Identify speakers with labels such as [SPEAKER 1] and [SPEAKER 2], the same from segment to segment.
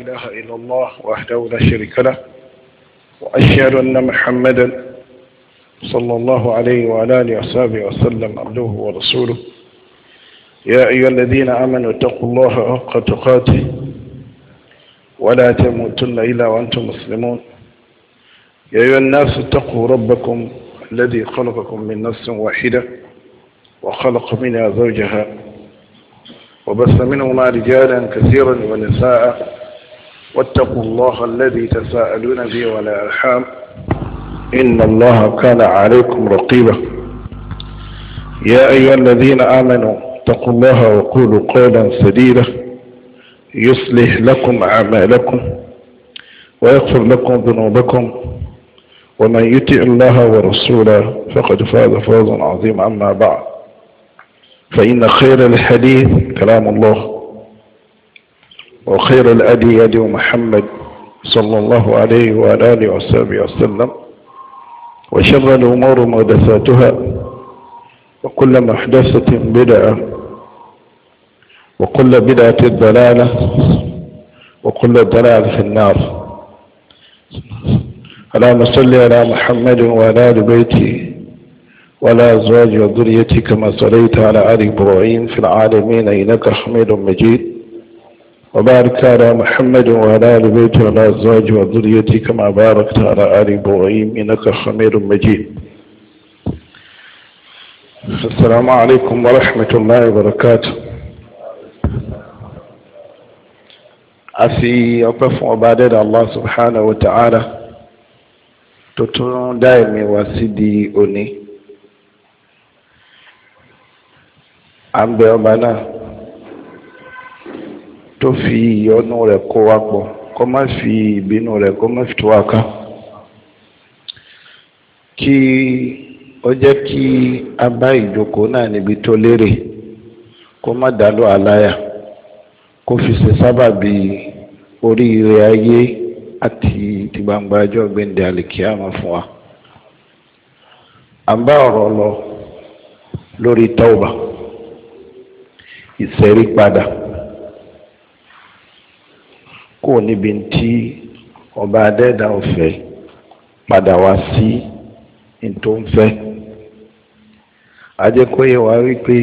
[SPEAKER 1] إله إلا الله وحده لا شريك له وأشهد أن محمدا صلى الله عليه وعلى آله وصحبه وسلم عبده ورسوله يا أيها الذين آمنوا اتقوا الله حق تقاته ولا تموتن إلا وأنتم مسلمون يا أيها الناس اتقوا ربكم الذي خلقكم من نفس واحدة وخلق منها زوجها وبث منهما رجالا كثيرا ونساء واتقوا الله الذي تساءلون به ولا أرحام إن الله كان عليكم رقيبا يا أيها الذين آمنوا اتقوا الله وقولوا قولا سديدا يصلح لكم أعمالكم ويغفر لكم ذنوبكم ومن يطع الله ورسوله فقد فاز فوزا عظيما أما بعد فإن خير الحديث كلام الله وخير الأدي يد محمد صلى الله عليه وعلى آله وصحبه وسلم وشر الأمور محدثاتها وكل محدثة بدعة وكل بدعة ضلالة وكل ضلالة في النار اللهم صل على محمد وعلى آل بيته وعلى أزواجه وذريته كما صليت على آل إبراهيم في العالمين إنك حميد مجيد وبارك على محمد وعلى آل بيته وعلى أزواجه وذريته كما باركت على آل إبراهيم إنك حميد مجيد السلام عليكم ورحمة الله وبركاته asi ọpẹ́ fún ọba adẹ́dà allah subhanahu wa ta'ala tó tún dá tó fi ìyọ́nú rẹ̀ kó wa pọ̀ kó má fi ìbínú rẹ̀ kó má fi tó wa ká kí ó jẹ́ kí a bá ìjókòó náà níbi tó lérè kó má dálò àláyà kó fi ṣe sábàbí oríire ayé àti ti ọjọ́ gbẹ̀ndẹ̀ àlìkíyàmọ̀ fún wa a bá ọ̀rọ̀ lọ lórí tọ́ọ̀bà ìṣẹ́rí padà. kò níbi tí ọba adẹ́dà ọ̀fẹ́ padà wá sí tó ń fẹ́ ajẹ́kóyè wá wípé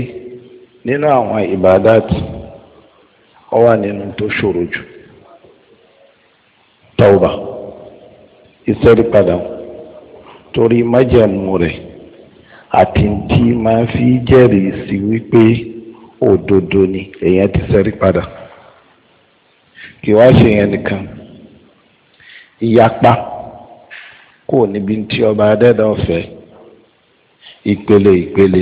[SPEAKER 1] nínú àwọn ìbádàtì ó wà nínú tó ṣòro jù tọ́ọ̀bà ìsẹ́rí padà torí májẹ̀mú rẹ̀ àti tí máa fi jẹ́rìí sí wípé òdodo ni èèyàn ti sẹ́rí kì wá ṣe yẹn nìkan ìyapa kò níbi tí ọba adẹ́dà ọ̀fẹ́ ìpele ìpele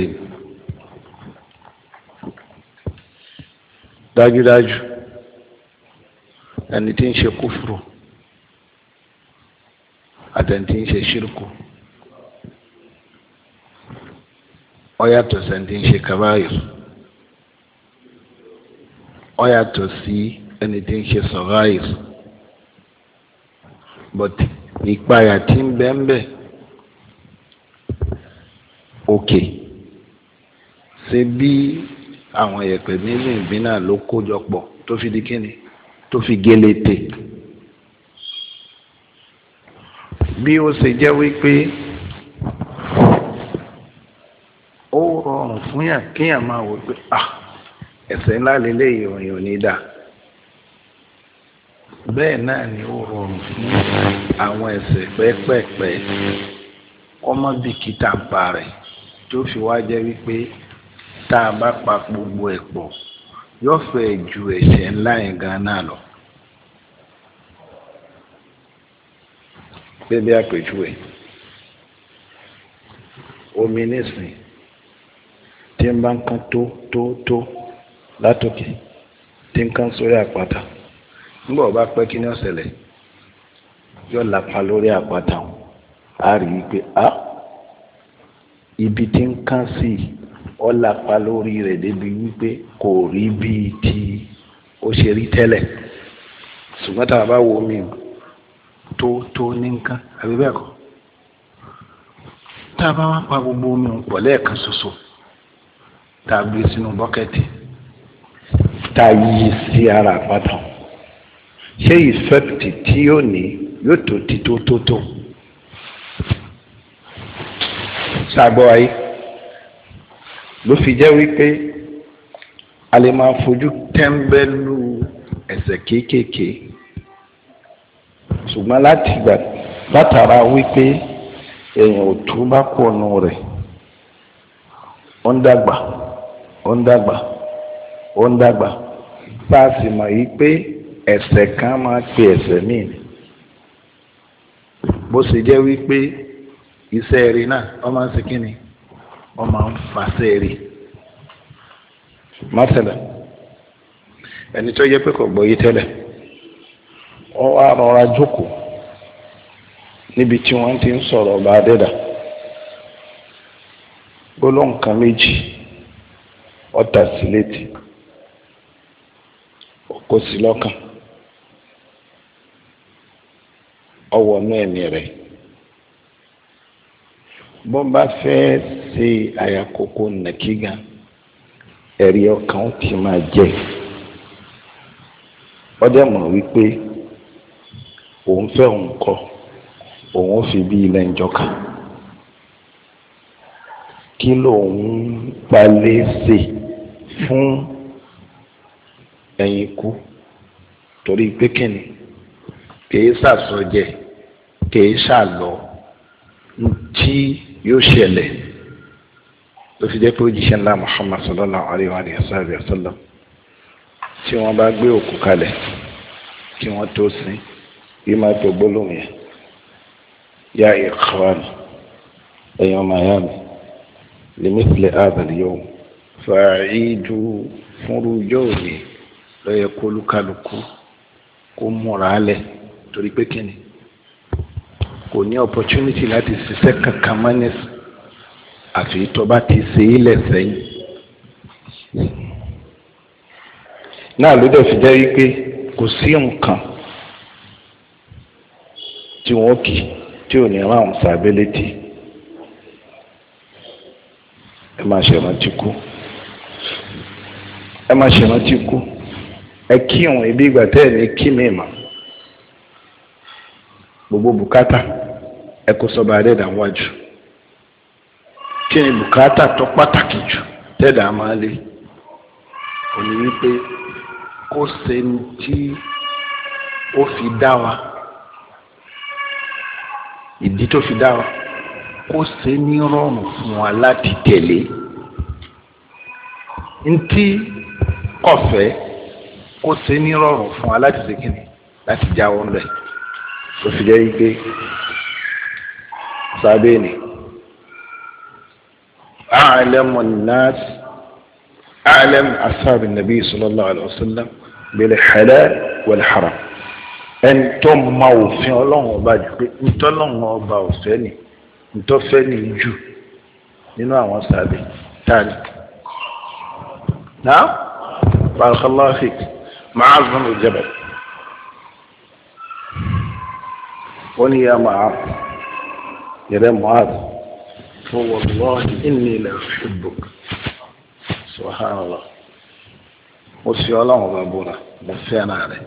[SPEAKER 1] dájúdájú ẹni tí ń ṣe kúfùrù àtẹni tí ń ṣe ṣírkù ó sẹ́ni tí ń ṣe kàbáyò ó sí. Si, ẹni tí ń ṣe sọ̀ráìs but ìpayà tí ń bẹ́ ń bẹ́ òkè ṣe bí àwọn yẹ̀pẹ̀ nínú ìbínà ló kójọ pọ̀ tó fi di kíni tó fi gélé tè bí ó ṣe jẹ́ wípé ó rọrùn fún yàn kéèyàn máa wò pé ah, ẹ̀ṣẹ̀ ńlá lélẹ́yìí òyìn ò ní dáa bẹ́ẹ̀ náà ni ó rọrùn fún àwọn ẹ̀ṣẹ̀ pẹ́ẹ́pẹ́ẹ́pẹ́ kọ́mọ́bìkítà ń pa rẹ̀ tó fi wá jẹ́ wípé tá a bá pa gbogbo ẹ̀ pọ̀ yóò fẹ́ ju ẹ̀ṣẹ̀ ńlá yẹn gan náà lọ. bébí àpèjúwe omi nísìn tí ń bá ń kán tó tó tó látòkè tí ń kán sórí àpáta nígbà wọ́n bá pẹ́ kí ni ó ṣẹlẹ̀ yóò lapa lórí àpáta wọn a rí i pé a ah, ibi tí ń kán sí ọ lapa lórí rẹ̀ débi wípé kò rí bíi ti ó ṣe rí tẹ́lẹ̀ ṣùgbọ́n tá a bá wo omi tó tó ní nǹkan àbí bẹ́ẹ̀ kọ́ tá a bá wá pa gbogbo omi pọ̀ lẹ́ẹ̀kan ṣoṣo tá a gbé sínú bọ́kẹ́tì tá a yí sí ara àpáta wọn ṣé ìfẹ́pìtì tí yóò ní yóò tó ti tó tó tó ṣàgbọ́ ayé ló fi jẹ́ wípé a lè máa fojú tẹ́ńbẹ́lú ẹ̀ṣẹ̀ kéékèèké ṣùgbọ́n láti gbà látara wípé èèyàn ò tún bá kú ọ̀nà rẹ̀ ó ń dàgbà ó ń dàgbà ó ń dàgbà bá a sì mọ̀ yìí pé. ẹ̀ṣẹ̀ kan máa pe ẹ̀ṣẹ̀ míì bó ṣe jẹ́ wípé iṣẹ́ rí náà wọ́n máa ń ṣe kí ni wọ́n máa ń fàṣẹ́ rí mọ́tẹ́lẹ̀ ẹni tó yẹ pé kò gbọ́ yí tẹ́lẹ̀ wá ti ń sọ̀rọ̀ ọba adẹ́dà gbólóhùn nkameji méjì ọ̀tà sí létí ọwọ́ inú ẹ̀mí rẹ̀ bó bá fẹ́ ṣe àyàkókò nàkígan ẹ̀rí ọkàn ti máa jẹ́ ọdẹ mọ̀ wípé òun fẹ́ òun kọ òun fi bí ilẹ̀ ìjọka kí lòun gbalẹ̀ ṣe fún ẹ̀yìn ikú torí pé kíni kì í sàsọjẹ́ kèé ṣàlọ́ tí yóò ṣẹlẹ̀ ló fi jẹ́ pé òjíṣẹ́ ńlá Muhammad sallallahu alayhi wa sallam sallam tí wọ́n bá gbé òkú kalẹ̀ kí wọ́n tó sin bí máa tó gbólóhùn yẹn ya ikhwan ẹ̀yin ọmọ ayá mi limithli hadha al-yawm fa'idu fúnrújọ́ òní lọ́yẹ kólúkálukú kó múra lẹ̀ torí pé kíni kò ní opportunity láti ṣiṣẹ́ kankan mọ́ ní àfi tó bá ti ṣe é lẹ̀ sẹ́yìn. náà ló dẹ̀ fi jẹ́ wípé kò sí nǹkan tí wọ́n kì tí ò ní rán àwọn sábẹ́lẹ́tì ẹ máa ṣèrántí kú ẹ máa ṣèrántí kú ẹ kí òun ibi ìgbà tẹ́ ẹ̀ ní kí mi mà gbogbo bùkátà ẹkọ sọba adẹ́dà wájú kí ni bùkátà tó pàtàkì jù tẹ́dà máa lé òní wípé kó sẹ́ni tí ó fi dá wa ìdí tó fi dá wa kó sẹ́ni rọrùn fún wa láti tẹ̀lé ntí kọfẹ́ kó sẹ́ni rọrùn fún wa láti ṣe kíni láti jáwọ́ ńlẹ̀ tó fi jẹ́ wípé. sahabe ne a'lamun nas a'lam ashabin nabi sallallahu alaihi wasallam bil halal wal haram ẹni tó ma òfin ọlọ́run ọba jù pé ntọ́lọ́run ọba ọ̀fẹ́ ni ntọ́fẹ́ ni jù nínú àwọn sàbẹ̀ tani. náà barakallahu fik Mu'adh bin Jabal wọ́n ní ya Mu'adh. ìrẹ́ Mu'az fún wallahi inni la uhibbuk subhanallah mo الله ọlọ́run bá búra mo fẹ́ràn rẹ̀.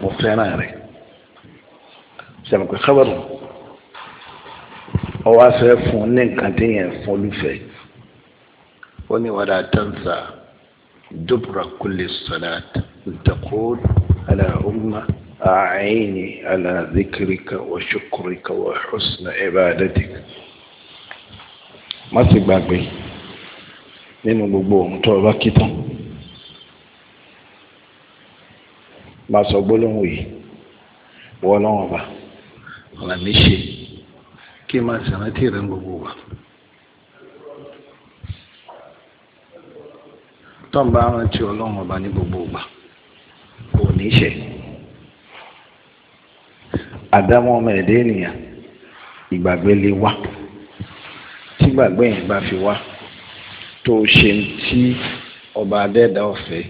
[SPEAKER 1] mo fẹ́ràn rẹ̀ sẹ́mi pé kábàrù ọwọ́ afẹ́ fún ní nǹkan tí yẹn fún olùfẹ́ ó wàdà tansa dubra kulli salat اللهم أعيني على ذكرك وشكرك وحسن عبادتك má sì gbàgbé nínú gbogbo ohun tó o bá kí tán máa sọ gbólóhùn yìí wọ lọ́wọ́n ọba ọ̀ràn mi ṣe kí máa ṣèrántí rẹ̀ gbogbo wa. tọ́ǹbà rántí ọlọ́run ọba ní gbogbo ìgbà òní ṣe àdámọ́ ọmọ ẹ̀dẹ́ ènìyàn ìgbàgbé lè wá tí gbàgbé yẹn bá fi wá tó ṣe ń tí ọba adẹ́dá ọ̀fẹ́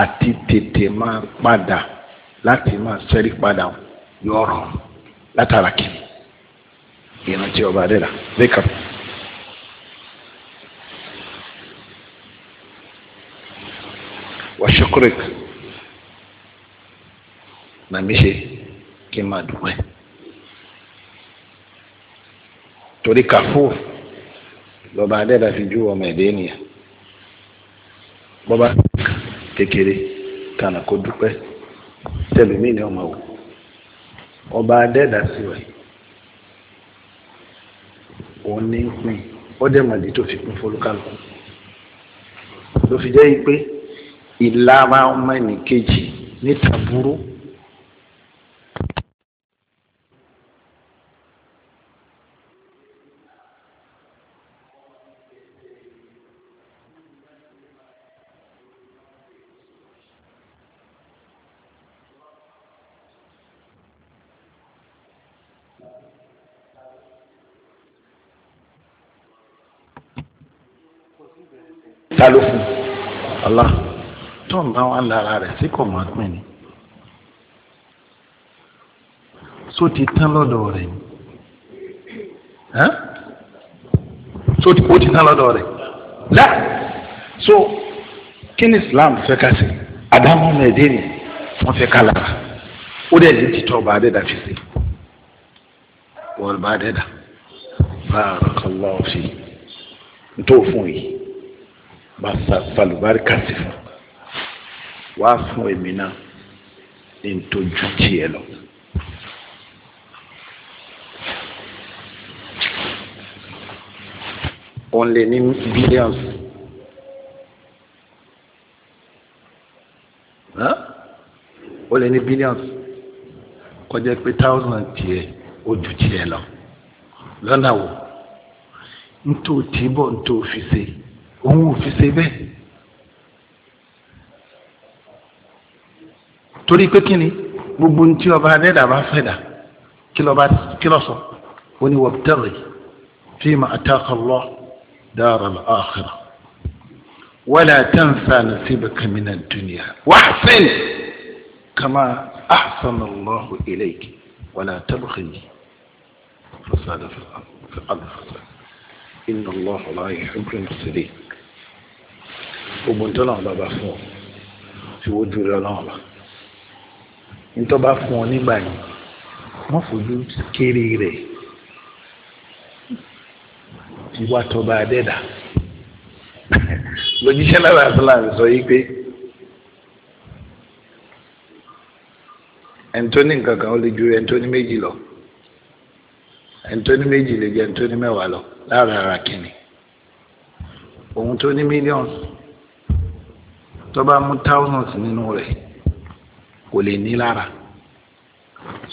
[SPEAKER 1] àti tètè máa padà láti máa sẹ́rí padà yóò rọ̀ látara kìnnì ìrántí ọba adẹ́dá zikr. wa na ṣe kí n máa dùpẹ́ torí kàfúù lọ́ba adẹ́dà fi ju ọmọ ẹ̀dẹ́ ènìyàn bọ́ba kékeré kànà kó dúpẹ́ tẹlẹmí ni ọmọ wò ọba adẹ́dà sí wẹ̀ òun ní pín ọdẹ́mọ̀dé tó fi pín fọlùkàlù ló fi jẹ́ pé ìlara ọmọ ẹnìkejì níta burú ta ló fún Allah tó ń bá wà lára rẹ̀ sí kò máa pín ni só ti tán lọ́dọ̀ rẹ̀ ni só ti ó ti tán lọ́dọ̀ rẹ̀ lá so kí ni Islam fẹ́ ká sí àdámọ́ mẹ́ẹ̀ẹ́dẹ́rì wọ́n fẹ́ ká lára ó dẹ̀ lè ti tọ́ ọba adẹ́dà fi sí wọ́n ọba adẹ́dà bá a rọ̀ lọ́ọ́ fi tó fún yìí bá falùbáríkà sí fún wá fún èmi náà ní ntòjú tiẹ̀ lọ. òun lè ní billions. ó lè ní billions kọjá pé thousand tiẹ̀ ó ju tiẹ̀ lọ lọ́nà wo ntò tí bọ̀ ntò fi ṣe. هو في سيبه تري كيني بوبون تيو با با فدا كيلو بات كيلو سو وني وابتغي فيما اتاك الله دار الاخره ولا تنسى نصيبك من الدنيا واحسن كما احسن الله اليك ولا تبخل فساد في الارض في الارض ان الله لا يحب المفسدين gbogbo ń tọ́lọ́wọ́n bá bá fún ọ fi wo dúró ọlọ́wọ́n bá ń tọ́ bá fún ọ nígbà yìí wọ́n fojú kéré rẹ̀ ìwà tọba adẹ́dà lójúṣẹ́ lára àtúnlá sọ yìí pé ẹ̀ńtọ́ni nǹkan kan ó lè ju ẹ̀ńtọ́ni méjì lọ ẹ̀ńtọ́ni méjì lè jẹ́ ẹ̀ńtọ́ni mẹ́wàá lọ lára ara kìnnì òun tó ní mílíọ̀nù tó bá thousands nínú rẹ̀ kò lè ní lára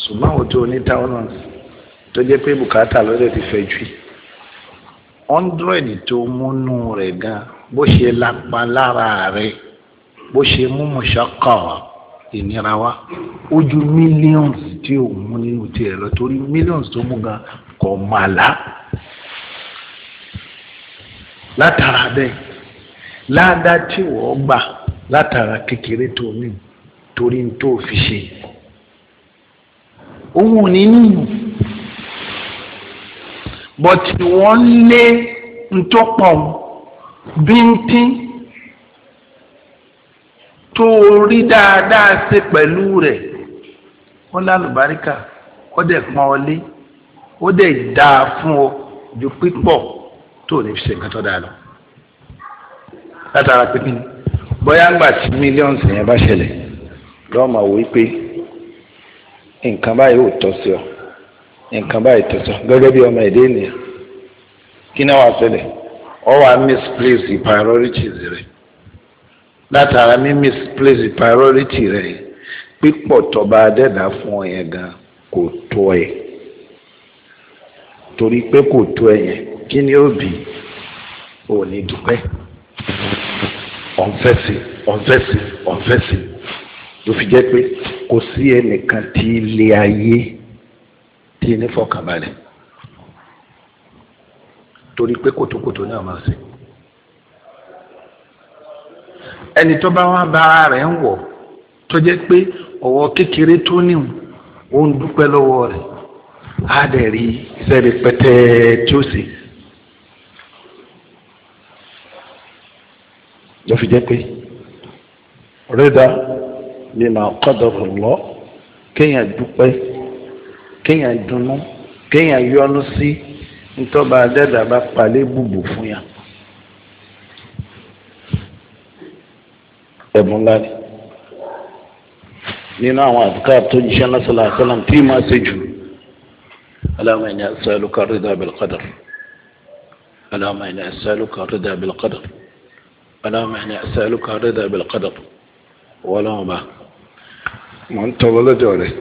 [SPEAKER 1] ṣùgbọ́n àwọn tó ní thousands tó jẹ́ pé bùkátà lọ́dẹ̀ ti fẹ́ jù hundred tó múnú rẹ̀ gan bó ṣe lapa lára rẹ̀ bó ṣe mú mọ̀ṣọ́kọ̀ ìnira wa ojú millions tí ò mú nínú tiẹ̀ lọ torí millions tó mú gan kọ̀ máa la látara bẹ́ẹ̀ ládàá tí wọ́n gbà. látara kékeré tó ní torí ń tó fi ṣe owó ní nínú bọ̀tì wọ́n lé ntọ́pọ̀ bíntín tó rí dáadáa ṣe pẹ̀lú rẹ̀ wọ́n lálùbáríkà ó dẹ̀ pọ́n ọ lé ó dẹ̀ dáa fún ọ ju pípọ̀ tó ní fi ṣe nǹkan tó dáa lọ látara pínpín ni. bóyá ńgbà tí mílíọ̀nù yẹn bá ṣẹlẹ̀ lọ́wọ́ máa wò pé nǹkan báyìí ò tọ́ sí ọ nǹkan báyìí tọ́ sí ọ gẹ́gẹ́ bí ọmọ èdè ènìyàn kí náà wàá ṣẹlẹ̀ ọ wàá misplace priorities rẹ látara mi misplace priority rẹ pípọ̀ tọba adẹ́dà fún ọ yẹn gan kò tó ẹ torí pé kò tó ẹ yẹn kí ni ó bì ò ní dúpẹ́ ọ̀nfẹ́sì ọ̀nfẹ́sì ọ̀nfẹ́sì ló fi jẹ́ pé kò sí ẹnìkan tí ilé ayé tí ní fọkànbalẹ̀ torí pé kòtòkòtò náà máa ṣe ẹni tó bá wá bá ara rẹ̀ ń wọ̀ tó jẹ́ pé ọ̀wọ́ kékeré tó níhùn ó dúpẹ́ lọ́wọ́ rẹ̀ á dẹ̀ rí iṣẹ́ rẹ̀ pẹ́tẹ́ tí ó sì. ló fi jẹ́ pé rẹ́dà lè máa kọ́dọ̀rọ̀ lọ kéèyàn dúpẹ́ kéèyàn dunnú kéèyàn yọnu sí ntọ́ba adẹ́dà bá palẹ́ bùbù fún yàn. ẹ̀bùn ńlá ni nínú àwọn àdúgbò tó jíṣẹ́ lọ́sọ̀lá àṣọlám tí màá ṣe jù aláwọ̀ ẹ̀yìn as'aluka rida bil qadar aláwọ̀ ẹ̀yìn as'aluka rida bil qadar. اللهم إني أسألك رضا بالقدر ولا ما mo ń tọrọ lọ́dọ̀ rẹ̀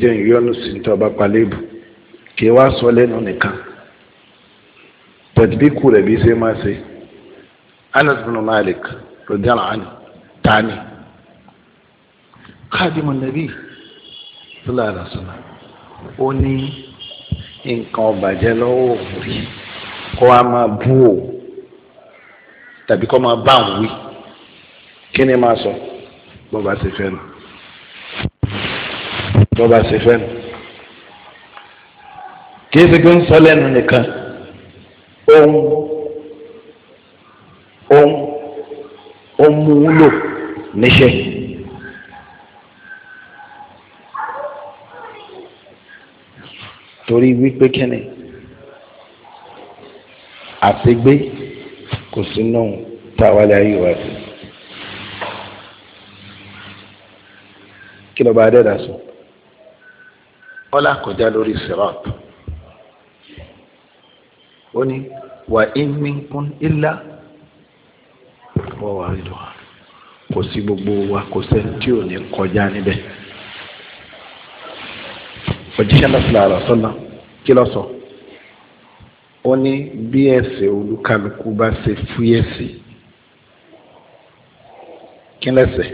[SPEAKER 1] jẹ́ ìyọnu sí ní tọba palébù kí wá sọ lẹ́nu nìkan tẹ̀tí bí kú rẹ̀ bí ṣe máa ṣe Anas bin Malik radiyallahu anhu tani khadimu nabi sallallahu alaihi wasallam ó ní nǹkan ọ̀bàjẹ́ lọ́wọ́ òun rí kó a máa bú òun tàbí kọ́ máa bá àwọn wí kí ni máa sọ bọ́ba ṣe fẹ́ nu bọ́ba ṣe fẹ́ nu kì í ṣe pé ń sọ lẹ́nu nìkan ohun ohun ohun wúlò níṣẹ́. torí wípé kíni àṣegbé kò sínú táwálé ayé wa sí. kí ló bá dẹ́dà sọ ọlá kọjá lórí sirat ó ní wà ímí kún ilá wọ́n wà rí lọ́wọ́ kò sí gbogbo wa kò sẹ́ni tí ò ní kọjá níbẹ̀ òjíṣẹ́ lọ́sọ̀lá àlọ́sọ́lá kí ló sọ ó ní bí ẹ̀ṣẹ̀ olúkálukú bá ṣe fúyẹ́ sí kí lẹ́ṣẹ̀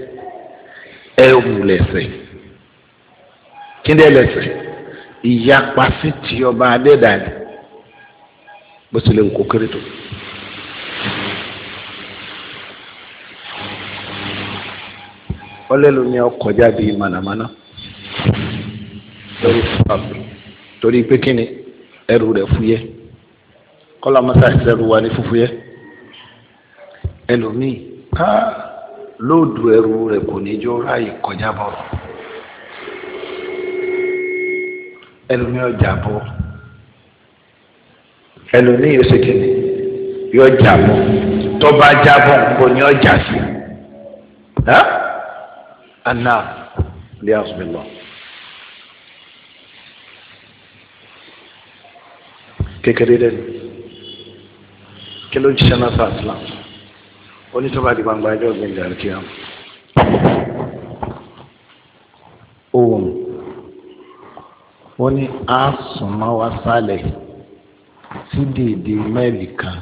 [SPEAKER 1] ẹrù lẹ́ṣẹ̀ kí dẹ́ lẹ́ṣẹ̀ ìyapa sí ti ọba adédàdì bó tilẹ̀ ń kó kéré tó. ọlẹ́lu ni ọkọ̀ jáde mànàmáná lórí fún àbúrò torí pé kí ni ẹrù rẹ̀ fúyẹ́ kọ́lá mọ́tà ìṣẹ́rù wa ní fúfú yẹ ẹlòmíì ká lóòdù ẹrù rẹ̀ kò ní jó ráàyè kọjá bọ̀ ẹlòmíì ọjà bọ̀ ẹlòmíì yóò ṣe kíni yóò jà bọ̀ tọ́ba jà bọ̀ nǹkan ni ọjà sí ana lè àṣùbẹ̀ lọ. kékeré lẹ́nu kí ló jíṣẹ́ náà sọ àtìlá onítọ́ba di gbangba ẹjọ́ ọ̀gbìn ìdàrí kí á. ohun ó ní a sùn mọ́ wá sálẹ̀ sí dèédé mẹ́ẹ̀lì kan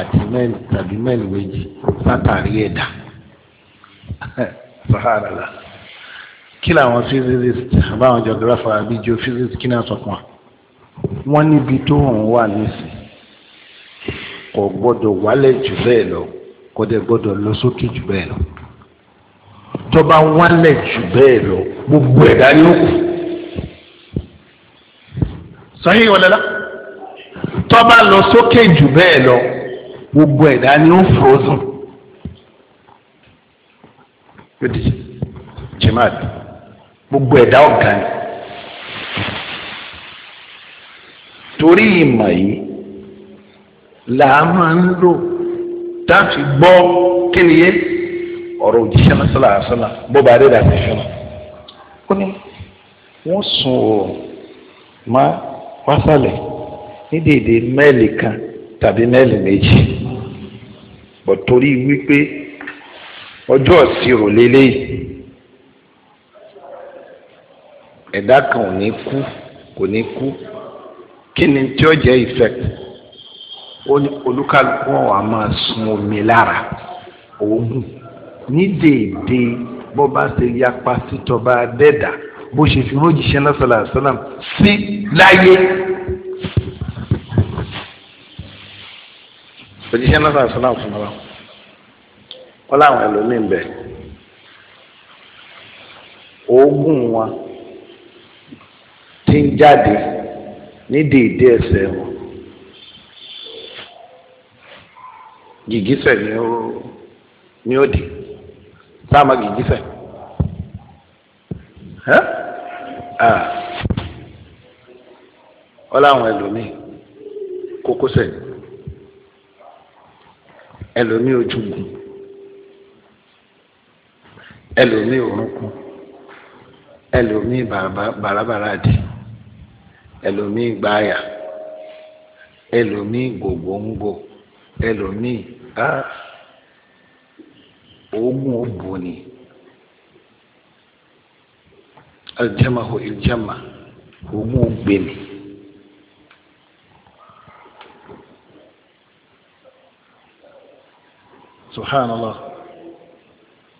[SPEAKER 1] àti mẹ́ẹ̀lì tàbí mẹ́ẹ̀lì méjì látàrí ẹ̀dá sahara kí làwọn physicist àbáwọn geographer àbí geophysicist kí náà sọ fún wa wọ́n níbi tó ń wà nísìnyí kò gbọ́dọ̀ wálẹ̀ jù bẹ́ẹ̀ lọ kò dẹ̀ gbọ́dọ̀ lọ sókè jù bẹ́ẹ̀ lọ tó bá wálẹ̀ jù bẹ́ẹ̀ lọ gbogbo ẹ̀dá ni ó kù sọyìn ìwọlẹ́lá tó bá lọ sókè jù bẹ́ẹ̀ lọ gbogbo ẹ̀dá ni ó fòózùn yóò jimad gbogbo ẹ̀dá ọ̀gá ni torí ìmọ̀ yìí làá máa ń lò táàfì gbọ́ kíniye ọ̀rọ̀ òjíṣẹ́ lásánà àṣánà bọ́ba adéda ti fi hàn. ó ní wọ́n sun oòrùn má wásálẹ̀ ní dèdè mẹ́ẹ̀lì kan tàbí mẹ́ẹ̀lì méjì bọ̀ torí wípé ọjọ́ ìṣirò lélẹ́yìí ẹ̀dá kan ò ní kú kò ní kú kí ni tí ó jẹ́ effect ó ní olúkálùkù wọn wàá máa sun omi lára oògùn ní déédéé bó bá ṣe yapa sítọba dẹ́dà bó ṣe fi rójìṣẹ́ náà sọ̀rọ̀ àṣọ́nà sí láyé. òjíṣẹ́ náà sọ̀rọ̀ àṣọ́nà fún wa wọ́n láwọn ẹlòmíín bẹ̀ oògùn wọn ti ń jáde ní déédéé ẹsẹ̀ wọn. gìgísẹ̀ ni ó ni ó di sáàmà gìgísẹ̀ ọ láwọn ẹlòmíì kókósẹ̀ ẹlòmíì ojúgun ẹlòmíì orúnkún ẹlòmíì bàràbàrà dì ẹlòmíì gbáyà ẹlòmíì gbogbo ń gbò ẹlòmíì. oògùn òbò ni aljama ho iljama oògùn ògbè ni. subhanallah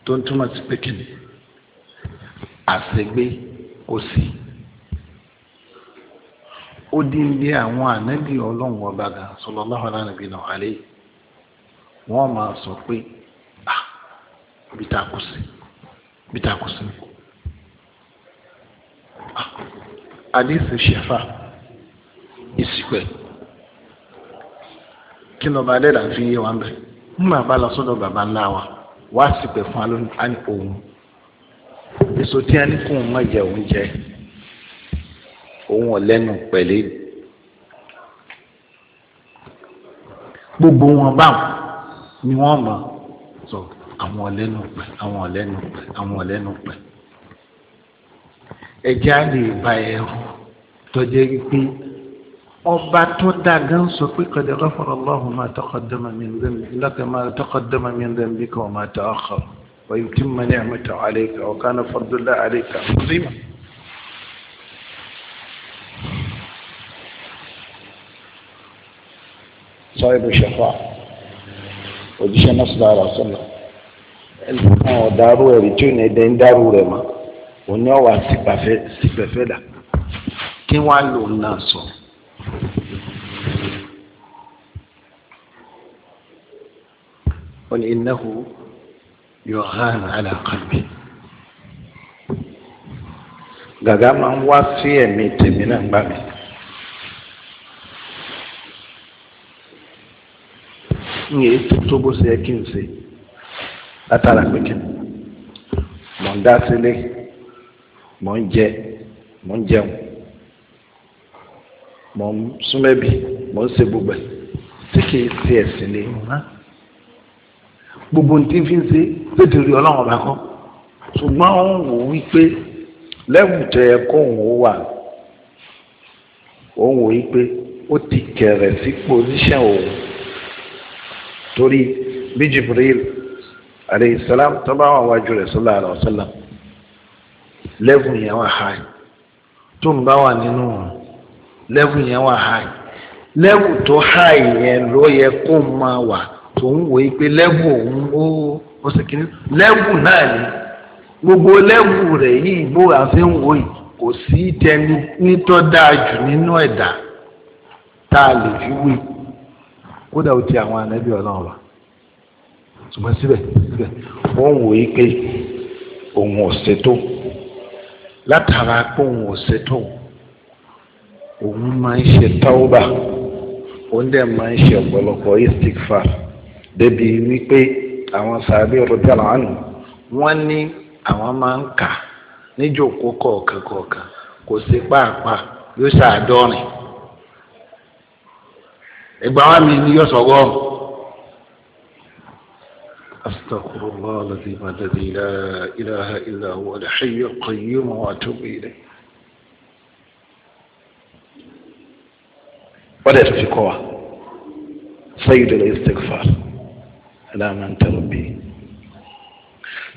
[SPEAKER 1] tó ń túmọ̀ sí pé kí ni ó dín bí àwọn ànábì ọlọ́run ọba wọ́n máa sọ pé ah bí ta kù sí bí ta kù sí ah àdéhùn ṣẹfà ìsìnkú ẹ̀ kí lọ́ba adẹ́dà fi yé wa ń bẹ̀ ń máa bá lọ sọ́dọ̀ bàbá ńlá wa wá sí fún alóhùn òun èso tí a ní kóun má jẹ òun òun ọ̀lẹ́nu pẹ̀lẹ́ gbogbo wọn báwọn ni wọ́n mọ̀ sọ àwọn ọ̀lẹ́nu pẹ̀ àwọn ọ̀lẹ́nu pẹ̀ àwọn ọ̀lẹ́nu pẹ̀ ẹ̀jẹ̀ á lè ba ẹ̀rù tọ́jú pé ọba tó dáa gan sọ pé kọ̀dẹ̀ lọ́fọ̀rọ̀ lọ́hùn máa taqaddama min dhanbi lọ́kẹ́ máa taqaddama min dhanbika wa ma ta'akhkhara wa yutimma ni'matahu 'alayka wa kana fadlullahi 'alayka 'azima. صاحب الشفاعة òjíṣẹ́ náà sọ̀rọ̀ àrà sọ̀rọ̀ ẹlòmíràn ọ̀darú ẹ̀rí tí ò ní ẹdẹ ń dárú rẹ̀ mọ́ òní ọ̀wà sípẹ̀fẹ́ dà kí wọ́n á lò náà sọ. wọ́n ní ináhu yóò hàn àlàkàbí gàgà máa ń wá ń yẹ tó bó ṣe yẹ kí n ṣe látara pẹ̀kẹ́ mọ̀ ń dá sílé mọ̀ ń jẹ mọ̀ ń jẹun mọ̀ ń súnmẹ́bí mọ̀ ń ṣe gbogbo ẹ̀ tí kì í ṣe ẹ̀sìn lè hàn gbogbo ní tí n fi ń ṣe pétérì ọlọ́run ọba kan ṣùgbọ́n òun wò wípé lẹ́wùjọ yẹ kó òun ó wà òun wò wípé ó ti kẹ̀rẹ̀ sí pòsíṣàn òun torí bí Jibril alayhi salam tó bá wà wájú rẹ̀ sallallahu alaihi wasallam lẹ́fù yẹn wà háì tó ń bá wà nínú lẹ́fù yẹn wà háì lẹ́fù tó háì yẹn ló yẹ kó máa wà tó ń wòye pé lẹ́fù òun ó ó sì kiri lẹ́fù náà ni gbogbo lẹ́fù rẹ̀ yìí bó a fi ń wòye kò sí tẹni nítọ́ dáa jù nínú ẹ̀dá tá a lè fi wí. kódà ó ti àwọn ànábì ọlọ́run wa ṣùgbọ́n wọ́n wò ó pé òun ò ṣètò látara pé òun ò ṣètò òun máa ń ṣe débi wípé àwọn wọ́n ní àwọn máa ń kà níjókòó kọ̀ọ̀kan kọ̀ọ̀kan kò sí ìgbà wa mi ni yóò sọ̀wọ́. أستغفر الله العظيم الذي لا إله إلا هو الحي القيوم وأتوب إليه ولا في قوة سيد الاستغفار لا من تربي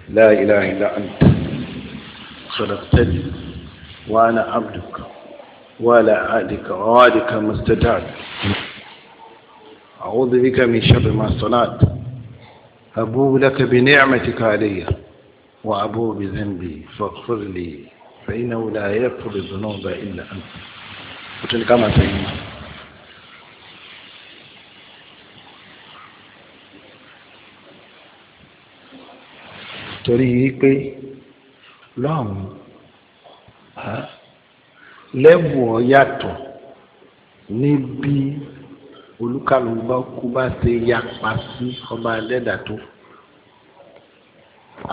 [SPEAKER 1] لا إله إلا أنت خلقتني وأنا عبدك ولا عادك ووعدك ما استطعت أعوذ بك من شر ما صنعت أبوء لك بنعمتك علي وأبوء بذنبي فاغفر لي فإنه لا يغفر الذنوب إلا أنت قلت كما تجمع torí wípé lọ́hùn lẹ́bùn ọ yàtọ̀ níbi olúkàlùkù bá kú bá ṣe yapa sí ọba adẹ́dà tó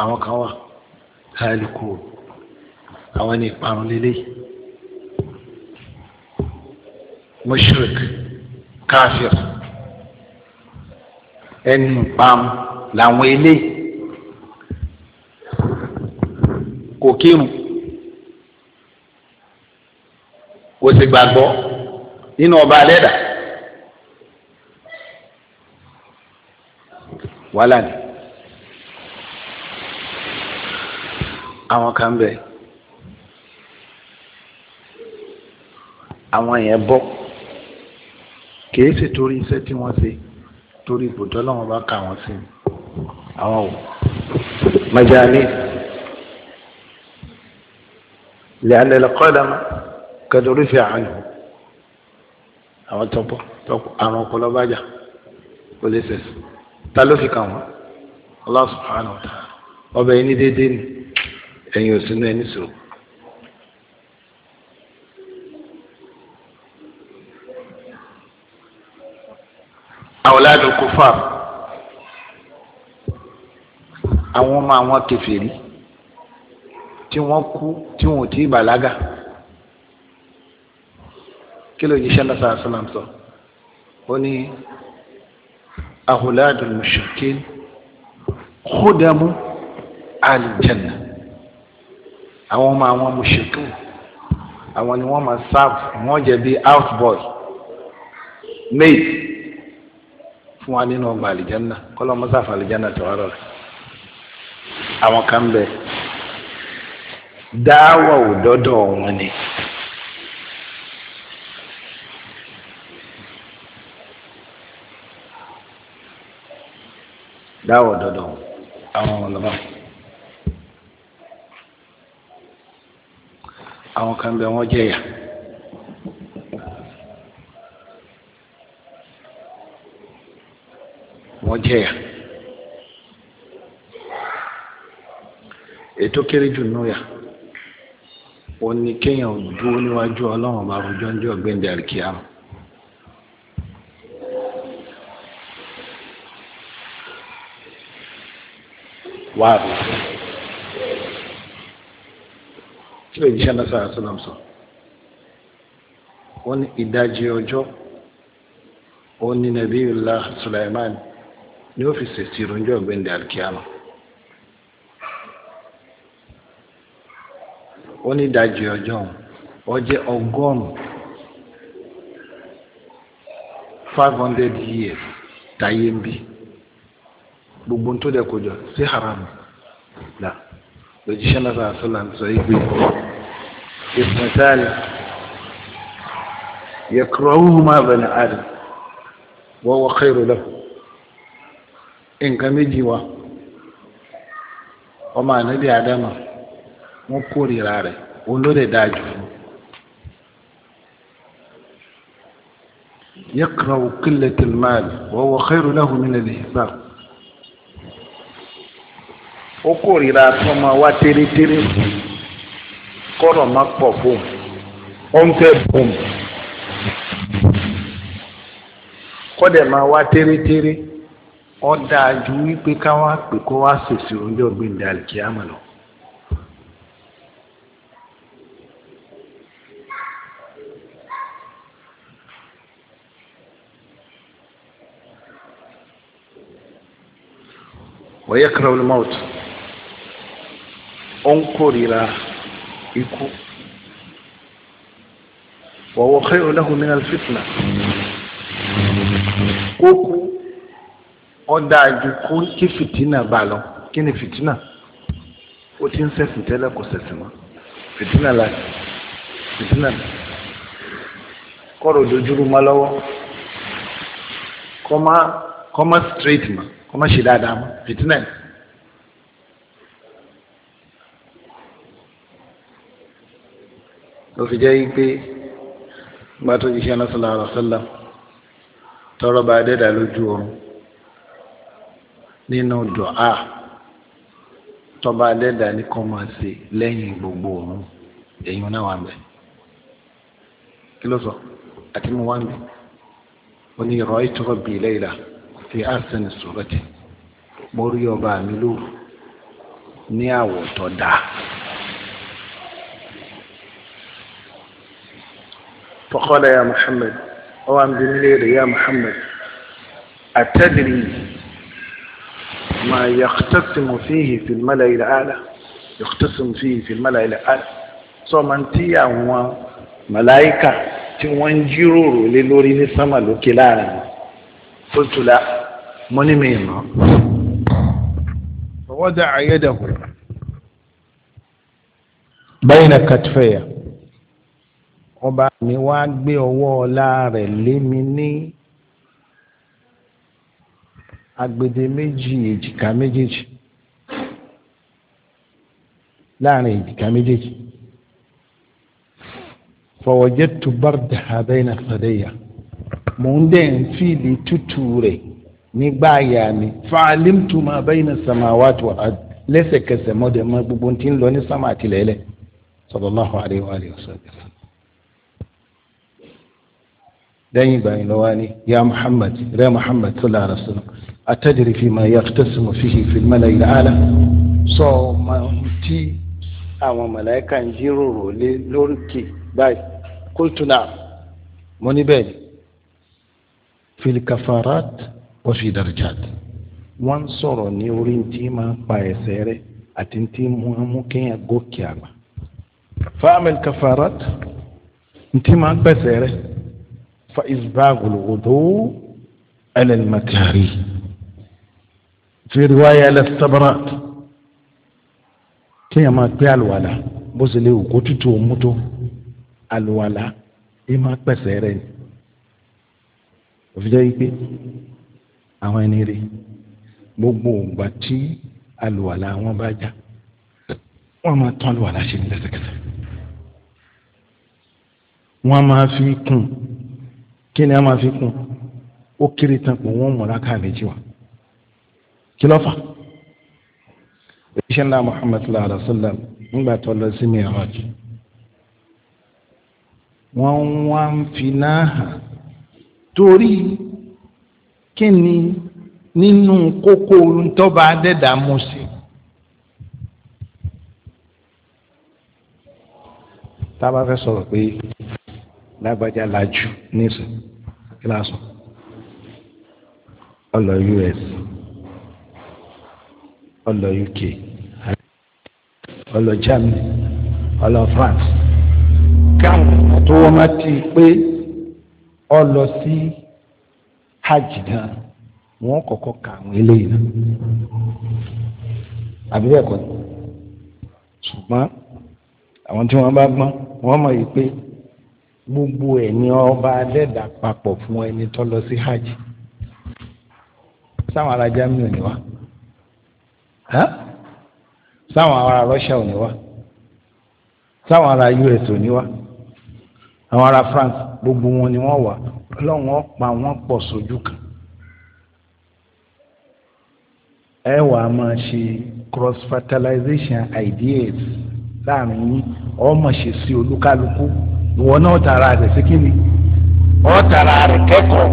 [SPEAKER 1] àwọn kan wà hálíkù àwọn ní ìparun lélẹ̀ mushrik káfíọ̀ ẹnu ìparun làwọn eléyìí kò kírun kò sì gbàgbọ́ nínú ọba alẹ́dàá. wàhálà ni àwọn kan bẹ àwọn yẹn bọ kìí ṣe torí iṣẹ́ tí wọ́n ṣe torí ibùdó lọ́wọ́ bá kà wọ́n sí àwọn wò majani lẹ́yìn ẹlẹ́kọ́dàmá kẹtọ́rí fi àánú àwọn tọ́pọ̀ tọ́pọ̀ àwọn ọpọlọ bá jà kò ta ló fi kàn wọ́n Allah subhanahu wa ta'ala ọbẹ̀ yìí ní déédéé ni ẹ̀yin ò sí náà ẹni sọ̀rọ̀. àwòládùn kúfà àwọn ọmọ àwọn kèfèrí tí wọ́n kú tí wọn ò tí ì bàlágà kí ló yí sẹ́ńdà sàásùlám sọ ó ní. أولاد المشركين خدم أهل الجنة àwọn ọmọ àwọn mùsùlùmí àwọn ni wọ́n máa serve wọ́n jẹ́ bí houseboy maid fún wa nínú ọgbà àlìjánná kọ́lọ́ mọ́sáfà àlìjánná tẹ̀wárọ̀ rẹ̀ àwọn kan bẹ dáwà òdọ́dọ̀ wọn ni. dáwọ̀ dọ̀dọ̀ àwọn ọlọ́ba àwọn kan bẹ wọ́n jẹ̀yà. wọ́n jẹ̀yà ètò kéré jù nù yà wọ́n ní kéèyàn dúró níwájú ọlọ́run bá rojọ́ ń jọ gbẹ̀ǹdẹ̀ àríkíyàmù. wá rè kí lè jíṣẹ́ lásán àṣàlám sọ wọ́n ní ìdajì ọjọ́ ó ní Nabiyullah Sulaiman ní ó fi ṣèṣì ìròyìn ọ̀gbẹ́ndẹ̀ alkiyama ó ní ìdajì ọjọ́ ó jẹ́ ọgọ́rùn-ún five years táyé ń bí. gbogbo tó dẹ̀ kojọ sí haram la lójúṣẹ́ náà sọ̀rọ̀ sọ́là ń sọ igbe ìfúnṣáàlì yẹkùrọ̀hún máa bẹ̀rẹ̀ àdì wọ́wọ́ kẹ́rù lọ nǹkan méjì wa ọmọ ànábì àdámà wọ́n kórìíra rẹ̀ òun ló dẹ̀ dáa jù fún يكره قلة المال وهو خير له من الحساب ó kórìíra tó máa wá térétéré fún kọ́rọ̀ má pọ̀ fún ó ń fẹ́ bùn kọ́dẹ̀ máa wá térétéré ó dáa ju wípé ká wá pè kó wá sèse oúnjẹ ọ̀gbìn dàlí kí á mọ̀ lọ. ويكره الموت ó ń kórìíra ikú wọ̀wọ̀ khayrun lahu min al-fitna kókó ọ̀dà àjù kó kí fìtínà bá lọ kí ni fìtínà ó ti ń sẹ́sìn tẹ́lẹ̀ kò sẹ̀sìn mọ́ fìtínà la fìtínà kọ́rọ̀ dojúrú ma lọ́wọ́ kọ́má kọ́má straight ma kọ́má ṣe dáadáa ma fìtínà yìí. ló fi jẹ́ pé bá tó jíṣẹ́ náà sallallahu alaihi wasallam tọrọ bá dẹ́dà lójú oorun nínú dùá tọba dẹ́dà ní kọ́ máa ṣe lẹ́yìn gbogbo oorun èyí náà wà bẹ́ẹ̀ kí ló sọ àti mo wà bẹ́ẹ̀ ó ní ra'aytu rabbi layla fi ahsani surati mo rí ọba mi lóru ní àwọ̀ tó dáa. فقال يا محمد او ام يا محمد اتدري ما يختصم فيه في الملا الى اعلى يختصم فيه في الملا الى اعلى سو من تي اوا ملائكه تي وان جيرورو لي لوري ني سما لو كيلانا قلت لا من مين فوضع يده بين كتفيه ọba mi wá gbé ọwọ́ ọlá rẹ̀ lé mi ní agbede méjì èjìká méjèèjì láàrin èjìká méjèèjì fọwọ́jẹ́ tó bá dàbẹ́ iná fàdéyà mò ń dẹ̀ ń fìlì tútù rẹ̀ nígbà àyà mi fàálìm tó máa bẹ́ iná sàmáwá tó lẹ́sẹ̀kẹsẹ̀ mọ́dẹ̀ mọ́ gbogbo tí ń lọ ní sàmà àtìlẹ́lẹ̀ sallallahu alaihi wa alihi lẹ́yìn ìgbà yìí lọ́wọ́ ni ya muhammad rẹ muhammad sallallahu alaihi wasallam atadiri fi ma yaqtasimu fihi fi mala ila ala sọ ma ti àwọn màláíkà ń jíròrò lé lóríkè báyìí qultu na'am mo ní bẹ́ẹ̀ ni fil kafarat wa fi darajat wọ́n sọ̀rọ̀ ní orí tí máa pa ẹ̀ṣẹ̀ rẹ̀ àti tí wọ́n mú kéèyàn gòkè àgbà fáàmì kafarat ntí máa pẹ̀ṣẹ̀ rẹ̀ fa isbaagul wudu ala almakari fi riwaya ala sabarat kéèyàn máa gbé àlùwàlà bó ṣe lè wù kó tutù òmùtò àlùwàlà ẹ máa pẹ̀sẹ̀ rẹ̀ ni òfin jẹ́ wípé àwọn ẹni rí gbogbo ògbà tí àlùwàlà wọn bá já wọn máa tán àlùwàlà ṣe ní lẹ́sẹ̀kẹsẹ̀ wọn máa fi kún un kí ni a máa fi kún ó kéré tán kò wọ́n múra ká méjì wá kí ló fà ìṣẹ́ńdà Muhammad sallallahu alayhi wa sallam ńgbà tó lọ sí mi'raj wọ́n wá ń fi náà hàn torí kí ni nínú kókó tọ́ba adẹ́dàá mú sí. tá a fẹ́ sọ̀rọ̀ pé lágbájá lajú nísìn kíláàsì ọlọ US ọlọ UK ọlọ Germany ọlọ France káwọn àtọwọ́ máa ti pé ọlọ sí hajj náà wọ́n kọ́kọ́ ka àwọn eléyìí náà àbí bẹ́ẹ̀ kọ́ ṣùgbọ́n àwọn tí wọ́n bá gbọ́n wọ́n mọ̀ yìí pé gbogbo ẹ̀ ní ọba adẹ́dà papọ̀ fún ẹni tó lọ sí hajj sáwọn ará germany ò ní wá sáwọn ará russia ò ní wá sáwọn ará us ò ní wá àwọn ará france gbogbo wọn ni wọ́n wà ọlọ́run ó pa wọ́n pọ̀ sójú kan ẹ wàá máa ṣe cross fertilization ideas láàrin yín ọmọ ṣe sí olúkálukú. ìwọ náà tara rẹ̀ sí kíni
[SPEAKER 2] ọ tara kẹ́kọ̀ọ́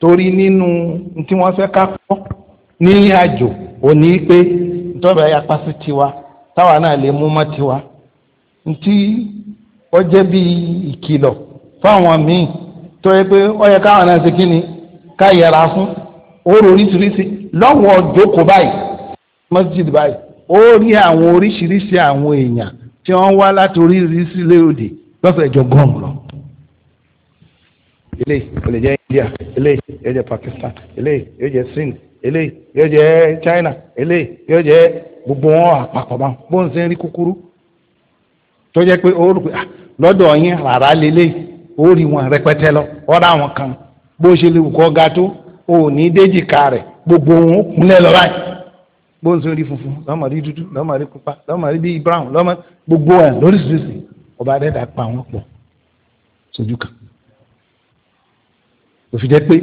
[SPEAKER 1] torí nínú tí wọ́n fẹ́ ká ní àjò òní pé ya yapa tiwa táwa náà lè mú mọ́ tiwa ntí jẹ́ ìkìlọ̀ fáwọn míì tó yẹ pé káwọn náà kíni ká yẹra fún oríṣiríṣi lọ́wọ́ báyìí mọ́sídìí báyìí ó rí àwọn oríṣiríṣi tí wọ́n wá látòrí ìrísílẹ̀ òde lọ́sọ̀ ìjọ gọ́ọ̀mù lọ. ilé India ilé yóò Pakistan ilé yóò jẹ́ Sin ilé China ilé yóò gbogbo wọn àpapọ̀ bá bóun ṣe ń rí kúkúrú tó jẹ́ pé pé ah, lọ́dọ̀ yín rárá lélẹ̀ kan bó ṣe lè wù gbogbo kúnlẹ̀ bóun ṣe rí funfun lọ́mọ rí dúdú lọ́mọ rí pupa lọ́mọ rí bíi brown lọ́mọ gbogbo ẹ̀ lóríṣiríṣi ọba adẹ́dà pa wọ́n pọ̀ sójú kan òfin jẹ́ pé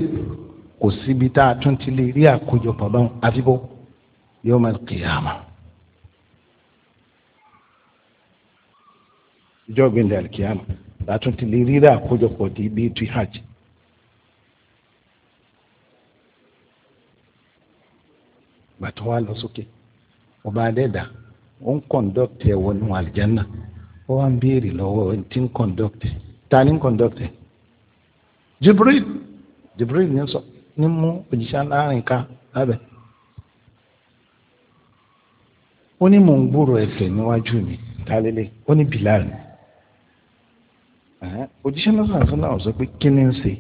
[SPEAKER 1] kò síbi tá a tún ti lè rí àkójọpọ̀ báwọn àfibọ́ yóò máa kìyàmà ìjọba ìdàlù kìyàmà látún ti lè rí àkójọpọ̀ di ibi tí hajj gbàtọ́ wa lọ sókè ọba adẹ́dà ó ń kọ́ńdọ́kítẹ̀ wọnú àlìjánà ó wá ń béèrè lọ́wọ́ ẹni ń kọ́ńdọ́kítẹ̀ ta ni ń kọ́ńdọ́kítẹ̀ Jibril Jibril ní sọ ní mú òjíṣẹ́ láàrin ká lábẹ́ ó ní mò ń gbúrò ẹ̀fẹ̀ níwájú mi tálélẹ̀ ó ní Bilal ni òjíṣẹ́ lọ́sàn án náà sọ pé kí ni ń ṣe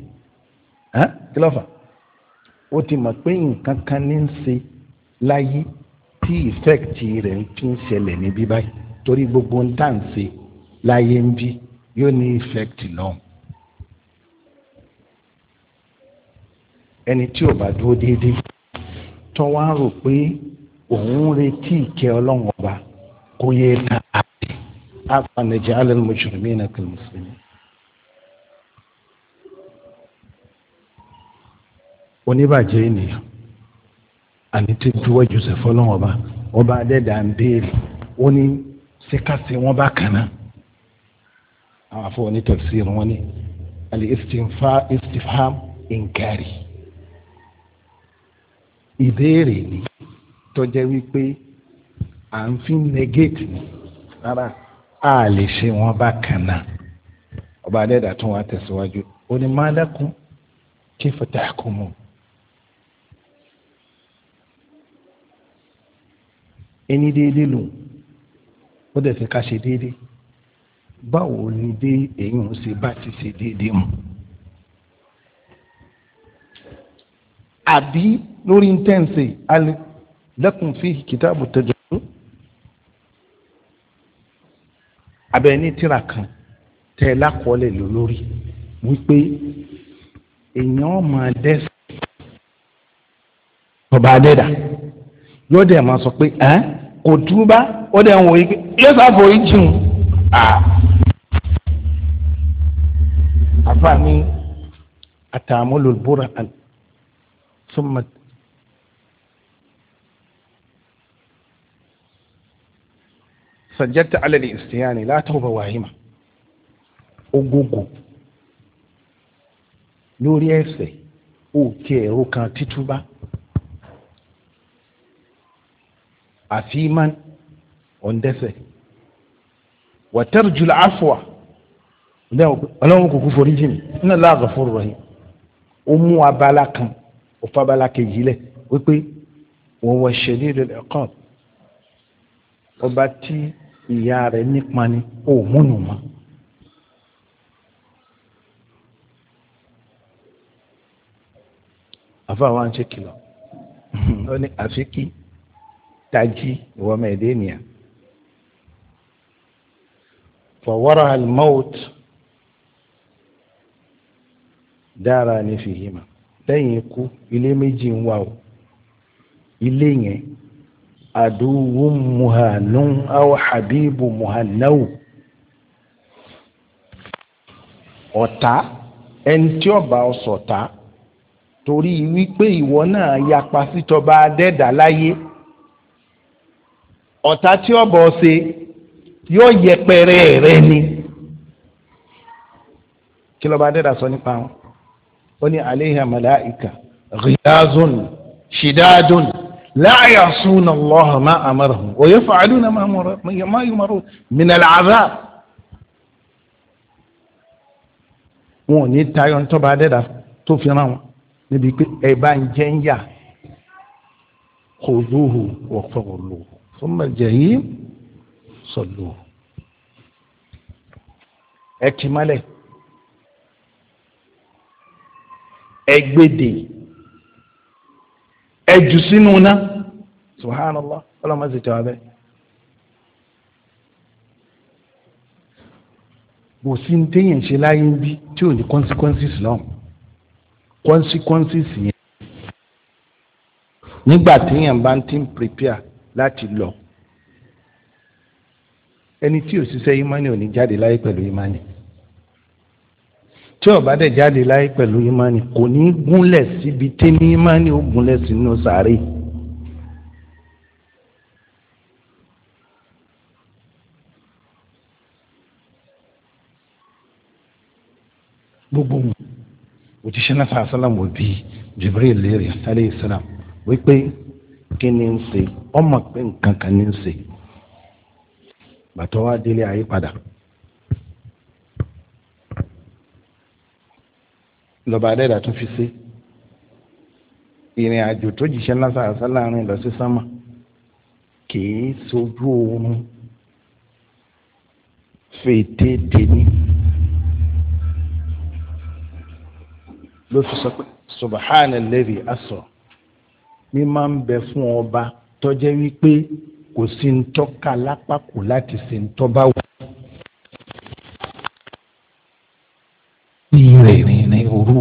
[SPEAKER 1] kí ló fà ó ti mọ̀ pé nǹkan kan ní ń ṣe láyé tí ìfẹ́kìtì rẹ̀ ń tún ṣẹlẹ̀ níbí báyìí torí gbogbo ń tà ń ṣe láyé ń bí yóò ní ìfẹ́kìtì lọ́hùn. ẹni tí ò bá dúró déédéé tó wá ń rò pé òun retí ìkẹ́ ọlọ́run ọba kó yẹ ká àti àfànàjà alẹ́ mùsùlùmí náà kìlọ̀ mùsùlùmí. oníbàjẹ́ ènìyàn àní tí ń fiwọ́ jù sẹ́fọ́ lọ́wọ́ ọba ọba adẹ́dà ń béèrè ó ní síkàsí wọn bá kàn án àwọn afọwọ́ ní tafsir wọn ní al-istifham inkari ìbéèrè ni tó wípé à ń fi negate ni rárá a lè ṣe wọn bá kàn náà ọba adẹ́dà tún wá tẹ̀síwájú ó ní malakum kayfa tahkumun. ẹni déédéé lòun ó dẹ̀ fẹ́ ká ṣe déédéé báwo ni dé èyí ń ṣe bá ti ṣe déédéé mu àbí lórí ntẹ́ǹsì alẹ́ lẹ́kùn fi kìtàbù tẹ̀jọ́ abẹ́ ní tíra kan tẹ́ ẹ lákọọ́lẹ̀ lò lórí wípé èèyàn máa dẹ́sẹ̀ ọba adẹ́dà yóò dẹ̀ máa sọ pé ẹ́. Eh? kò túbá ó dẹ̀ ń wòye pé yóò sá forí jìn àfa ní àtàmúlò búra àlè súnmọ́. سجدت على الاستيان لا توبة واهمة ogogo lórí ẹsẹ̀ ó tiẹ̀ ro kan títúbá àfihàn ọ̀ndẹ́sẹ̀ wàtẹ́rùjùlọ àfọ̀à ọlọ́run kò kú forí jì mí iná láàgọ̀ fún rọ̀ yìí ó mú abala kan ó fa abala kejì lẹ̀ wípé wọ́n wọ ṣẹlẹ̀ rẹ̀ kọ́ ọba tí ìyá rẹ̀ nípa ni ó múnú mọ́. àfa wa ń ṣe kìlọ̀ ó ní àfikí. tají ìwọ ọmọ ẹ̀dẹ́ ènìyàn fọwọ́rọ̀ almout dára ile meji lẹ́yìn ikú ilé méjì ń wà o ilé yẹn àdúwò muhanu aw habibu muhanau ọ̀tá ẹni tí ọba ọ̀sọ̀tá torí wípé ìwọ láyé. ọ̀tá tí ó bọ̀ ṣe yóò yẹpẹrẹ rẹ ni kí ló bá dẹ́ra sọ nípa wọn ó ní alayha malaika ghiyazun shidadun la ya'suna Allaha ma amarahum wa yaf'aluna ma yu'marun min al-'adhab wọn ò ní tayọ tó bá tó fi ràn wọn níbi pé ẹ bá ń jẹ́ ń yà khuduhu wa fagulluhu. ثم الجحيم صلوه ẹtìmọ́lẹ̀ ẹgbẹ́dẹ ẹjù sínú ná subhanallah ọlọ́mọ sì tẹ̀ wá bẹ́ẹ̀. bó sí ń téèyàn ṣe láyé ń bí tí ò ní consequences lọ́hùn consequences yẹn nígbà téèyàn bá ń ti ń prepare láti lọ ẹni tí ò ṣiṣẹ́ ìmánì ò ní jáde láyé pẹ̀lú ìmánì tí ó bá dẹ̀ jáde láyé pẹ̀lú ìmánì kò ní gúnlẹ̀ síbi tí ní ìmánì ó gúnlẹ̀ sínú sàárè. gbogbo òjíṣẹ́ náà sàásálàmù òbí Jibril lérè alayhi salam wípé kí ni ń ṣe ọmọ pé nǹkan kan ní ń ṣe bàtọ́ wá délé àyípadà lọ́ba adẹ́dà tún fi ṣe ìrìn àjò tó jìṣẹ́ lásàásá láàrin lọ sí sámà kìí sojú oorun fètè tèmi ló fi sọ pé subahana lẹ́bi asọ̀ mi máa ń bẹ fún ọba tọ́jẹ́ wípé kò sí ń tọ́ka lápapọ̀ láti ṣe ń tọ́ba wà. ìrẹ̀ rìnrìn òru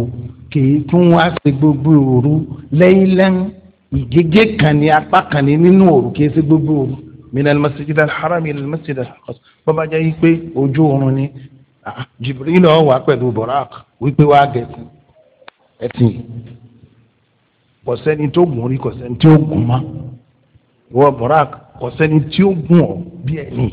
[SPEAKER 1] kìí tún wá ṣe gbogbo òru lẹ́yìn lẹ́yìn ìgégé kan ní apá kan ní nínú òru kìí ṣe gbogbo òru minal masjid al-haram masjid al-aqsa jẹ́ wípé ojú oorun ni Jibril náà wà pẹ̀lú Burak wípé wàá gẹ̀ẹ́sìn ẹ̀sìn kò sẹ́ni tó gùn rí kò sẹ́ni tí ó gùn mọ́ ìwọ burak kò sẹ́ni tí ó gùn ọ́ bí ẹni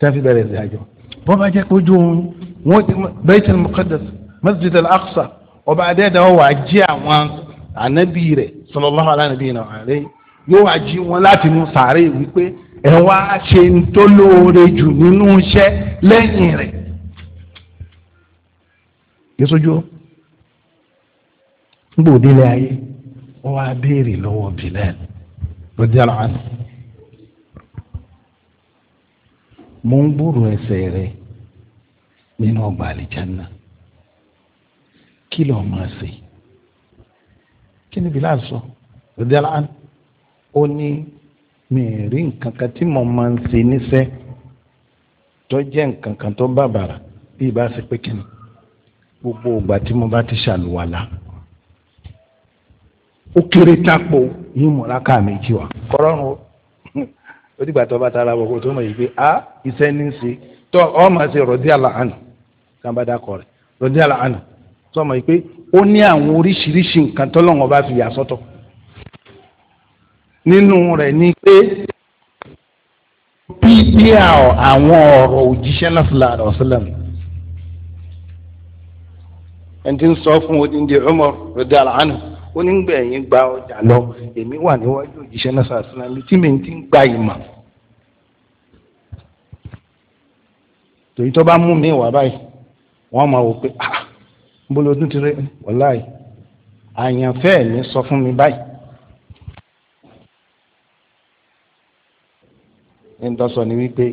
[SPEAKER 1] tẹ́fí bẹ̀rẹ̀ sí àjọ bọ́ bá jẹ́ kójú oorun wọ́n ti Baitul Muqaddas Masjid al-Aqsa ọba adẹ́dàá wà á jí àwọn ànábì rẹ̀ sallallahu alánàbí náà àárẹ̀ yóò wá jí wọn láti mú sàárè wípé ẹ wá ṣe ń tó lóore jù nínú iṣẹ́ lẹ́yìn rẹ̀. yẹ́sọ́jú nígbà òdílé ayé wọn wá béèrè lọ́wọ́ Bilal lọdíàlá àná mo ń gbúrò ẹsẹ̀ rẹ nínú ọgbà àlìjáná kí ló máa ṣe kí ni Bilal sọ lọdíàlá àná ó ní mi rí nǹkan kan tí mo máa ń ṣe níṣẹ́ tó jẹ́ nǹkan kan tó bàbàrà bí ìbá ṣe pé kí ni gbogbo ìgbà tí mo bá ti ṣàlùwàlà. ó kéré tápò ní mọ̀láká méjì wa. kọ́rọ́rùn ó dìgbà tó bá ta ara wọ̀kọ̀ tó mọ̀ yìí pé a ah, iṣẹ́ ní í ṣe tó ọ máa ṣe rọ̀dí àlà àná sábàdà kọ rẹ̀ rọ̀dí àlà àná tó mọ̀ yìí pé ó ní àwọn oríṣiríṣi nǹkan tọ́lọ́wọ́n bá fi yà sọ́tọ̀ nínú rẹ̀ ni pé bí àwọn ọ̀rọ̀ òjíṣẹ́ náà ẹni tí ń sọ fún odindi rọ̀dí àlà àná. ó ní gbẹ̀yìn gba ọjà lọ èmi wà níwájú òjíṣẹ́ náà sàṣìlámì tí mi ti ń gba ìmọ̀ tòyí tó bá mú mi wá báyìí wọ́n máa wò pé ah bólódún ti rẹ wàláì àyànfẹ́ mi sọ fún mi báyìí. ntọ́sọ ni wípé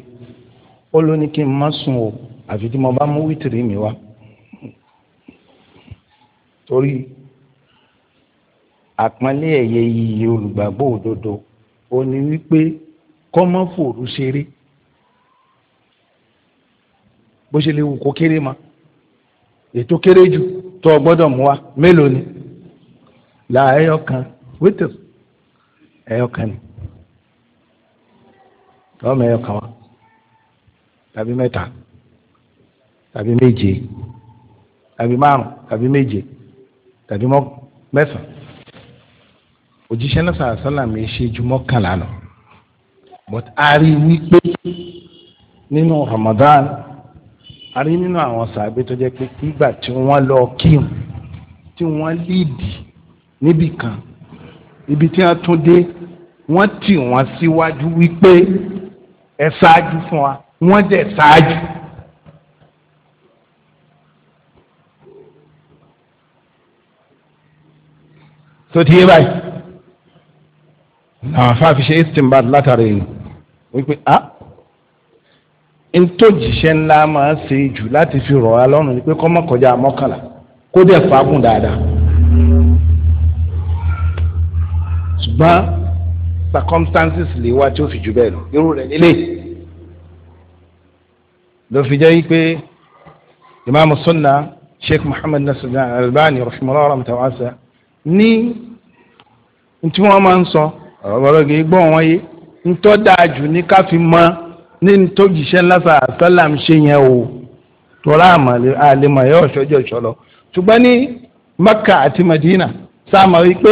[SPEAKER 1] ó ló ní kí n má sùn o àfi tí mo bá mú wítìrì mi wá torí àpọ́nlé ẹ̀yẹ iyì olùgbàgbọ́ òdodo ó ní wípé kọ́mọ́ fòrú ṣeré bó ṣe lè wù kó kéré ma ètò kéré jù tó o gbọ́dọ̀ mú wa mélòó ni là ẹyọ kan wítò ẹyọ kan ni tọ́mọ ẹyọ kan wa tàbí mẹ́ta tàbí méje tàbí márùn tàbí méje tàbí mẹ́sàn-án òjíṣẹ́ náà sàlásàlám yìí ṣe ju mọ́kànlá lọ but a rí wípé nínú Ramadan a rí nínú àwọn sàbẹ tó jẹ́ pé nígbà tí wọ́n lọ kíun tí wọ́n líìdì níbì kan ibi tí wọ́n tún dé wọ́n tì wọ́n síwájú wípé ẹ ṣáájú fún wa wọ́n dẹ̀ ṣáájú. tó ti làwọn afáàfin ṣe istinbat látàrí wípé a n tó jìṣẹ́ ńlá máa ṣe jù láti fi rọ̀ ọ́ lọ́rùn ni pé kọ́ mọ́ kọjá mọ́kànlá
[SPEAKER 3] kó dẹ̀ fagùn dáadáa
[SPEAKER 1] ṣùgbọ́n circumstances lè wá tí ó fi jù bẹ́ẹ̀ lọ irú rẹ̀ nílé ló fi jẹ́ pé imaamu sunna sheikh muhammad nasir albani rahimahullah rahmatulahi ní tí wọ́n máa ń sọ ọ̀rọ̀ kì í gbọ́ wọn yé ntọ́ dáa jù ní ká fi mọ ní tó jìṣẹ́ lásà sálàm ṣe yẹn o tọ́lá àmàlẹ́ àlẹ́mọ̀ yóò ṣọjọ́ ìṣọ̀lọ́ ṣùgbọ́n ní Mẹ́kà àti Madina sáàmà wípé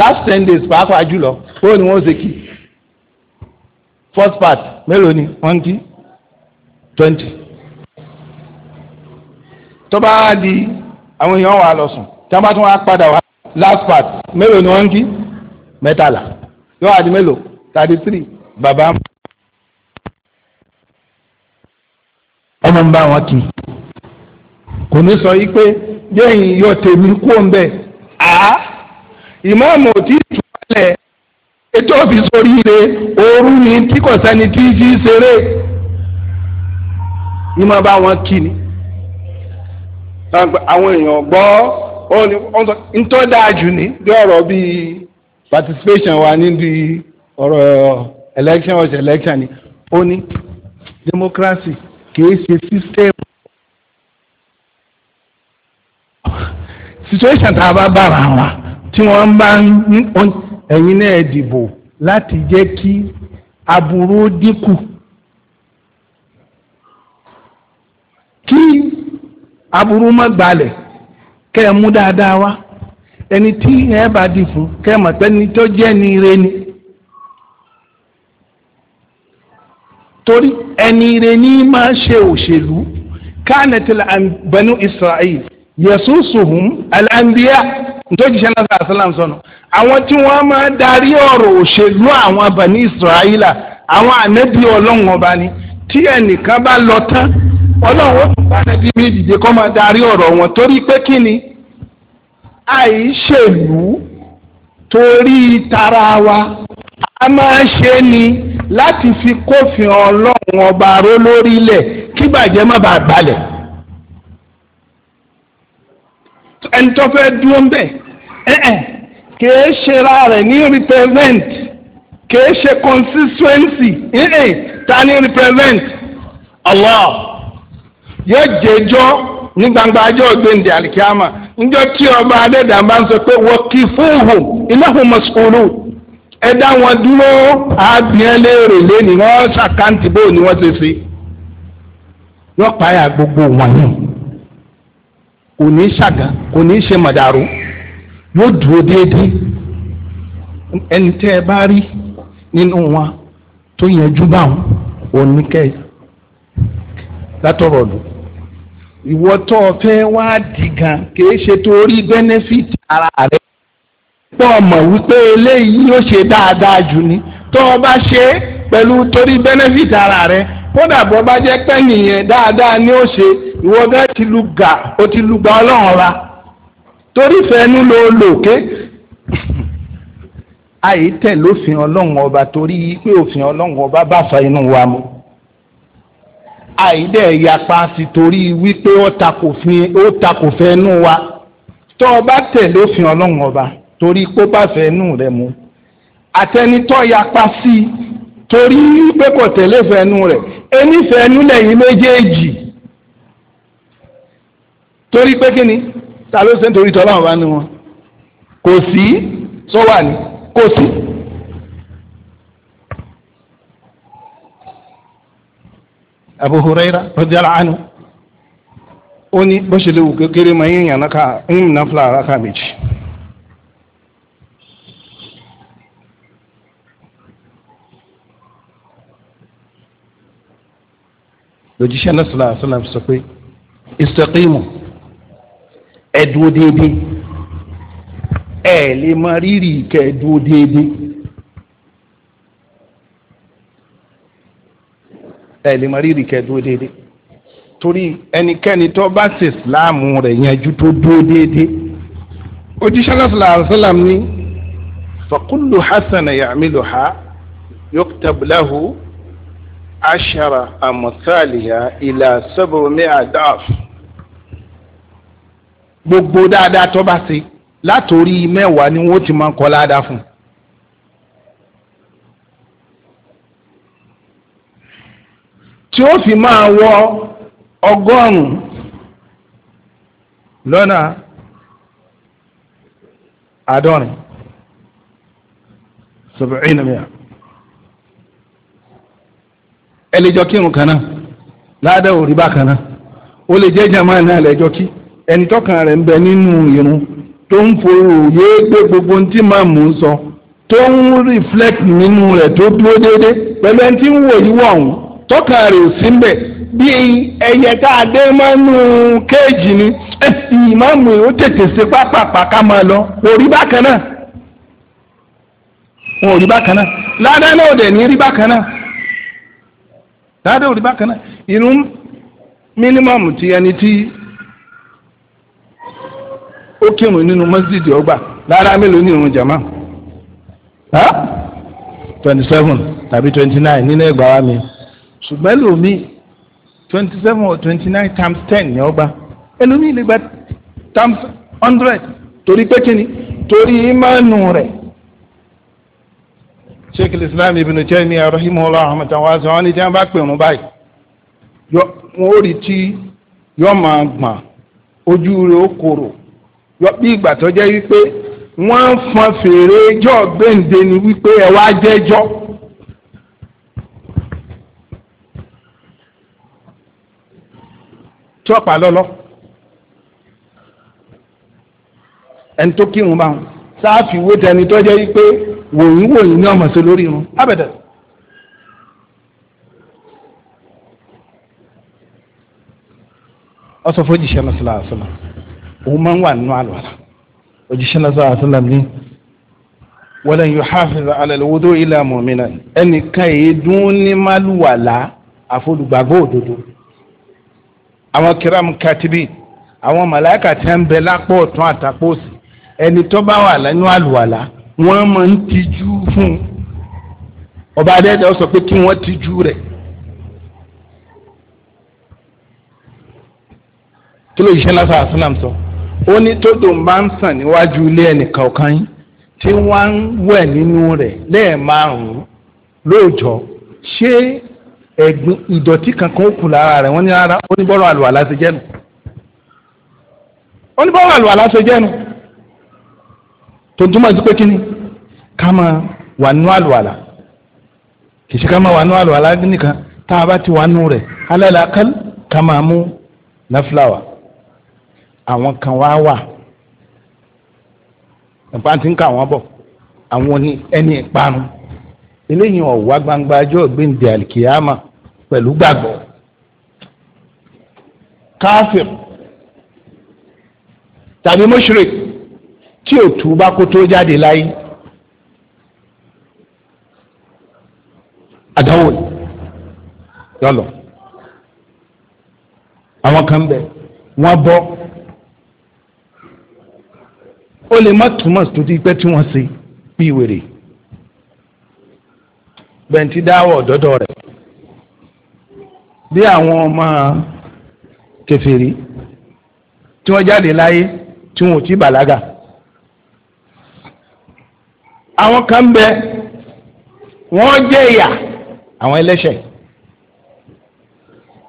[SPEAKER 1] last ten days pàápàá jùlọ ó ní wọ́n ṣe kí first part mélòó ni wọ́n kí twenty tó bá di àwọn èèyàn wà lọ sùn tí wọ́n bá tún wá padà wá last part mélòó ni wọ́n kí mẹ́tàlá yóò wá mélòó thirty three bàbá ọmọ ń bá wọn kì í kò ní sọ yìí pé jẹ́yìn yọ tèmi kú òun bẹ́ẹ̀ á ìmáàmù ò tí ì túwálẹ̀ ètò òfin sórí ire ooru ni tí kò sẹ́ni tí fi ṣeré ní bá wọn kì ní. àwọn èèyàn gbọ́ ntọ́ dáa jù ní bí ọ̀rọ̀ bíi participation wa níbi ọ̀rọ̀ election ọ̀sẹ̀ election ni ó ní democracy kìí ṣe system situation tá a bá bára wa tí wọ́n bá ń ẹ̀yin náà dìbò láti jẹ́ kí aburú dínkù kí aburú má gbalẹ̀ kẹ́ ẹ mú dáadáa wá. ẹni tí ẹ bá dì fún kẹ́mọ̀ pẹ́ni tó jẹ́ ni ire ni torí ẹni ire ni máa ṣe òṣèlú kánẹtìlá bẹnu Israel yẹsùsùhùn aláǹbíyà nítorí jíṣẹ́ náà sàlám sọnù àwọn tí wọ́n máa darí ọ̀rọ̀ òṣèlú àwọn bẹnu Israel àwọn ànẹ́bí ọlọ́run ọba ni tí ẹnìkan bá lọ tán ọlọ́run ó tún bá ẹbí mi dìde kó máa darí wọn torí pé kí ni. àìṣèlú torí tara wa a máa ṣe ni láti fi kófin ọlọ́run ọba ró lórílẹ̀ kí bàjẹ́ má bàa gbalẹ̀ ẹni tó fẹ́ dúró ń bẹ̀ kìí ṣe ra rẹ̀ ní represent kìí ṣe consistency ta ni represent Allah yóò ní gbangba ajọ́ njọ tí ọba adẹ́dà bá ń sọ pé wọ́n kí fóòhùn ináhùn mọ̀sùkúrú ẹ̀dá wọn dúró àbíyàn léèrè lẹ́nu wọ́n ṣàkáǹtì bó ni wọ́n ṣe ṣe wọ́n pààyà gbogbo wọnyí kò ní ṣàgà kò ní ṣe màdàrú yóò dúró déédéé ẹni ìwọ tó o fẹ́ wá dì gan kìí ṣe torí benefit ara rẹ pọ̀ mọ̀ wípé eléyìí yóò ṣe dáadáa jù ni tó o bá ṣe pẹ̀lú torí benefit ara rẹ kódà bó bá jẹ́ pé nìyẹn dáadáa ni ó ṣe ìwọ gan ti lu gà ó ti lu gba ọlọ́run ra torí fẹ́nu ló lò ké àyè tẹ̀ lófin ọlọ́run ọba torí pé òfin ọlọ́run ọba bá fa inú wa mu àìdẹ́ yapa sí torí wípé ó takò fẹ́ nù wa tó o bá tẹ̀lé òfin ọlọ́run ọba torí pé ó bá fẹ́ nù rẹ mu àtẹnitọ́ yapa sí torí wípé kò tẹ̀lé fẹ́ rẹ enífẹ́ lẹ́yìn méjèèjì torí pé kí ni ta ló ṣe ń torí tọ́lá ọba ni wọn kò sí sọ wà ní kò sí. Abu Huraira radiyallahu anhu ó ní bó ṣe léwu kékeré máa ń yàn náà ń nà fúlà rákà méjì. lójíṣẹ́ náà sọ̀rọ̀ àṣọ náà sọ istaqimu ẹ̀dúró déédéé ẹ̀ lè máa rírì kẹ́ ẹ̀dúró déédéé. ẹ lè mọ rírì kẹ dúró déédéé torí ẹnikẹ́ni tó bá ṣe ìsìláàmù rẹ̀ yanjú tó dúró déédéé ojúṣe aláṣàlá àṣàlám ní fakulu hasana yamilu ha yuktab lahu ashara amusaliya ila sabu mi'a gbogbo dáadáa tó bá ṣe látòrí mẹ́wàá ni wọ́n ti máa ń kọ́ ládàá fún un tí ó fi máa wọ ọgọ́rùn-ún lọ́nà àádọ́rin sọ̀bẹ̀rin mìíràn ẹ lè kànáà kírun ò rí ó lè jẹ́ jàmáà náà lẹ́jọ́ kí rẹ̀ ń bẹ nínú irun tó ń forò yé gbé gbogbo tí sọ tó ń reflect nínú rẹ̀ tó dúró déédéé pẹ̀lú ẹni tí tọ́ka osimbe ò bí ẹyẹ tá a dé máa nù kéèjì ni ìmáàmù ó tètè ṣe pápápá ká máa lọ kò rí bákan náà wọn ò rí bákan náà ládàá náà ò dẹ̀ ti ẹni tí ó kírun nínú mọ́sídìí ọgbà lára mélòó ní irun jàmá twenty seven tàbí twenty nine nínú ẹgbàá mi. ṣùgbọ́n ẹlòmíì twenty seven or twenty nine times ten ni ọgbà ẹlòmíì lè gba times hundred torí pé torí ìmánu rẹ̀. sheikh islam ibn Taymiyyah rahimahullah rahmatan wa sọ ni tí bá pè báyìí tí yọọ máa gbọ̀n ojú rẹ̀ ó korò bí ìgbà tó jẹ́ wípé wọ́n fọn ni wípé ẹ tí ọ̀pá lọ́lọ́ ẹni tó kírun bá wọn sáàfì wo tẹni tó jẹ́ wípé wòyìn wòyìn ní ọmọ sí lórí wọn abẹ́dẹ̀. ọsọ fún òjíṣẹ́ náà sílá àṣọlá òun máa ń wà nínú àlùwàlà òjíṣẹ́ náà sílá àṣọlá ní wala yuhafiza ala alwudu illa mu'mina ẹnìkan èédún ní málùwàlà àfọlùgbàgbọ́ òdodo àwọn kiram katibi àwọn màláìka tí ń bẹ lápò ọ̀tún àtàkóòsì ẹni tó bá wà lẹ́nu àlùwàlà wọ́n máa ń tijú fún ọba adẹ́dẹ́ sọ pé kí wọ́n tijú rẹ̀ kí ló yíṣẹ́ lásán àsìlám sọ ó ní tódò bá ń sàn níwájú ilé ẹnìkan ọ̀kan yín tí wọ́n ń wẹ̀ nínú rẹ̀ lẹ́ẹ̀márùn-ún ṣé ẹ̀gbin ìdọ̀tí kankan ó kù lára rẹ̀ wọ́n ní ara oníbọ̀rọ̀ àlùwàlá ṣe jẹ́nu oníbọ̀rọ̀ àlùwàlá ṣe jẹ́nu tó túmọ̀ sí pé kíni ká máa wà nú àlùwàlá kì í ṣe ká máa wà nú nìkan tá a bá ti wà nú rẹ̀ alẹ́làkán ká máa mú náfìláwà àwọn kan wá wà nípa ti ń kà wọ́n bọ̀ àwọn ẹni ìparun eléyìí ọ̀wá gbangba ajọ́ pẹ̀lú gbàgbọ́ káfíìn tàbí mushrik tí ò túbá kó tó jáde láyé àdánwò yọlọ àwọn kan bẹ wọn bọ ó lè má túmọ̀ tó ti pẹ́ tí wọ́n ṣe bí wèrè bẹ́ẹ̀ ti dáwọ̀ dọ́dọ̀ rẹ̀ bí àwọn ọmọ kèfèrí tí wọ́n jáde láyé tí wọn ò tí bàlágà àwọn kan bẹ wọ́n jẹ ìyà àwọn ẹlẹ́ṣẹ̀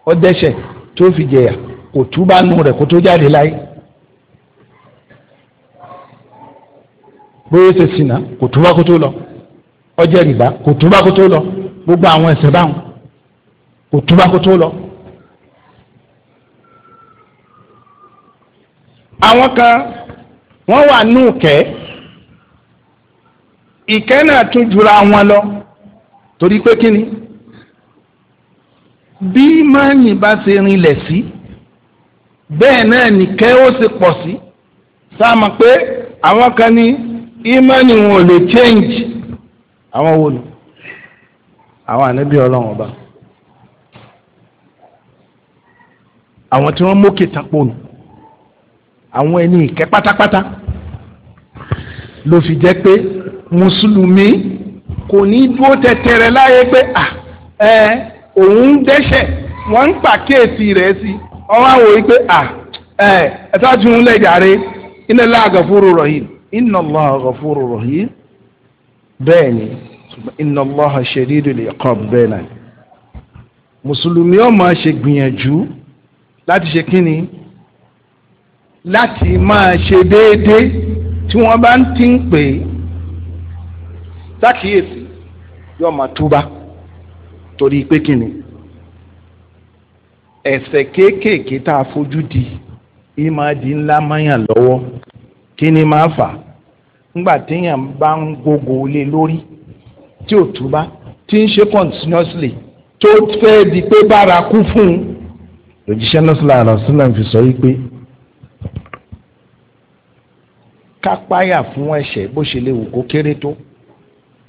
[SPEAKER 1] ó dẹ́ṣẹ̀ tó fi jẹyà kò túbà nù rẹ̀ kó tó jáde láyé. bóyá ṣe sinà kò túbá kó tó lọ ọjẹ́ rìbá kò túbá kó tó lọ gbogbo àwọn ẹ̀ṣẹ̀ báwọn kò túbá kó tó lọ. àwọn kan wọ́n wà ní ìkẹ́ ìkẹ́ náà tún jura wọn lọ torí pé kí ni bí mọ́nyìn bá ṣe rinlẹ̀ sí bẹ́ẹ̀ náà nìkẹ́ ó ṣe pọ̀ sí sáà pé àwọn kan ní ìmọ̀nì wọn ò lè change àwọn wo ni àwọn ànábì ọlọ́run ọba. àwọn tí wọ́n mókè tán àwọn ẹni ìkẹ́ pátápátá ló fi jẹ́ pé mùsùlùmí kò ní dúró tẹ̀tẹ̀rẹ̀ láyé pé à ẹ òun ń wọ́n ń pàkíyèsí rẹ̀ sí ọwọ́ àwòrán pé à ẹ ẹ a ti ń lẹ̀ bẹ́ẹ̀ ni láti ṣe kíni láti máa ṣe déédéé tí wọ́n bá ń ti ń pè é sákìyèsí yóò máa túbá torí pé kíni ẹ̀ṣẹ̀ kéékèèké tá a fojú di ìmáàdì ńlá máyàn lọ́wọ́ kíni máa fà nígbà téèyàn bá ń gbogbo lé lórí tí ò túbá tí ń ṣe continuously tó fẹ́ di pé bára kú fún un lòjíṣẹ́ lọ́sọ̀lá àlọ́sọ̀lá fi sọ wípé kápáyà fún ẹ̀ṣẹ̀ bó ṣe léwu kó kéré tó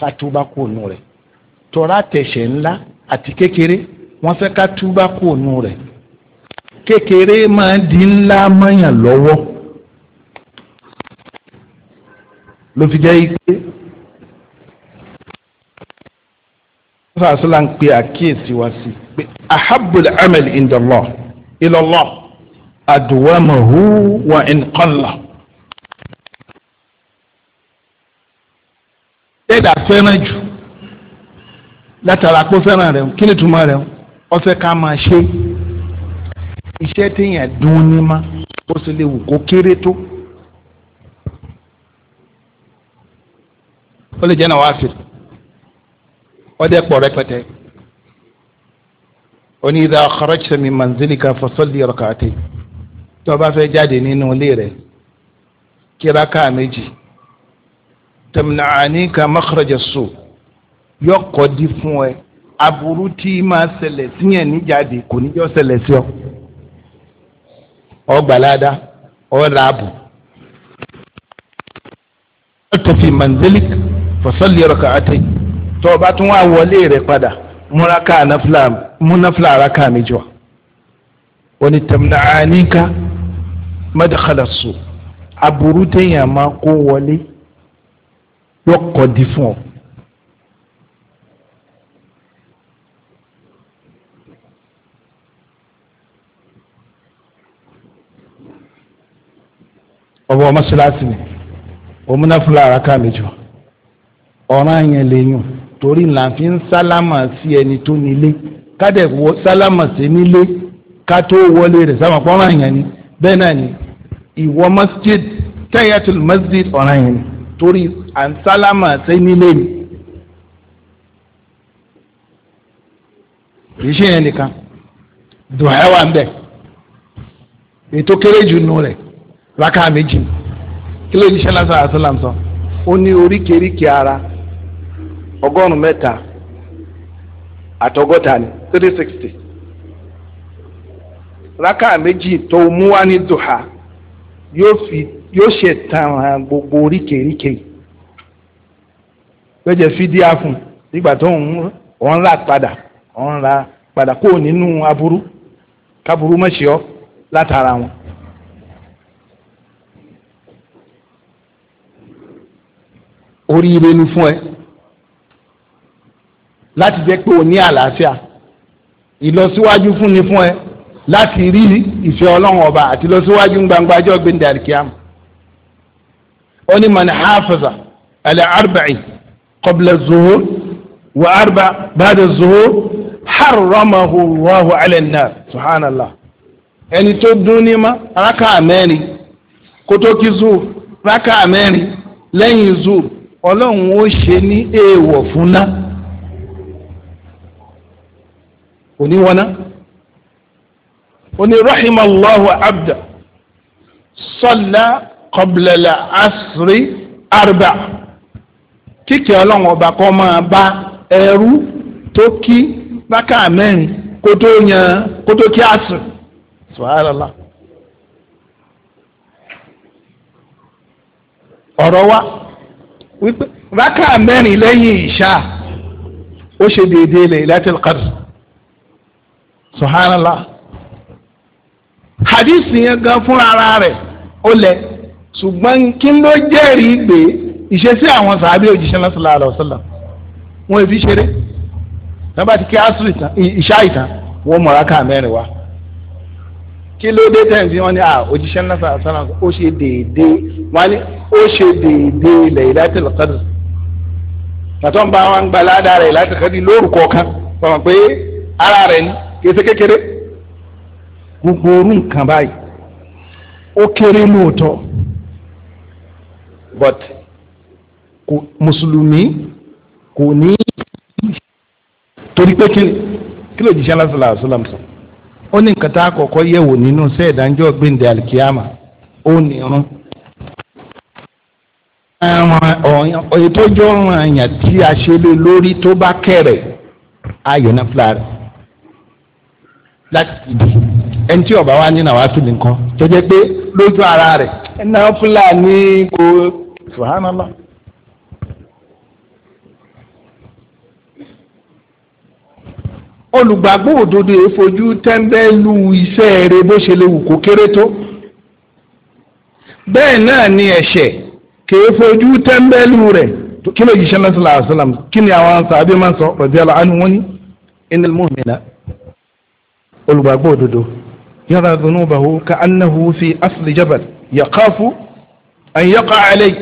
[SPEAKER 1] ká túbá kú ònú rẹ̀ tọ́ra tẹ̀ṣẹ̀ ńlá àti kékeré wọ́n fẹ́ ká túbá kú ònú rẹ̀ kékeré máa di ńlá mọ́yàn lọ́wọ́ ló fi jẹ́ ipé sọ́sọ́ àṣìlá ń pe àkíyèsí wá sí pé ahabbul amal indallah ila Allah adwamahu wa in qalla. dẹ́dà fẹ́ràn jù látara pé fẹ́ràn rẹ̀ kí ni túmọ̀ rẹ̀ ó fẹ́ ká máa ṣe iṣẹ́ téèyàn dún ní má ó sì lè wù kó kéré tó. ó lè jẹ́ náà wá sí ọdẹ pọ̀ rẹpẹtẹ ó ní idha kharajta min manzilika fasalli rak'atayn tó bá fẹ́ jáde nínú ilé rẹ̀ kíráká méjì tamna'anika makhraja as-su yọkọ̀ di fún ẹ aburú tí máa ṣẹlẹ̀ síyẹn níjáde kò ní jọ ṣẹlẹ̀ sí ọ ọgbàládá ọ̀ràbù ọ̀tọ̀fì manzilik fasalli rak'atayn tó bá tún wá wọlé rẹ̀ padà múraka múnáfìlà araka méjì wa wọ́n ní tẹ̀mínà àníkà mẹ́tẹ̀kálà so aburú téèyàn máa kó wọlé yọkọ̀ di fún ọ. ọba ọmọ síláàsì ni òmùnáfìlà araka méjì wa ọ̀ràn yẹn lè yùn torí là ń fi ń sálámà sí ẹni tó nílé kádẹ wọ sálámà sí nílé ká tó wọlé rẹ̀ sábà pọ́nrán àyàn ni bẹ́ẹ̀ náà ni ìwọ masjid tayatul masjid ọ̀ràn yẹn ni torí à ń sálámà sí nílé ni kìí ṣe yẹn nìkan dùn ẹ̀ wà ń bẹ̀ ètò kéré jù nù rẹ̀ rákà méjì kí ló ní sẹ́lá sàlá sàlám sọ ó ní oríkèéríkèé ara ọgọ́rùn mẹ́ta àtọgọ́ta ni three sixty raka méjì tó mú wá ní duha yóò fi yóò ṣe tàn gbogbo oríkèéríkèé gbẹjẹ fídíà fún nígbà tó ń wọn rà padà wọn rà padà kó nínú aburú kaburú mọ̀ṣẹ́ ọ látara wọn. oríire ni fún ẹ láti jẹ́ pé o ní àlàáfíà ìlọsíwájú fún ni fún ẹ láti rí ìfẹ́ ọlọ́run ọba àti ìlọsíwájú gbangba ọjọ́ gbẹ̀ndẹ̀ àríkíám ó ní man hafaza ala arba'i qabla zuhur wa arba ba'da zuhur haramahu Allahu ala an-nar subhanallah ẹni tó dún ní ma raka mẹ́rin kótó kí raka mẹ́rin lẹ́yìn zuhur ọlọ́run ó ṣe ní èèwọ̀ fún náà kò ní wọná oní rahimallahu abda salla qablala asri arba kíkẹ́ ọlọ́run ọba kọ́ máa bá ẹrú tó kí bákà mẹ́rin kó tó yan kó tó kí àsìr subhanallah ọ̀rọ̀ wa wípé rákà mẹ́rin lẹ́yìn ìṣá ó ṣe déédéé Laylatul Qadr subhanallah hadith yẹn gan fúnra ara rẹ̀ ó lẹ̀ ṣùgbọ́n kí ló jẹ́rìí gbé ìṣesí àwọn sàábí òjíṣẹ́ náà sallallahu alaihi wasallam wọn èfi ṣeré nígbà tí kí asùn ìtàn ìṣá ìtàn wọn mọ̀ráká mẹ́rin wa kí ló dé tẹ̀sí wọn ni òjíṣẹ́ náà sallallahu alaihi ó ṣe déédéé wọn ni ó ṣe déédéé Lailatul Qadr tàtọ́ ń bá wọn gbalá dára Lailatul Qadr lórúkọ kan wọn pé ara rẹ̀ ni kése kékeré gbogbo orú nǹkan báyìí ó kéré lóòótọ́ but kò mùsùlùmí kò ní torí pé kí kí ló jíṣẹ́ lásìlá àṣìlám sọ ó ní nǹkan tá a kọ́kọ́ yẹ̀wò nínú sẹ́ ìdájọ́ gbẹ̀ǹdẹ̀ alikiyama ó ní irun ètò ìjọ ọ̀ràn àyàn tí a ṣe lé lórí tó bá kẹ̀rẹ̀ ayọ̀ náà fúlàrẹ̀ láti dìde ẹni tí ọba wa ní nàwa tún ní nǹkan tó jẹ́ pé lójú ara rẹ̀ ẹnà fúlàní kò subhanallah. olùgbàgbọ́ òdodo èèfojú tẹ́ńbẹ́lú iṣẹ́ rẹ̀ bó ṣe léwu kó kéré tó bẹ́ẹ̀ náà ni ẹ̀ṣẹ̀ kèéfojú tẹ́ńbẹ́lú rẹ̀ kí ló yìí ṣẹlẹ̀ sallallahu alaihi kí ni àwọn sàbí máa sọ radiyallahu anhu wọ́n ní inal mu'mina olùgbàgbọ́ òdodo yara dhunubahu ka annahu fi asli jabal yaqafu an yaqa alay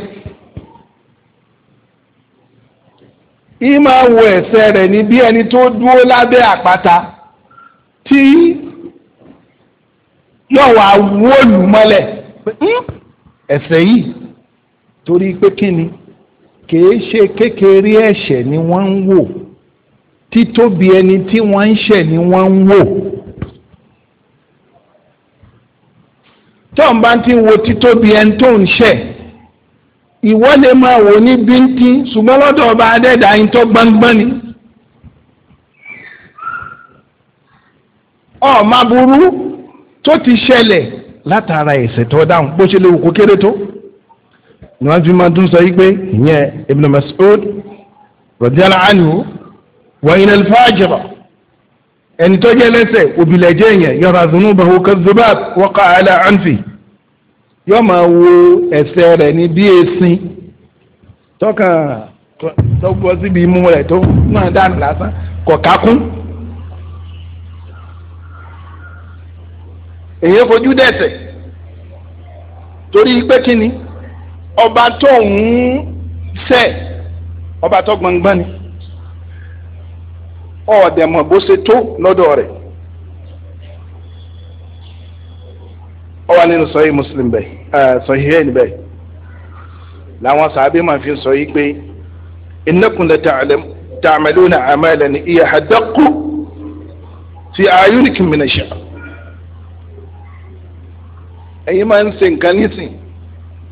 [SPEAKER 1] ima wo ẹ̀ṣẹ̀ rẹ̀ ní bí ẹni tó dúró lábẹ́ àpáta tí yóò wá wóòlù mọ́lẹ̀ hm, ẹ̀ṣẹ̀ yìí torí pé kí kìí ṣe kékeré ẹ̀ṣẹ̀ ni wọ́n ń wò títóbi ẹni tí wọ́n ń ṣẹ̀ ni wọ́n ń wò. tó ń bá ti wo títóbi ẹni tó ń ṣẹ̀ ìwọ lè máa wò ní bíntí ṣùgbọ́n lọ́dọ̀ ọba adẹ́dàá yín tó gbọ́ngbọ́n ni. ọ̀ma burú tó ti ṣẹlẹ̀ látara ẹ̀ṣẹ̀ tó dáhùn bó ṣe lè kó kéré tó ni wọ́n fi máa dún sọ yí pé ìyẹn Ibn Mas'ud radiyallahu anhu wa inal fajira ẹni tó jẹ́ lẹ́ṣẹ̀ òbílẹ̀ jẹ́ yẹn yara dhunubahu kadhubab waqa ala anfi yóò máa wo ẹsẹ̀ rẹ̀ ní bí esin tọkàn tọgbọ síbi imú rẹ̀ tó náà dànù lásán kọkákún èyí fojú dẹ̀ṣẹ̀ torí pé kíni ọba tó ń ṣẹ̀ ọba tó gbọngbọn ni ọ̀ọ́dẹ̀mọ̀ bó ṣe tó lọ́dọ̀ rẹ̀. ó wà nínú sọyí muslim bẹ sọyí hẹ́n bẹ làwọn sàbí máa fi sọ yìí pé innakum la ta'maluna amalan iya hadaqu fi ayunikum min ash-sha ẹ̀yin máa ń ṣe nǹkan nísìn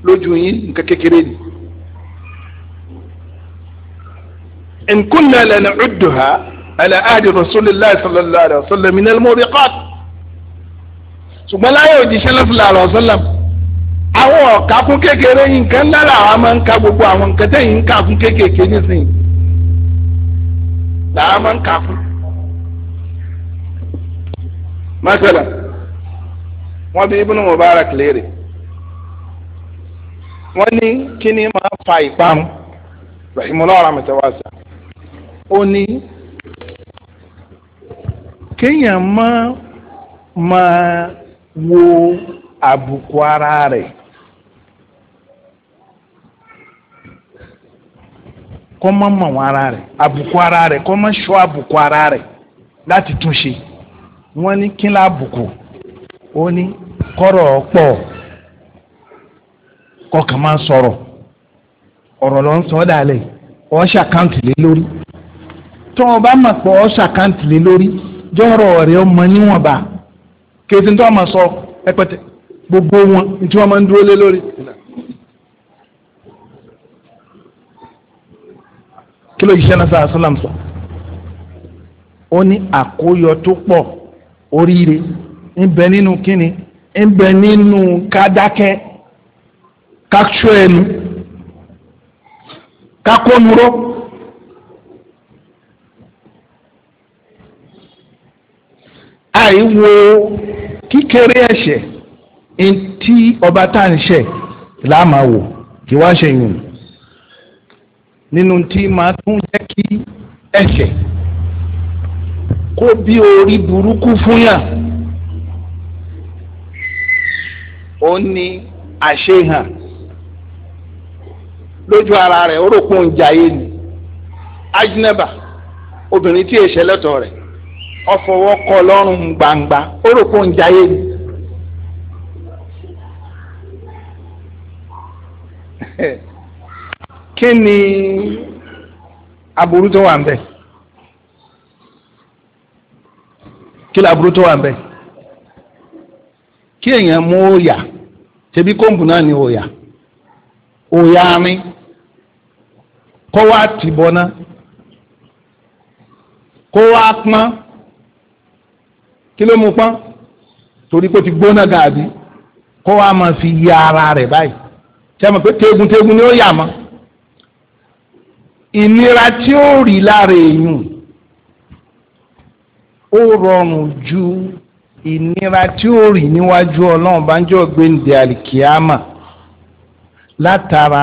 [SPEAKER 1] lójú yín nǹkan kékeré ni in kunna lana'udduha ala ahdi rasulillahi sallallahu alaihi wasallam min al-mubiqat ṣùgbọ́n láyé òjíṣẹ́ lọ́sọ̀lá àlọ́sọ́lá àwọn ọ̀ka kún kékeré nǹkan lára àwọn máa ń ka gbogbo àwọn nǹkan tẹ̀yìn ń kà kún kékèké nísìnyí làwọn máa ń kà kún. masala wọ́n bí Ibn Mubarak léèrè wọ́n ní kí ni máa fa ìparun rahimahullah rahmatawasa ó ní kéèyàn máa máa wo àbùkù ara rẹ kọ́ mọ́ wọn ara rẹ àbùkù ara rẹ sọ ara rẹ láti tún ṣe wọn ní kí la àbùkù ó ní kọrọ ọpọ kọkàn máa ń sọrọ ọ̀rọ̀ ló ń sọ dàlẹ̀ ọ̀ ṣàkáǹtì lé lórí tó bá lé kèsì tó ọmọ sọ ẹpẹtẹ gbogbo wọn tí wọ́n máa ń dúró lé lórí kí ló yíṣẹ́ náà sáà sọ́làm sọ ó ní àkóyọ tó pọ̀ oríire ń bẹ nínú kíni ń bẹ nínú kádákẹ́ káṣọ ẹnu kákónuró àìwo kíkéré ẹ̀ṣẹ̀ ntí ọba tá à ń ṣẹ̀ láàmà wò kí wá ṣe yùn nínú tí máa tún jẹ́ kí ẹ̀ṣẹ̀ kó bí orí burúkú fún yàn ó ní àṣehàn lójú ara rẹ̀ ó rò pé òun jayé ni ajínẹ́bà obìnrin tí èṣẹ́ lẹ́tọ̀ọ́ rẹ̀ ọfọwọ́ kọ lọ́rùn gbangba ó rò pé ń jayé ni. kí ni aburú tó wà ń bẹ kí ni aburú tó wà ń bẹ kí èèyàn mú òòyà tẹbí kóńbù náà ni òòyà òòyà arin kó wá tìbọná kó wá pọ́n kí ló mú pọ́n torí pé ó ti gbóná gàdí kó wàá máa fi yí ara rẹ̀ báyìí sẹ́mi pé tegun-tegun ni ó yà mọ́ ìnira tí ó rí lára èèyàn ó rọrùn ju ìnira tí ó rí níwájú ọlọ́run bá gbéǹde àlìkíámà látara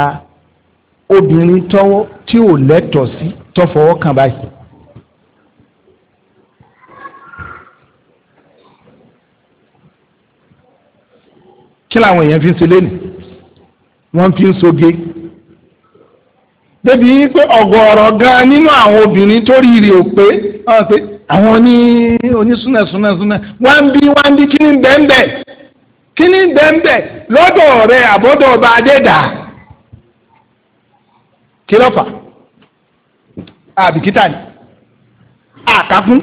[SPEAKER 1] obìnrin tọ́wọ́ tí ò lẹ́tọ̀ọ́ sí tọ́fọwọ́ kàn báyìí kí làwọn èèyàn fi ń ṣe lẹ́nu wọn fi ń soge débi pé ọ̀gọ̀ọ̀rọ̀ gan nínú àwọn obìnrin tó rí o pé àwọn oní onísúnẹ̀súnẹ̀súnẹ̀ wọ́n bí wọ́n bí kí ni bẹ́ẹ̀nbẹ́ kí ni bẹ́ẹ̀nbẹ́ lọ́dọ̀ rẹ àbọ́dọ̀ ọba kí lọ́fà ni àkàkún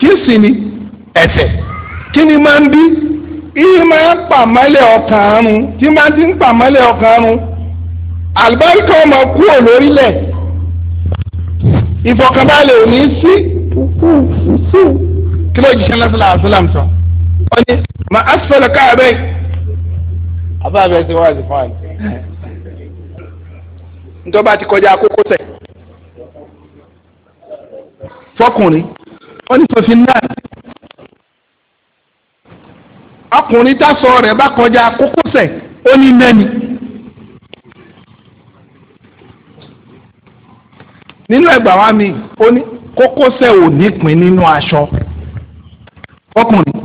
[SPEAKER 1] kí sì ni kí ni máa ń bí ìyí máa ń pàmọ́lẹ̀ ọkàn àrùn tí máa ti ń pàmọ́lẹ̀ ọkàn àrùn àlùbáríkà ọmọ kúrò lórílẹ̀ ìfọ̀kànbalẹ̀ ò ní sí kí ló jíṣẹ́ lọ́sọ̀lá àṣọlám sọ. wọ́n ní mà á sọ̀rọ̀ káàbẹ̀. abáàbẹ̀ ti wá sí fún àǹtí. ntọ́ba ti kọjá kókósẹ̀ fọkùnrin wọ́n ní fòfin náà. ọkùnrin tásọ rẹ̀ bá kọjá kókósẹ̀ ó ní mẹ́ni. nínú ẹgbà wa mi kókósẹ̀ ò nínú aṣọ ọkùnrin.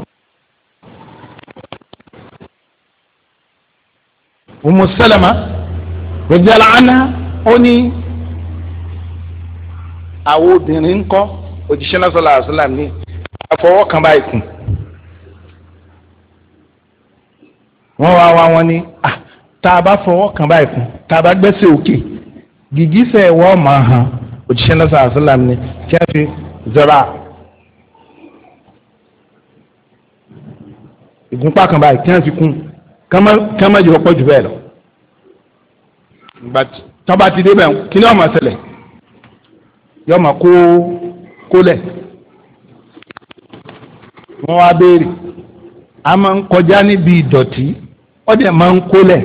[SPEAKER 1] Umu Salama rẹjẹlá aná ó ní àwọn obìnrin ń kọ́ òjíṣẹ́ náà wọ́n wá wá wọn ní à ah, tá a bá fọwọ́ kàn báyìí fún tá a bá gbẹ́sẹ̀ òkè gìgísẹ̀ wọ́ máa hàn òjíṣẹ́ náà sàrà sílám ni kí wọ́n fi zara ìgúnpá kan báyìí kí wọ́n fi kún kí wọ́n má jẹ́ ọ̀pọ̀ jù bẹ́ẹ̀ lọ. tọ́ba ti dé bẹ́ẹ̀ kí ni wọ́n ṣẹlẹ̀ yọ́ọ́ máa kó kólẹ̀ wọ́n wá béèrè a máa ń kọjá níbi ìdọ̀tí ó dẹ̀ máa ń kólẹ̀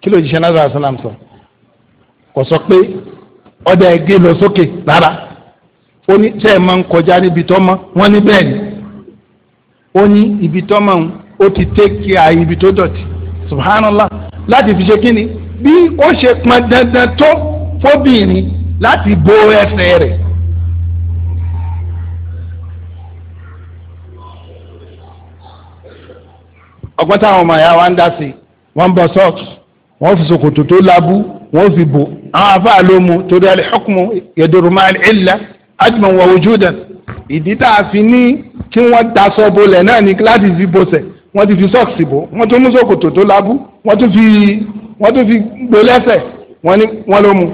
[SPEAKER 1] kí ló jíṣẹ́ náà sàlám sọ kò sọ pé ó dẹ̀ gé lọ sókè rárá ó ní tẹ́ ẹ máa ń kọjá níbi tó mọ́ wọ́n ní bẹ́ẹ̀ ni ó ní ibi tó mọ́ ó ti tẹ́ kí a ibi tó dọ̀tí subhanallah láti fi ṣe kí ni bí ó ṣe pọn dandan tó fóbìnrin láti bo ẹsẹ̀ rẹ̀. ọgbọ́n táwọn ọmọ ìyá wa ń dá sí wọ́n bọ́ sọ́ọ̀kì wọ́n fi ṣòkòtò tó lábú wọ́n fi bò àwọn afá ló mu torí alihukmu yaduru ma al'illa ajman wa wujudan ìdí tá a fi ní kí wọ́n daṣọ bolẹ̀ náà ní láti fi bọ́sẹ̀ wọ́n ti fi sọ́ọ̀kì bò wọ́n tún mú ṣòkòtò tó lábú wọ́n tún fi wọ́n tún fi gbó lẹ́sẹ̀ wọ́n ló mu.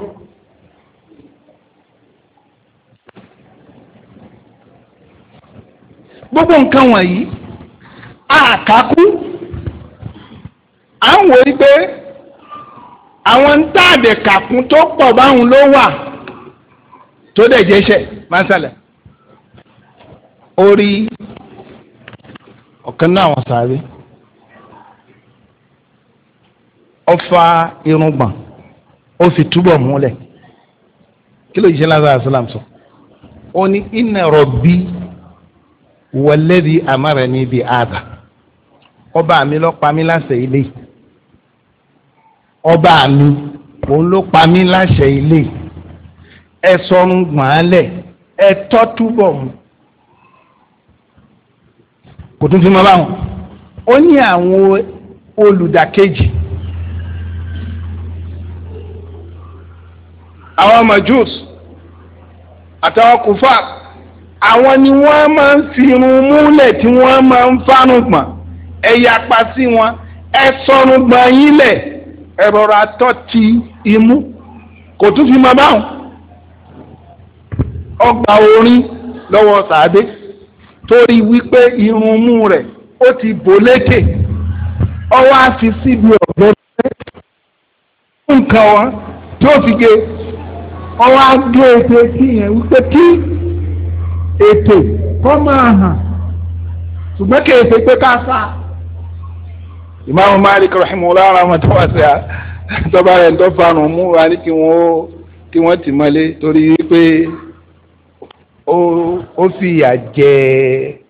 [SPEAKER 1] gbogbo nǹkan wọ̀nyí àkàkú à ń wò wípé àwọn ń tá àdẹ̀kàkún tó pọ̀ báwọn ló wà tó dẹ̀ jẹ́ṣẹ̀ mọ́sálẹ̀ orí ọ̀kan náà wọ́n sáré ọfà irùngbọ̀n ó fi túbọ̀ múlẹ̀ kí ló jẹ́ lásán àṣàlám sọ ó ní inna rabbi walladhi amarani bi àdà ọba mi ló pa mí láṣẹ ilé yìí ọba mi òun ló pa mí láṣẹ ilé ẹ sọrun gbọ̀nálẹ̀ ẹ tọ́ túbọ̀ mu kò tún fi mọ́ báwọn ó ní àwọn olùdàkejì àwọn majus àtàwọn kùfà àwọn ni wọ́n máa ń firun múlẹ̀ tí wọ́n máa ń fánu gbọ̀n ẹ yapa sí wọn ẹ sọrun gbọ̀n yín lẹ̀. ẹ̀rọ atọ ti imú kò tún fi máa báwọn ọgbà orin lọ́wọ́ sàádé torí wípé irun mú rẹ̀ ó ti bò lékè ọwọ́ fi síbi ọ̀gbẹ́ fún nǹkan wọn tí ó fi gé ọwọ́ ètò etí wípé kí ètò ìmáàmù Malik rahimahullah rahmatu wasi'a tọ́ba rẹ̀ ń tọ́ farun mú wa ní kí wọ́n kí wọ́n ti mọ́lé torí pé ó fi ìyà jẹ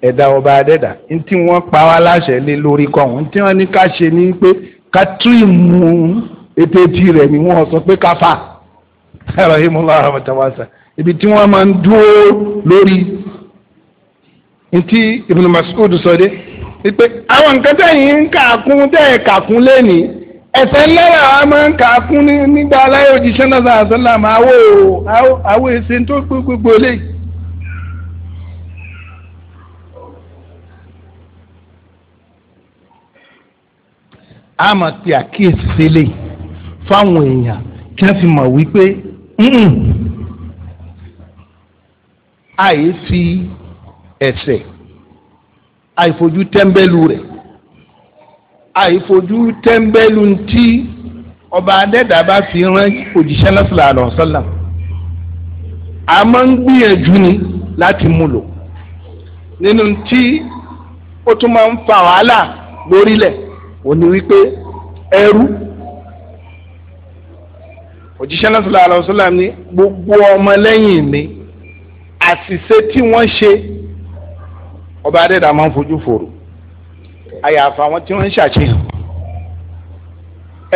[SPEAKER 1] ẹ̀dá ọba adẹ́dà ní tí wọ́n pa wá láṣẹ lé lórí kọ̀ọ̀hún tí wọ́n ní ká ṣe ní pé ká tírìmù ètè etí rẹ̀ ni wọ́n sọ pé ká fà rahimahullah rahmatu wasi'a ibi tí wọ́n máa ń dúró lórí ní tí Ibn Mas'ud sọ dé ìpè àwọn nǹkan tẹ̀yìn ń kà kún tẹ̀ kà kún lẹ́nìí ẹ̀sẹ̀ ńlẹ́rẹ̀ àwọn máa ń kà kún nígbà aláyé òjíṣẹ́ náà sàásọ́là máa wò ó àwọn èsì tó gbogbo eléyìí. a máa pe àkíyèsí sílẹ̀ fáwọn èèyàn kí wọ́n fi mọ̀ wípé àyè fi àìfojú tẹ́ḿbẹ́lú rẹ̀ àìfojú tẹ́ḿbẹ́lú tí ọba adẹ́dà bá fi rán òjíṣẹ́ lọ́sọ̀lá àlọ́sọ́lá a máa ń gbìyànjú ni láti mú lò nínú tí ó tún máa ń fa wàhálà lórílẹ̀ òní wípé ẹrú òjíṣẹ́ lọ́sọ̀lá àlọ́sọ́lá ni gbogbo ọmọ lẹ́yìn mi àṣìṣe tí wọ́n ṣe ọba adẹ́dà máa ń fojú fòrò àyàfà àwọn tí wọ́n ń ṣàṣeyàn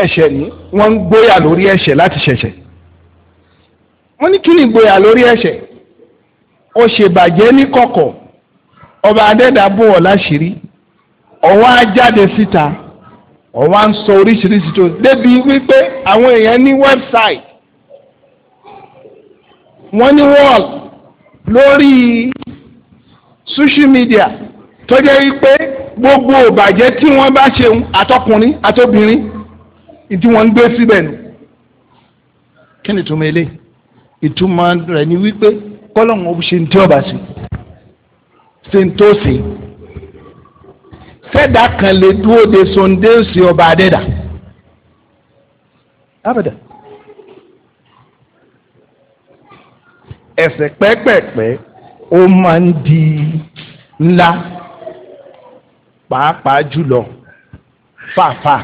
[SPEAKER 1] ẹ̀ṣẹ̀ ni wọ́n ń gbóyà lórí ẹ̀ṣẹ̀ láti ṣẹ̀ṣẹ̀ wọ́n ní kí ni ìgboyà lórí ẹ̀ṣẹ̀ ó ṣe bàjẹ́ ní kọ̀kọ̀ ọba adẹ́dà bò ọ́ láṣìírí ọ̀wọ́ á jáde síta ọ̀wọ́ á ń sọ oríṣiríṣi tó débi wípé àwọn èèyàn ní wẹ́bsáìtì wọ́n ní wọ́ọ̀lù lórí social media tó jẹ́ wípé gbogbo ìbàjẹ́ tí wọ́n bá ṣe àtọkùnrin àtobìnrin tí wọ́n ń gbé síbẹ̀ nù kí ni ìtumọ̀ eléyìí ìtumọ̀ rẹ̀ ni wípé kọ́lọ́hún ó ṣe ní tí ọba sí ṣe ń tó ṣe sẹ́dá kan lè dúró de sondéèsì ọba adẹ́dà abẹ́dà ẹ̀sẹ̀ pẹ́pẹ́pẹ́ ó máa ń di ńlá pàápàá jùlọ fàáfà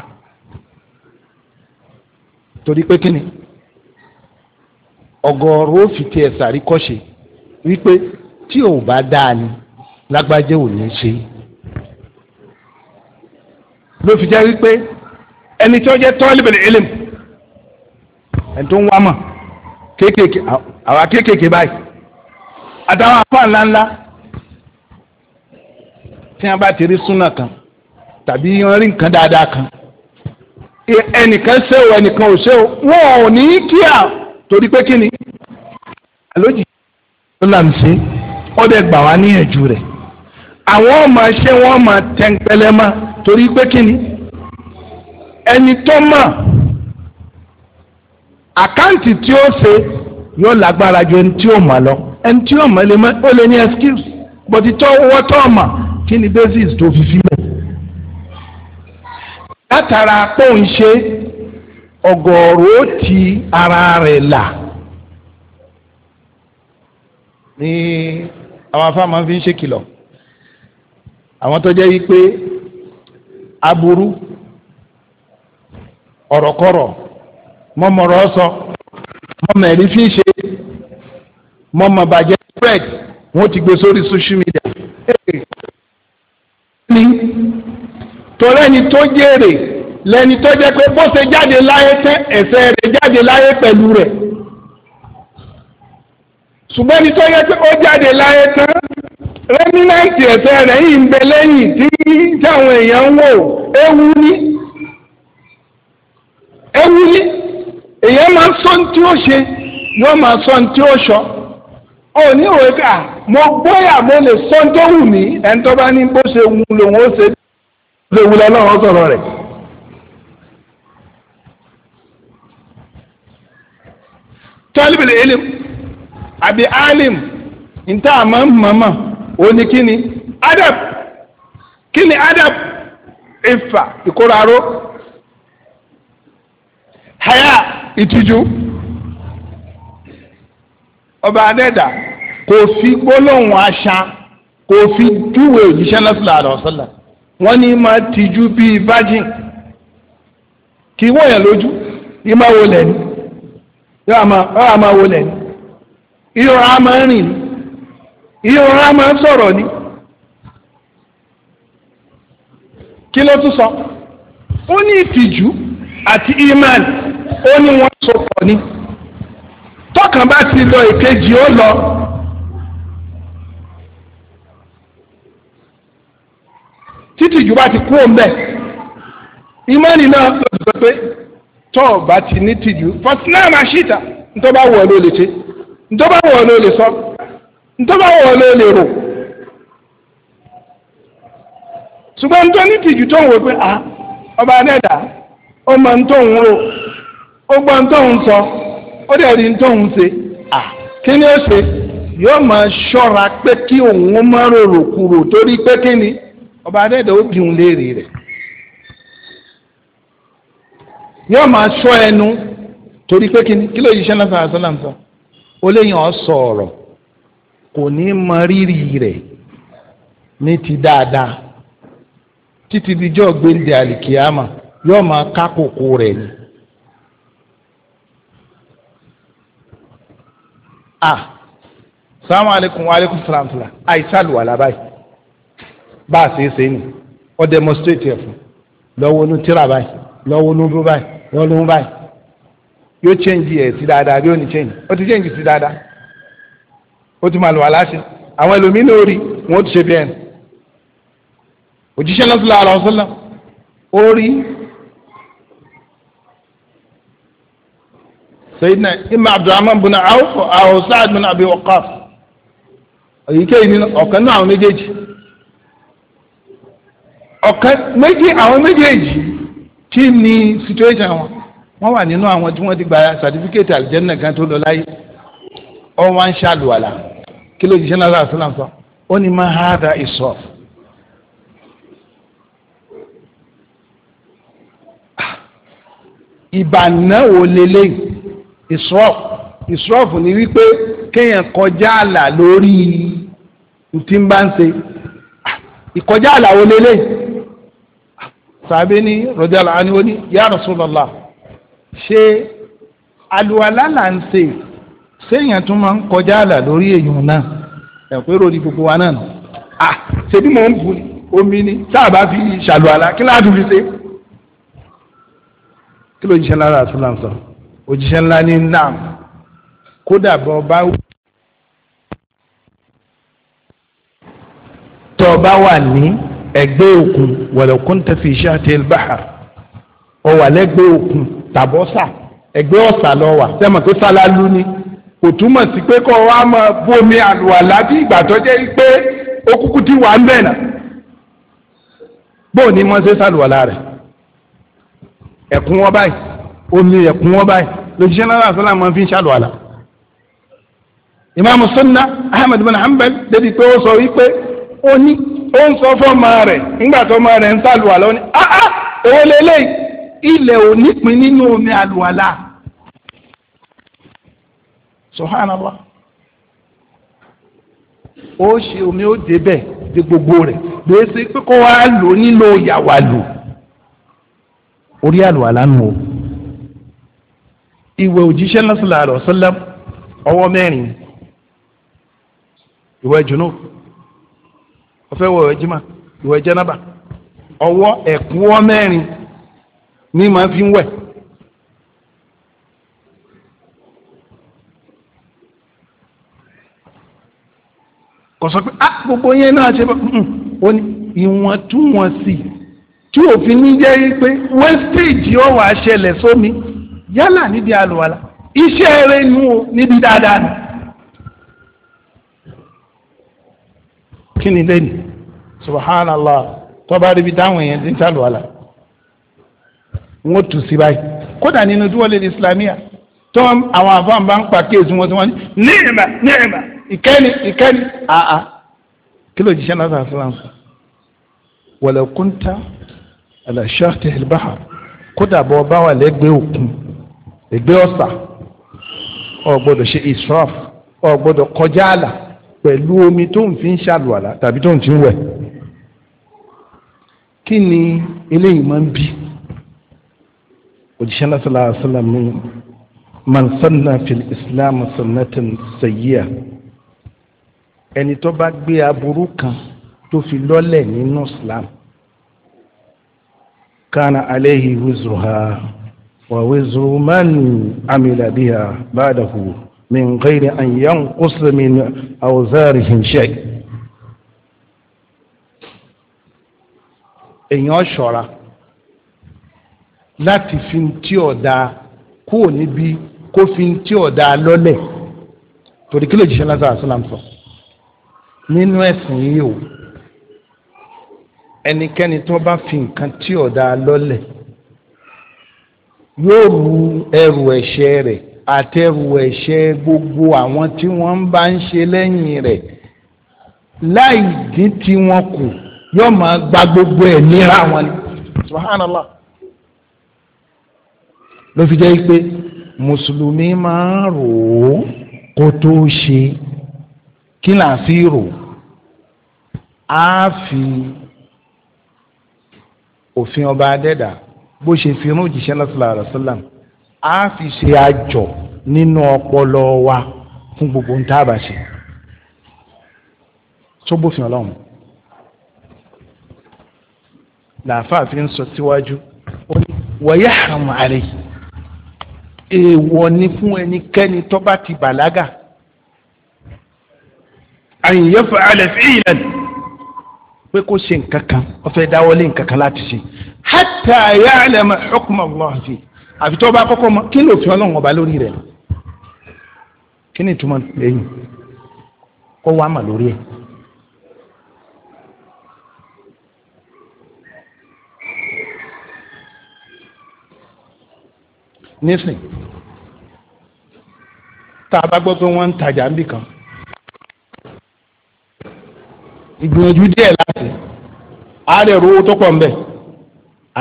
[SPEAKER 1] torí pé kíni ọ̀gọ̀ọ̀rọ̀ ó fi tiẹ̀ sàríkọ́ṣe wípé tí ò bá dáa ni lágbájá ò ní ṣe ló fi jẹ́ wípé ẹni tí ó jẹ́ tọ́lìbẹ̀lì ilim ẹni tó ń wá mọ̀ kéékèèké àwa kéékèèké báyìí àtàwọn afọ ńláńlá tí wọ́n bá ti rí súnà kan tàbí wọ́n rí nǹkan dáadáa kan ẹnìkan ṣe o ẹnìkan ò ṣe o wọn ò ní kí à torí pé kí ni àlójì ló là ń ṣe ọdẹ gbà wá níyànjú rẹ̀ àwọn ọmọ ṣé wọ́n máa tẹnpẹlẹ mọ́ torí pé kí ni ẹni tó mọ̀ àkáǹtì tí ó ṣe yóò lágbára ju ẹni tí ó mọ̀ lọ. ẹni ọmọ lè mọ ní but tọ́ wọ́ tọ́ ọmọ kí ni basis tó fi fi ti ara rẹ̀ là ní àwọn fi ń ṣe kìlọ̀ àwọn tó jẹ́ wípé aburú ọ̀rọ̀kọ̀rọ̀ mọ́mọ́rọ́ fi ń mọ́mọ́ bàjẹ́ spread wọ́n ti gbé sórí social media. ni torí ẹni tó jèrè lẹni tó jẹ́ pé bó ṣe jáde láyé tẹ́ ẹ̀ṣẹ̀ rẹ̀ jáde láyé pẹ̀lú rẹ̀ ṣùgbọ́n ẹni tó yẹ pé ó jáde láyé tán rẹ́mínẹ́ǹtì ẹ̀ṣẹ̀ rẹ̀ yìí ń bẹ lẹ́yìn tí táwọn èèyàn ń wò ewu ní ewu ní èèyàn máa sọ ní tí ó ṣe yóò máa sọ ní tí ó ṣọ. òní òwe kà mo gbóyà mo lè sọ tó wù mí ẹni tó bá ní bó ṣe wù lòun ó ṣe lè wù lọ́wọ́ sọ̀rọ̀ rẹ̀. tọ́lìbìlì ilim àbí alim níta àmọ́ mọ̀mọ́ òní kíni adab kíni adab ifa ìkóraró haya ìtìjú ọba adẹ́dàá. kò fi gbólóhùn àṣà kò fi júwe òjíṣẹ́ náà sílẹ̀ àdọ̀sọ́là wọ́n ní máa tijú bíi virgin kì í wọ̀nyàn lójú ìmọ̀ wo lẹ́nu yóò àmà wo lẹ́nu ìrora máa ń rìn ní ìrora máa ń sọ̀rọ̀ ni kí ló tún sọ ó ní ìtìjú àti iman ó ní wọ́n so pọ̀ ni ti lọ èkejì ó lọ. títí ìjùbá ti kú òun bẹ́ẹ̀ náà ló ti sọ pé tọ́ọ̀ bá ti ní tìjú fọ́sínà máa ṣìta nítorí wọ̀ ló lè ṣe nítorí wọ̀ ló lè sọ nítorí wọ̀ ló lè rò ṣùgbọ́n ní tìjú tó ń wò pé ah, ọba adẹ́dà ó mọ nítorí ń rò ó gbọ́ ń sọ ó dẹ̀ rí ń ṣe ah, kí ni ó ṣe yóò máa ṣọ́ra pé ni. ọba adẹ́dẹ̀ ó bí òun léèrè rẹ̀ ma máa sọ ẹnu torí pé kí ló yíṣẹ́ lọ́sàn án sọ́lá ó léyìn kò ní mọ rírì rẹ ní ti dáadáa títí dijọ́ gbéǹde àlìkíyàmà yọọ máa ká kókó rẹ̀ ni. a ah, salamu alaikum wa alaikum bá a ṣe é ṣe é ọ demonstrate ẹ̀ fún lọ́wọ́ nu tíra báyìí lọ́wọ́ nu bú báyìí lọ́wọ́ nu báyìí yóò change ẹ̀ sí dáadáa bí ó ní change ó ti change sí dáadáa ó ti máa lò wá láṣẹ àwọn ẹlòmíín náà rí wọn ó ti ṣe bí ẹn òjíṣẹ́ lọ́sọ̀lá àlọ́sọ̀lá ó rí sayidina ima abdulrahman bin awf aw saad bin abi waqaf èyíkéyìí ọ̀kan náà àwọn méjèèjì ọ̀kan méjì àwọn méjèèjì kí ni situation wọn wọ́n wà nínú àwọn tí wọ́n ti gba certificate aljanna kan tó lọ láyé wọ́n wá ń ṣàlùwàlà kí ló jíṣẹ́ náà láti láǹsọ ó ní máa ha da ìsọ. ìbànú wo lélẹ̀ ìsọ́ọ̀fù ìsọ́ọ̀fù ni wípé kéèyàn kọjá àlà lórí ntí ń bá ń ṣe ìkọjá àlà wo lélẹ̀ sàbẹ ni rọjàlá aniwo ni ya Rasulullah ṣé aluwala là ń ṣe séèyàn tún máa ń kọjá àlà lórí èèyàn náà ẹ̀pẹ́ ròdì gbogbo wa náà nù à ah, ṣèbí mò ń bu omi ni sáàbà fi ṣàlùwàlà kí láàdùn fi ṣe kí ló jíṣẹ́ lára àtúnlá sọ òjíṣẹ́ ńlá ní nam kódà bọ́ bá wù. tọ́ bá wà ní ẹgbẹ́ òkun walaw kunta fi shatil bahar ó wà lẹ́gbẹ́ òkun tàbọ́sà ẹgbẹ́ ọ̀sà lọ wà sẹ́mọ̀ pé sálálú ni kò túmọ̀ sí pé kọ́ wa máa bomi àlùwàlá bí ìgbà tó jẹ́ pé ó kúkú ti wà ń bẹ̀ nà bóò ni wọ́n ṣe sálùwàlá rẹ̀ ẹ̀kún wọn báyìí omi ẹ̀kún wọn báyìí lójúṣẹ́ náírà sọ́lá máa fi ń ṣàlùwàlá imaamu sunna ahmed bin hanbal débi pé ó sọ wípé ó ní ó ń sọ fọ́mọ rẹ̀ nígbà rẹ̀ ń sàlùwàlá ó ní áá owó lélẹ̀ ilẹ̀ ò nípin nínú omi àlùwàlá subhanallah ó ṣe omi ó débẹ̀ dé gbogbo rẹ̀ gbèsè pé kó wá lò nílò ìyàwó àlò orí àlùwàlá nù o ìwẹ̀ òjíṣẹ́ sallallahu alaihi wasallam ọwọ́ mẹ́rin ìwẹ̀ ọ̀fẹ́ wọ ìwẹ̀ jimá ìwẹ̀ jẹ́nàbà ọwọ́ ẹ̀kúnwọ́ mẹ́rin ní màá fi ń wẹ̀. kò sọ pé ah gbogbo yẹn náà ṣe ó ní ìwọ̀ntúnwọ̀nsì tí òfin ní jẹ́ pé wastage yóò wá ṣẹlẹ̀ sómi yálà níbi àlùwàlà iṣẹ́ rẹ̀ nù níbi dáadáa nù. kí ni lẹ́nu subhanallah tọ́ba ríbi táwọn èèyàn ti ń ṣàlùwàlà wọ́n tù sí báyìí kódà nínú tí wọ́n lè ní islamiyà tó àwọn àfáàn bá ń pa kéèsì wọn tí wọ́n ní ìmà ní ìkẹ́ni ìkẹ́ni àà kí ló jíṣẹ́ náà sàásìlám wala kunta ala shaati kódà bọ́ bá wà lẹ́gbẹ́ òkun ẹgbẹ́ ọ̀sà ò ṣe israf ò kọjá àlà pẹ̀lú omi tó ń fi ń ṣàlùwàlá tàbí tó ń fi ń wẹ̀ kí ni eléyìí máa ń bí òjíṣẹ́ lásìlá àṣìlá mi man sanna fil islam sunnatan sayyi'a ẹni tó bá gbé aburú kan tó fi lọ́lẹ̀ nínú islam kana alayhi wizruha wa wizru man amila biha ba'dahu من غير أن ينقص من أوزارهم شيء èèyàn ṣọ́ra láti fi tí ọ̀dà kúrò níbi kó fi tí ọ̀dà lọ́lẹ̀ torí kí ló jíṣẹ́ lásán àṣìlám sọ nínú ẹ̀sìn yìí o ẹnikẹ́ni tó bá fi nǹkan tí ọ̀dà lọ́lẹ̀ yóò ru ẹrù ẹ̀ṣẹ̀ rẹ̀ àtẹrù ẹ̀ṣẹ̀ gbogbo àwọn tí wọ́n ń bá ń ṣe lẹ́yìn rẹ̀ láì dín tí wọ́n kù yóò máa gba gbogbo ẹ̀ níra wọn ni subhanallah ló fi jẹ́ pé mùsùlùmí máa ń rò ó kó tó ṣe kí là ń fi rò á fi òfin ọba adẹ́dà bó ṣe fi irun òjíṣẹ́ lọ́sọ̀lá àrọ̀sọ́làmù a fi ṣe àjọ nínú ọpọlọ wa fún gbogbo ń tá a bá ṣe tó bófin ọlọ́run làáfàá fi ń sọ síwájú wọ̀yá àrùn àrè èèwọ̀ ni fún ẹnikẹ́ni tó bá ti bàlágà àyìnyẹ́fọ́ alẹ́ fi ìlànà pé kó ṣe nǹkan kan ó fẹ́ dáwọ́lé nǹkan kan láti ṣe hatta ya'lama hukma Allah fi àfi tó bá kọ́kọ́ mọ kí ni òfin ọlọ́run ọba lórí rẹ̀ kí ni ìtumọ̀ lẹ́yìn kó wàá mà lórí ẹ̀. nísìn tá a bá gbọ́ pé wọ́n ń tajà ń bì kan ìgbìyànjú díẹ̀ láti àárẹ̀ rówó tó pọ̀ ń bẹ̀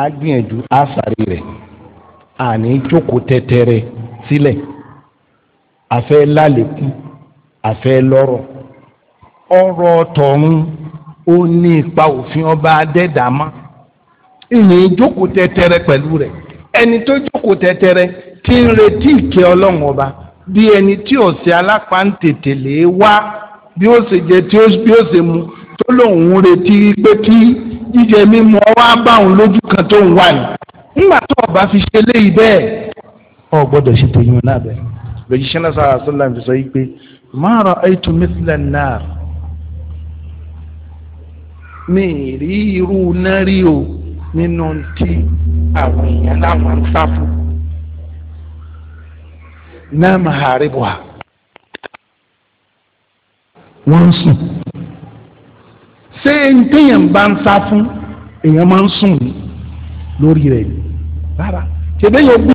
[SPEAKER 1] á gbìyànjú á sàrí rẹ̀ àní jókòó tẹ́tẹ́rẹ́ sílẹ̀ àfẹ́ lálẹ́kùn àfẹ́ lọ́rọ̀ ọ̀rọ̀ tọ̀run ó ní ipa òfin ọba adẹ́dàmá ìní jókòó tẹ́tẹ́rẹ́ pẹ̀lú rẹ̀ ẹni tó jókòó tẹ́tẹ́rẹ́ tí ń retí ìkẹ́ ọlọ́run ọba bí ẹni tí ọ̀sẹ̀ alápá ń tètè lè wá bí ó ṣe jẹ tí bí ó ṣe mu tó lòun retí pé kí jíjẹ mímu ọwọ́ á lójú kan tó ń wà ní ńgbà tó ọba fi ṣe léyìí bẹ́ẹ̀ ọ gbọ́dọ̀ ṣe tèyún náà bẹ́ẹ̀ lójúṣẹ́ náà sáà sọ́lá fi sọ yìí pé ma ra'aytu mithla an-nar mi rí irú náà rí o nínú tí àwọn èèyàn láwọn ń sá fún náà máa hàrí bọ̀ wọ́n ń sùn ṣé téèyàn bá ń sá fún èèyàn máa ń sùn lórí rẹ̀ ni rárá ṣèdè yóò bí.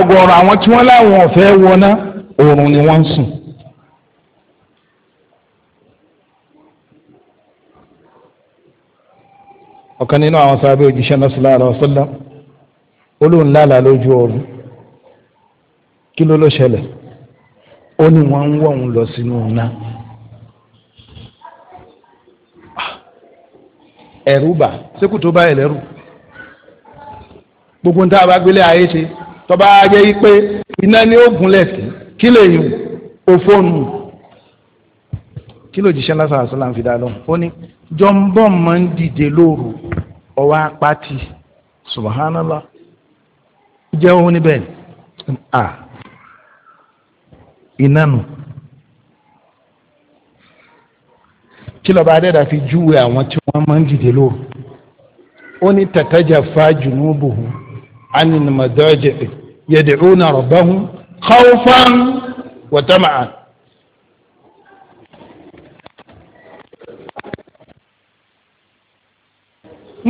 [SPEAKER 1] ọ̀gọ̀ọ̀rọ̀ àwọn tí wọ́n láwọn ọ̀fẹ́ wọná oorun ni wọ́n ń sùn. ọ̀kan nínú àwọn sábẹ́ òjíṣẹ́ náà sallallahu alaihi wasallam olóhùn lálàá lójú oorun kí ló ló ṣẹlẹ̀ ó ní wọ́n ń wọ̀ ń lọ sínú náà. eruba bà síkù tó bá ẹ̀ lẹ́rù gbogbo ń tá bá gbélé ayé ṣe tọ́ba ayé yí pé iná ni ogun gúnlẹ̀ kí lè yùn òfóònù kí ló jíṣẹ́ lásán àṣọlá ń fi dá lọ ó ní jọ́ńbọ́n máa ń dìde lóru ọwọ́ apáti subhanallah jẹ́ òun níbẹ̀ à iná nù. kí lọ́ba adẹ́dà fi júwe àwọn tí wọ́n máa ń dìde lóru ó ní tatajafa junubuhum anil madaji'i yad'una rabbahum khawfan wa tama'an.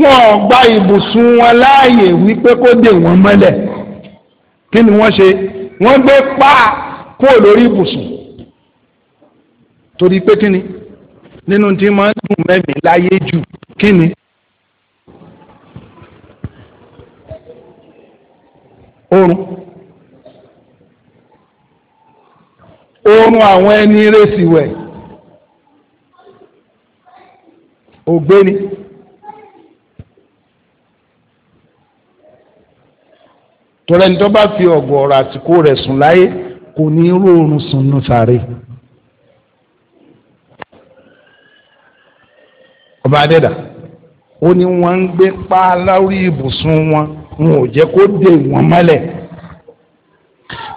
[SPEAKER 1] wọn ò gba ibùsùn wọn láàyè wípé kó dè wọn mọ́lẹ̀ kí ni wọ́n ṣe wọ́n gbé páà kúrò lórí ibùsùn torí pé kí ni nínú tí máa ń dùn mẹ́mí láyé jù kí ni. oorun oorun àwọn ẹni rèsì wẹ̀ ògbéni. tọ́lẹ́ni tó bá fi ọ̀gọ̀ ọ̀rọ̀ àsìkò rẹ̀ sùn láyé kò ní irú oorun sùn nù sáré. ọba adẹ́dà ó ní wọ́n ń gbé páálá orí ibùsùn wọn wọn ò jẹ́ kó dè wọ́n mọ́lẹ̀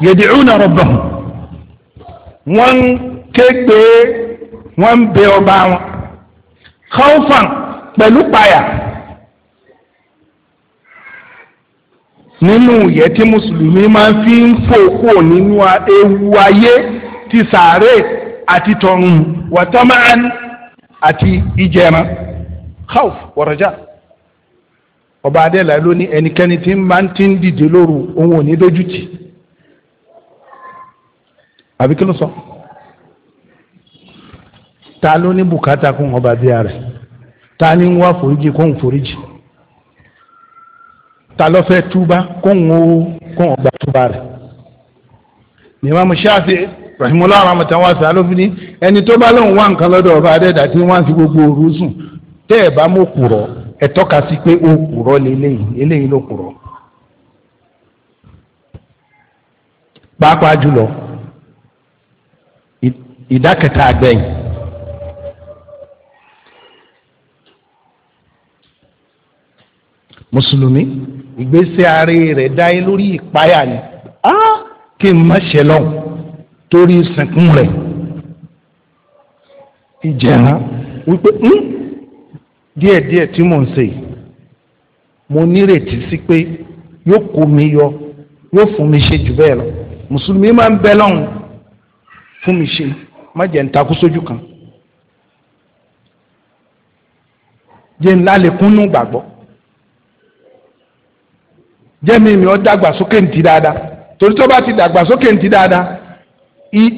[SPEAKER 1] yad'una rabbahum wọ́n ń gbé wọ́n ń bẹ ọba wọn khawfan pẹ̀lú payà nínú ìyẹ́ tí mùsùlùmí máa fi ń fòkó nínú ewu ayé ti sàárè àti tọ̀run wàtámáàní àti ìjẹran khawf waraja ọba adéla ló ní ẹnikẹ́ni tí ń máa ń ti ń dìde lóru òun ò ní dójú tì àbí kí ló sọ ta ló ní bùkátà kún ọba bíi rẹ ta ni ń wá foríjì kóhùn foríjì ta ló fẹ́ túbá kóhùn ó kóhùn ọgbà túbá rẹ ní Imam Shafi'i. rahimola ramata wa sa ló fi ní ẹni tó bá lóun wá nǹkan lọ́dọ̀ ọba adẹ́dà tí wọ́n á fi gbogbo òru sùn tẹ́ ẹ̀ bá mọ̀ kùrọ̀ ẹ̀ tọ́ka sí pé ó kùrọ̀ lélẹ́yìn eléyìí ló kùrọ̀. pàápàá jùlọ ìdá àgbẹ̀yìn. mùsùlùmí ìgbésẹ̀ ààrẹ rẹ̀ lórí ìpáyà ni kí n má ṣe lọ́hùn. torí sẹ̀kún rẹ̀ ìjẹ̀rán wípé díẹ̀díẹ̀ tí mò ń ṣe mo nírètí sí pé yóò kó mi yọ yóò fún mi ṣe jù bẹ́ẹ̀ lọ mùsùlùmí máa ń bẹ lọ́hùn fún mi ṣe má jẹ́ ń takú sójú kan jẹ́ ńlá lè kúnnú gbàgbọ́ jẹ́ mi mi ọ́ dàgbàsókè ntì dáadáa torí tó bá ti dàgbàsókè ntì dáadáa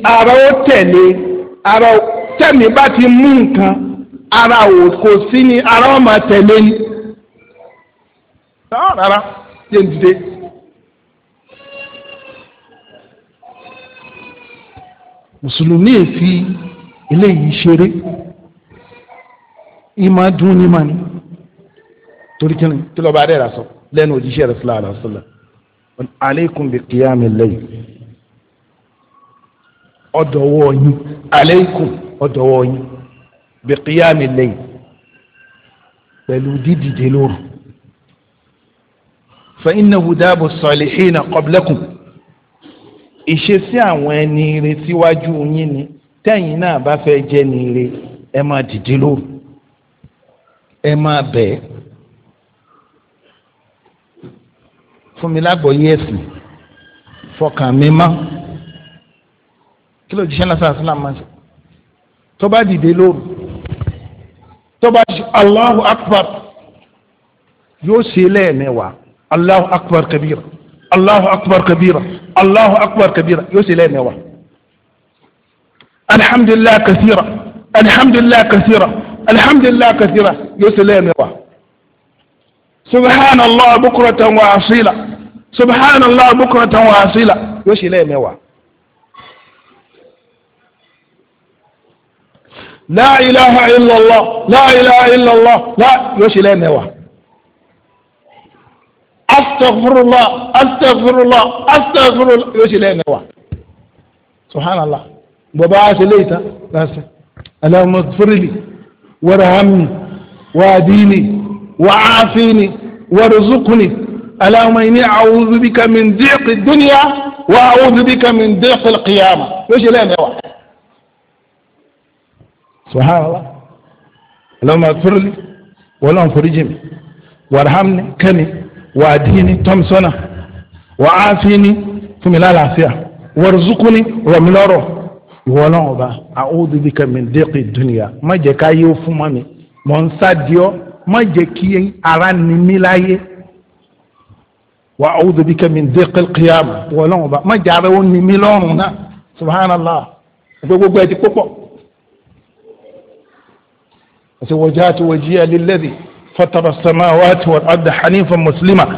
[SPEAKER 1] ara ó tẹ̀lé ara tẹ̀mí bá ti mú nǹkan ara ò kò sí ni ara ó máa tẹ̀lé ni. sáà rárá yé dìde. mùsùlùmí fi eléyìí ṣeré ìmọ̀ dún ní màní torí kí ni kí lọ́ba adé rà sọ lẹ́nu òjíṣẹ́ rẹ̀ sílá àlàsílà alaykum bi qiyamil layl ọ̀dọ̀wọ́ yín aleikum ọ̀dọ̀wọ́ yín bẹ̀kíyàmì lẹ́yìn pẹ̀lú dídìde lóru fẹ́yìnà hudabu sọ̀lìhìnà kọ́blẹ́kùn ìṣesí àwọn ẹni ire síwájú yín ni tẹ́yìn náà bá fẹ́ jẹ́ ni ire ẹ máa dìde lóru ẹ máa bẹ̀ẹ́ fún mi lágbọ̀ọ́yé fọkàn mi mọ́ kí ló jíṣẹ́ lásán àṣìlá máa ṣe tó bá dìde lóru tó bá ṣe Allahu Akbar yóò ṣe lẹ́ẹ̀mẹ́wàá Allahu Akbar kabira Allahu Akbar kabira Allahu Akbar kabira yóò ṣe lẹ́ẹ̀mẹ́wàá alhamdulilah kasira alhamdulilah kasira alhamdulilah kasira yóò ṣe lẹ́ẹ̀mẹ́wàá subhanallah bukuratan wa asila subhanallah bukuratan wa asila yóò ṣe lẹ́ẹ̀mẹ́wàá. لا إله إلا الله لا إله إلا الله لا يوش إلى نوا أستغفر الله أستغفر الله أستغفر الله يوش إلى نوا سبحان الله بابا ليت بس اللهم اغفر لي وارحمني واديني وعافيني وارزقني اللهم إني أعوذ بك من ضيق الدنيا وأعوذ بك من ضيق القيامة يوش إلى نوا subhanallah allahumma firli wọlọ́n foríjìmí wàhámni kẹ́ni wàdíni tọ́msọ́nà wàáfíni fúnmilá làáfíà wàrúzúkúni rọ̀mílọ́rọ̀ ìwọlọ́n ọba a'udhu bika min diqi dunya má jẹ́ ká yóò fún mọ́ mi mọ̀ ń sádìọ́ má jẹ́ kí ara ni mí láyé wa a'udhu bika min diqi al-qiyamah ìwọlọ́n ọba má jẹ́ ara subhanallah gbogbo ẹ̀ ti وجهت وجهي للذي فطر السماوات والأرض حنيفا مسلما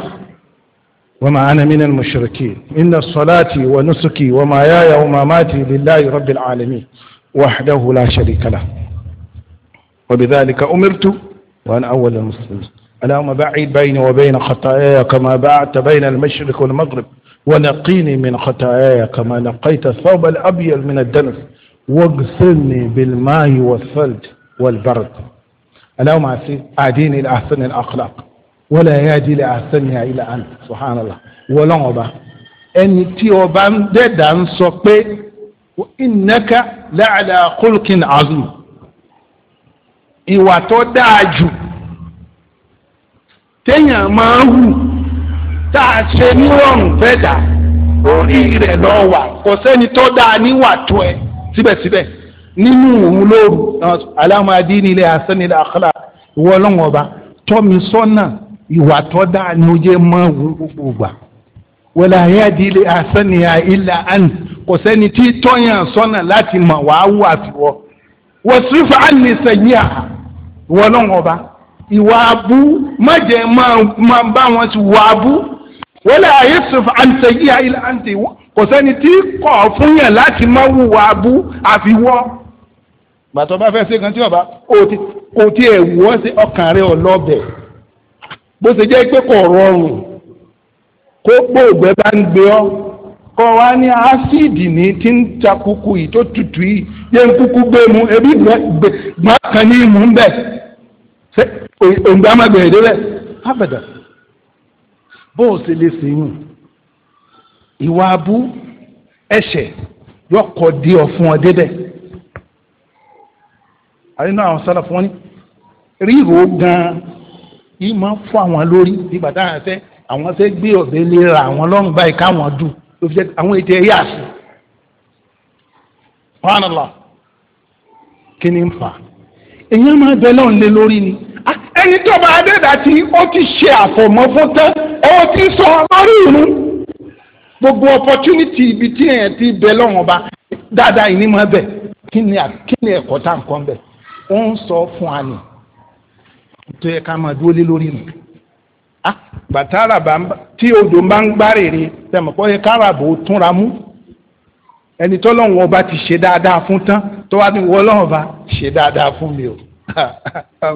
[SPEAKER 1] وما أنا من المشركين إن صلاتي ونسكي وماياي ومماتي لله رب العالمين وحده لا شريك له وبذلك أمرت وأنا أول المسلمين اللهم بعيد بيني وبين خطاياي كما بعدت بين المشرق والمغرب ونقيني من خطاياي كما نقيت الثوب الأبيض من الدنس واغسلني بالماء والثلج والبرد اللهم أديني لأحسن الأخلاق ولا يهدي لأحسنها إلا أنت سبحان الله ولا أبا ẹni tí ọba ń dẹ́dà ń sọ pé innaka la'ala khulqin azim ìwà tó dáa jù téèyàn máa ń hù tá a ṣe nírọ̀rùn fẹ́ dà orí rẹ̀ lọ́wọ́ kò sẹ́ni tó dáa níwà tó ẹ síbẹ̀síbẹ̀ nínú òun lóru alámàdí ní àkàlà ìwọ tọ́mi sọ́nà ìwà ni ó jẹ́ mọ́ òun gbogbo gbà wọlé ayé àdílé àsánì àìlà àn kò sẹ́ni tí tọ́yàn sọ́nà láti mọ̀ wàá wù àtiwọ́ wọ́n sífà á ní sẹ́yìn à ìwọ ọlọ́wọ́n ọba ìwà abú má jẹ́ máa bá wọn ti wà abú wọlé ayé sífà á ní sẹ́yìn àn tèwọ́ kò sẹ́ni tí kọ̀ fún yàn láti má wù wà abú àfiwọ́ gbàtọ́ bá fẹ́ ṣe kan tí ọba kò tí ẹ̀ wọ́ sí ọkàn rẹ ọlọ́bẹ̀ bó ṣe jẹ́ pé kò rọrùn kó gbóògbẹ́ bá ń gbé ọ́ kọ́ wa ní ásíìdì ní tí ń ta kúkú yìí tó tutù yìí yẹ ń kúkú gbé mu ebi gbọ́n kan ní ìmú bẹ̀ ṣe òǹgbà má gbẹ̀rẹ̀ délẹ̀ ábẹ̀dà bó ṣe lè ṣèyún ìwà abú ẹ̀ṣẹ̀ yọkọ̀ dé ọ fún débẹ̀ àrínú àwọn sọ́lá fún wọn ní ríro gan yìí máa ń fọ́ àwọn lórí nígbà táwọn fẹ́ àwọn fẹ́ gbé ọ̀bẹ lera àwọn lọ́rùn báyìí káwọn dùn ló fi jẹ́ àwọn ètò ẹ̀yà sí wàhánàlá kí ni ń fà èèyàn máa bẹ lọ́rùn lé lórí ni ẹni tó bá dẹ́dà tí ó ti ṣe àfọ̀mọ́ fún tán ó ti sọ lórí ìrún gbogbo opportunity ibi tí èèyàn ti bẹ lọ́rùn ọba dáadáa ìní máa kí ni ẹ̀kọ́ tá à ń kọ́ ń bẹ̀ ó ń sọ fún wa nì tó yẹ ká máa dúró lé lórí mi bàtàrà tí odò bá ń gbá rèrè tẹmọ̀ pọ́ yẹ káràbò túnra mú ẹni tọ́lọ́hún ọba ti ṣe dáadáa fún tán tó wá ní wọ́lọ́hún ọba ṣe dáadáa fún mi o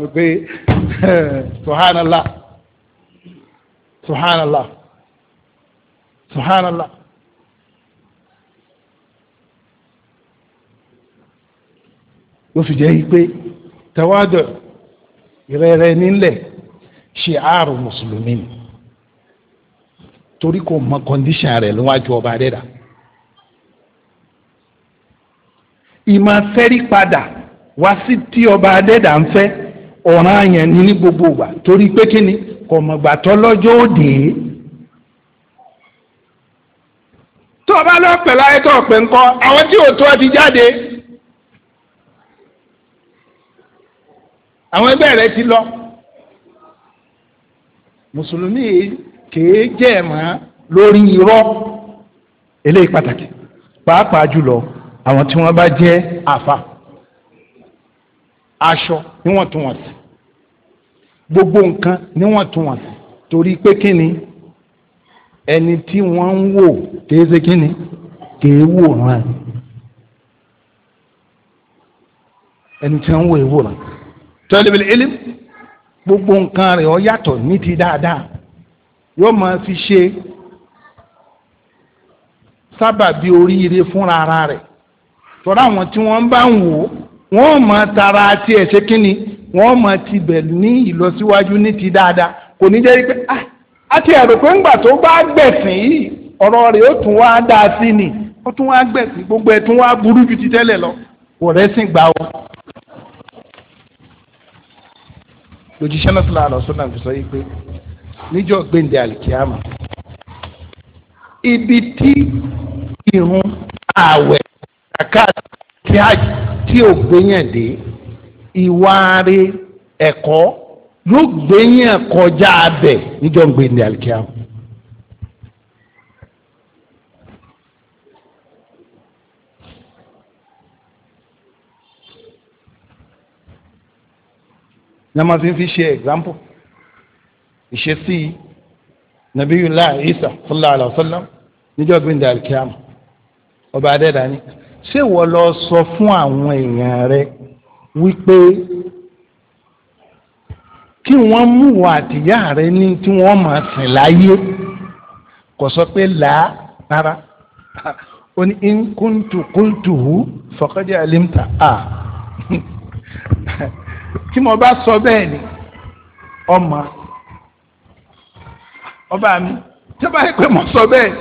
[SPEAKER 1] pé subhanallah subhanallah subhanallah. ló fi jẹ́ pé tawadu ìrẹ̀rẹ̀ nílẹ̀ ṣi'aru mùsùlùmí ni torí kò mọ kọ́ndíṣàn rẹ̀ níwájú ọba rẹ̀dà ìmọ̀ fẹ́rí padà wá sí tí ọba adẹ́dà ń fẹ́ ọ̀ràn àyàn ní ní gbogbo ìgbà torí pé kí ni kò mọ̀gbà tó lọ́jọ́ òde tó o bá lọ pẹ̀lú ayé tó o àwọn tí ò tó ọ ti jáde. àwọn ẹgbẹ́ rẹ ti lọ mùsùlùmí kèé jẹ́ mọ́ lórí irọ́ eléyìí pàtàkì pàápàá jùlọ àwọn tí wọ́n bá jẹ́ àfa aṣọ níwọ̀ntúnwọ̀nsì gbogbo nǹkan níwọ̀ntúnwọ̀nsì torí pé kí ni ẹni tí wọ́n ń wò kìí ṣe kí ni kìí wòran ẹni tí wọ́n ń wò ìwòran tọ́lẹ̀bẹ̀lì elim gbogbo nǹkan rẹ̀ ọ yàtọ̀ ní ti dáadáa yóò máa fi ṣe sábàbí oríire fúnra ara rẹ̀ tọ́lá àwọn tí wọ́n bá ń wò wọ́n máa tara ti ẹ̀ kínni wọ́n máa ti bẹ̀ ní ìlọsíwájú ní ti dáadáa kò ní jẹ́ pé àti ah, ẹ̀rọ pé ńgbà tó bá gbẹ̀sìn yìí ọ̀rọ̀ rẹ̀ ó tún wá dáa sí ni ó tún wá gbẹ̀sìn gbogbo ẹ̀ tún wá burú ju ti tẹ́lẹ̀ lọ kò rẹ́sìn gbà ó lójúṣẹ́ náà sọ̀rọ̀ àlọ́ sọ́nà fi sọ yìí pé níjọ́ gbẹ̀ǹdẹ̀ àlìkíyàmà ibi tí ìrun ààwẹ̀ zakat tí hajj tí ò gbẹ̀yàn dé ìwárí ẹ̀kọ́ yóò gbẹ̀yàn kọjá abẹ níjọ́ gbẹ̀ǹdẹ̀ àlìkíyàmà ní a máa fi ń fi ṣe example ìṣesí nabiyullah isa sallallahu alaihi wa sallam níjọ́ gbẹ̀ndẹ̀ alikiyama ọba adẹ́dá ni ṣé wọ́n lọ sọ fún àwọn èèyàn rẹ wípé kí wọ́n mú wọn àtìyá rẹ ní tí wọ́n máa sìn láyé kò sọ pé làá rárá ó ní in kuntu qultuhu alimta a tí mo bá sọ bẹ́ẹ̀ ni ọmọ ọba mi tí ó bá yẹ pé mo sọ bẹ́ẹ̀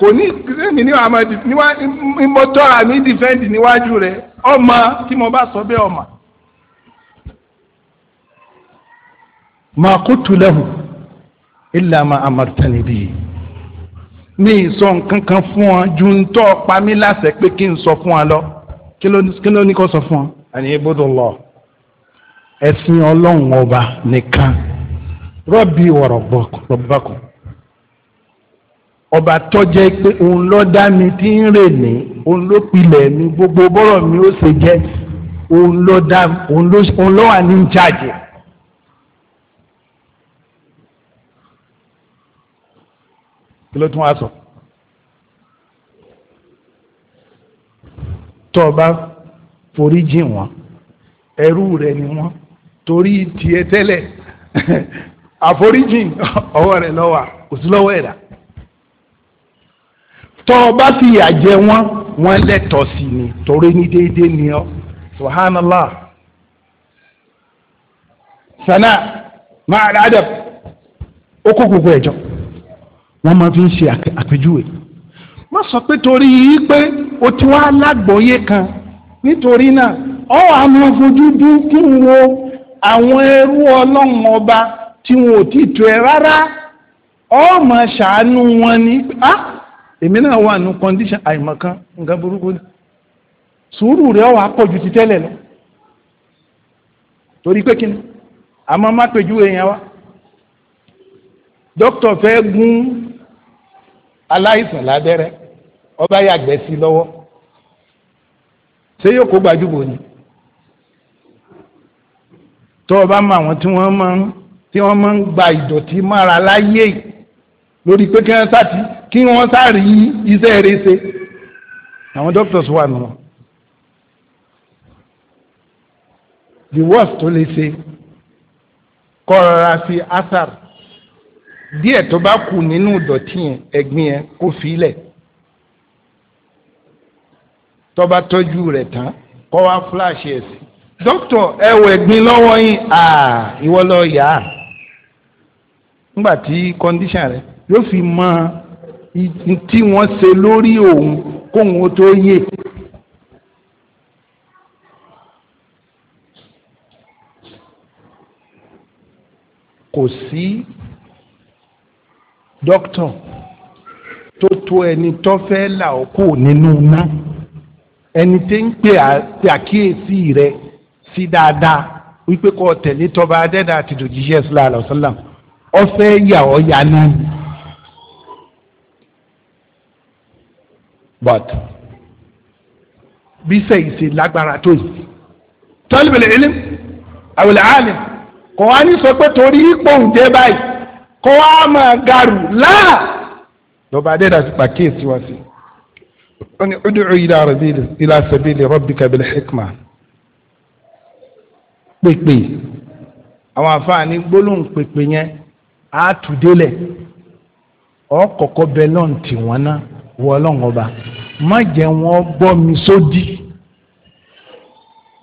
[SPEAKER 1] kò ní sẹ́mi ní àmọ́ mo tọ́ra mi dìfẹ́ǹdì níwájú rẹ̀ ọmọ tí mo bá sọ bẹ́ẹ̀ ọmọ. ma kutu lahu illa ma amartani bihi mi sọ nǹkan kan fún ọ ju ń tọ́ pa mí láṣẹ pé kí n sọ fún ọ lọ kí ló ní kó sọ fún ọ. àní ibùdó lọ ẹ̀sìn ọlọ́run ọba nìkan rọ́bì wọ̀rọ̀ bọ́kùn ọba tọ́jẹ́ pé òun ló dá mi tí ń rè ní òun ló pilẹ̀ mi gbogbo bọ́rọ̀ mi ó ṣe jẹ́ òun ló dá òun ló wà ní ìjáde. kí ló tún wá sọ. tó o bá forí ẹrú rẹ ni wọ́n torí tiẹ̀ tẹ́lẹ̀ àforíjìn ọwọ́ rẹ̀ lọ́wọ́ kò sí lọ́wọ́ ẹ̀dá tọ́ ọ bá fi yà jẹ wọ́n wọ́n lẹ́tọ̀ọ́ sí ni torí ní déédéé ni ọ́ subhanallah sana ma'al adab ó kó gbogbo ẹ̀jọ́ wọ́n máa fi ń ṣe àpèjúwe má sọ pé torí yìí pé o ti wá lágbọ́yé kan nítorí náà ọ̀ àmọ́ fojú dúkùn wo. àwọn ẹrú ọlọ́run ọba tí wọn ò ọmọ ṣàánú wọn ni á èmi náà wà ní condition àìmọ̀kan nǹkan burúkú sùúrù rẹ̀ wà ti tẹ́lẹ̀ lọ torí pé a àmọ́ má pèjú èèyàn wa fẹ́ gún aláìsàn lábẹ́rẹ́ ọba yàgbẹ́ sí lọ́wọ́ ṣé yóò ni. tó o máa ń tí wọ́n máa ń gba ìdọ̀tí mára láyé lórí pé kí wọ́n sáti kí wọ́n sáàrí iṣẹ́ rẹ̀ àwọn doctors wà nù the worst tó lè ṣe kọ́ sí asar díẹ̀ tó bá kù nínú ìdọ̀tí yẹn ẹ̀gbin yẹn kó fi bá tọ́jú rẹ̀ tán kọ́ wá fúláṣì ẹ̀ dókítọ̀ ẹ̀wọ̀ ẹ̀gbin lọ́wọ́ yín ah, ìwọ lọ yà á nígbà tí kọ́ndíṣàn rẹ̀ yóò fi mọ tí wọ́n ṣe lórí òun kóun ó tó yè. kò sí dókítọ̀ tó tó ẹni tó fẹ́ là ọ́ kù nínú iná ẹni tí ń pè àkíyèsí rẹ̀ sí dáadáa wípé kó tẹ̀lé tọba adẹ́dà àti dòjíṣẹ́ sílá àlọ́sọ́là ọ̀fẹ́ yà ọ́ yà náà but bí sẹ́yìn ṣe lágbára tó yìí tọ́lùbẹ̀lẹ̀ ilim àwòlẹ̀ àlẹ̀ kò wá ní sọ pé torí ipò òǹdẹ báyìí kò wá máa garù láà lọ́ba adẹ́dà ti pàkíyèsí wá sí. wọ́n ní ọdún ìlà rẹ̀ bí ilà sẹ́bí rọ́bì kàbílẹ̀ hikma pèpè àwọn àfààní gbólóhùn pèpè yẹn á tù délẹ̀ ọ̀kọ̀kọ̀ bẹ lọ́n tì wọ́n ná wọ ọlọ́run ọba má jẹ́ wọ́n gbọ́ mi sódì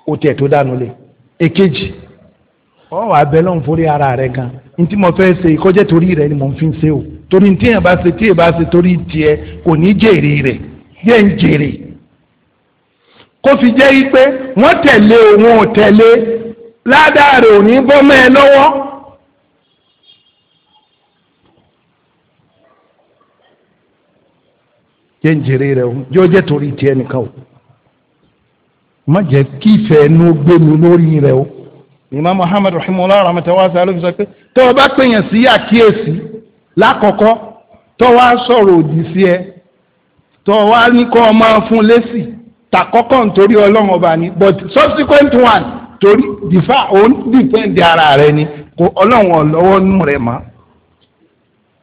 [SPEAKER 1] ó tiẹ̀ tó dànù lé èkejì ọ wà bẹ lọ́n forí ara rẹ gan ntí mo fẹ́ ṣe ìkọ́jẹ́ torí rẹ ni mo fi ń ṣe o torí ntí yẹn bá ṣe tí yẹn bá ṣe torí tiẹ̀ kò ní jèrè rẹ yẹn ń jèrè kó fi jẹ́ pé wọ́n tẹ̀lé òun ò tẹ̀lé ládàá rẹ̀ ò ní bọ́ mọ́ ẹ lọ́wọ́. jẹ́ ń jèrè rẹ̀ o jọ́ jẹ́ torí tiẹ̀ nìkan o má jẹ́ kí ìfẹ́ ẹnu gbé mi lórí rẹ̀ o. Imam Muhammad rahimahullah rahmatawasa ló fi sọ pé tó o bá pèèyàn sí àkíyèsí lákọ̀ọ́kọ́ tó wá sọ̀rọ̀ òdì sí ẹ tó wá ní kó o máa fún lésì tàkọ́kọ́ nítorí ọlọ́run ọba ni but subsequent one torí dìfà òun dìfẹ́ǹdì ara rẹ ni kò ọlọ́run ọ̀lọ́wọ́ nù rẹ mọ́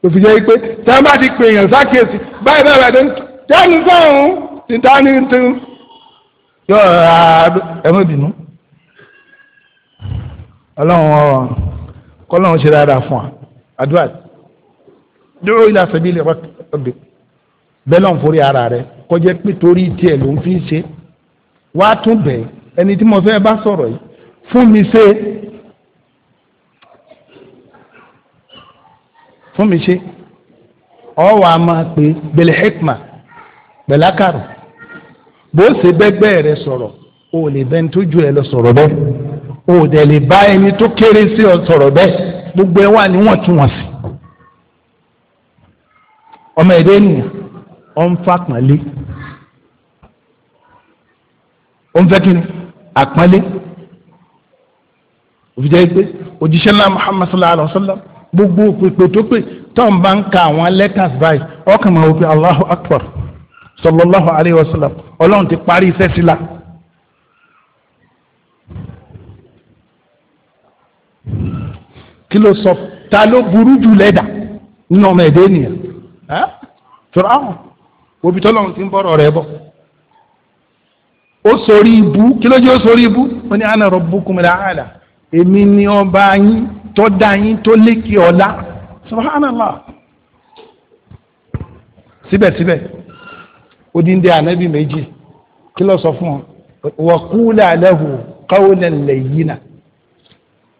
[SPEAKER 1] tó fi jẹ́ pé tí wọ́n bá ti pè èèyàn sákèsì báyìí báyìí báyìí tẹ́nu sọ́hún ti ta ní tí yọ ẹ̀mọ́ ìbínú ọlọ́run kọ́lọ́run ṣe dáadáa fún wa àdúrà dúró ilé àṣẹbí ilé ọ̀gbẹ́ bẹ́ẹ̀ lọ́n forí ara rẹ kọjá pé torí tiẹ̀ ló ń fi ṣe wàá tún bẹ̀ ẹni tí mo fẹ́ bá sọ̀rọ̀ yìí fún mi ṣe fún mi ṣe ọwọ́ a máa pè bẹ̀lẹ̀ hikma bẹ̀lákàrò bó ṣe bẹ́gbẹ́ rẹ sọ̀rọ̀ o lè bẹ́ni tó ju ẹ lọ sọ̀rọ̀ bẹ́ẹ̀ o dẹ̀ lè bá ẹni tó kéré sí ọ sọ̀rọ̀ bẹ́ẹ̀ gbogbo ẹ wà níwọ̀ntúnwọ̀nsì ọmọ ẹ̀dẹ́ ènìyàn ọ ń fa àpọ́nlé ó ń fẹ́ kí ni àpọ́nlé òfin jẹ́ pé òjíṣẹ́ náà Muhammad sallallahu alayhi wa sallam gbogbo pèpè tó pè tọ́n bá ń ka àwọn letters báyìí ọkàn máa wò pé Allahu Akbar sallallahu alayhi wa sallam ọlọ́run ti parí iṣẹ́ sí la. kí ló sọ ta ló burú jù lẹ́dà nínú ọmọ ẹ̀dẹ́ ènìyàn tọ́ra àwọn òbí tọ́lọ́run ti ń bọ̀rọ̀ rẹ̀ bọ̀ ó sọrí ibú kí ló jẹ́ ó sọrí ibú ó ní ana rabbukumul aala. èmi ni ọba yín tó dá yín tó lékè ọlá subhanallah síbẹ̀síbẹ̀ odinde anabi méjì kí ló sọ fún ọ wa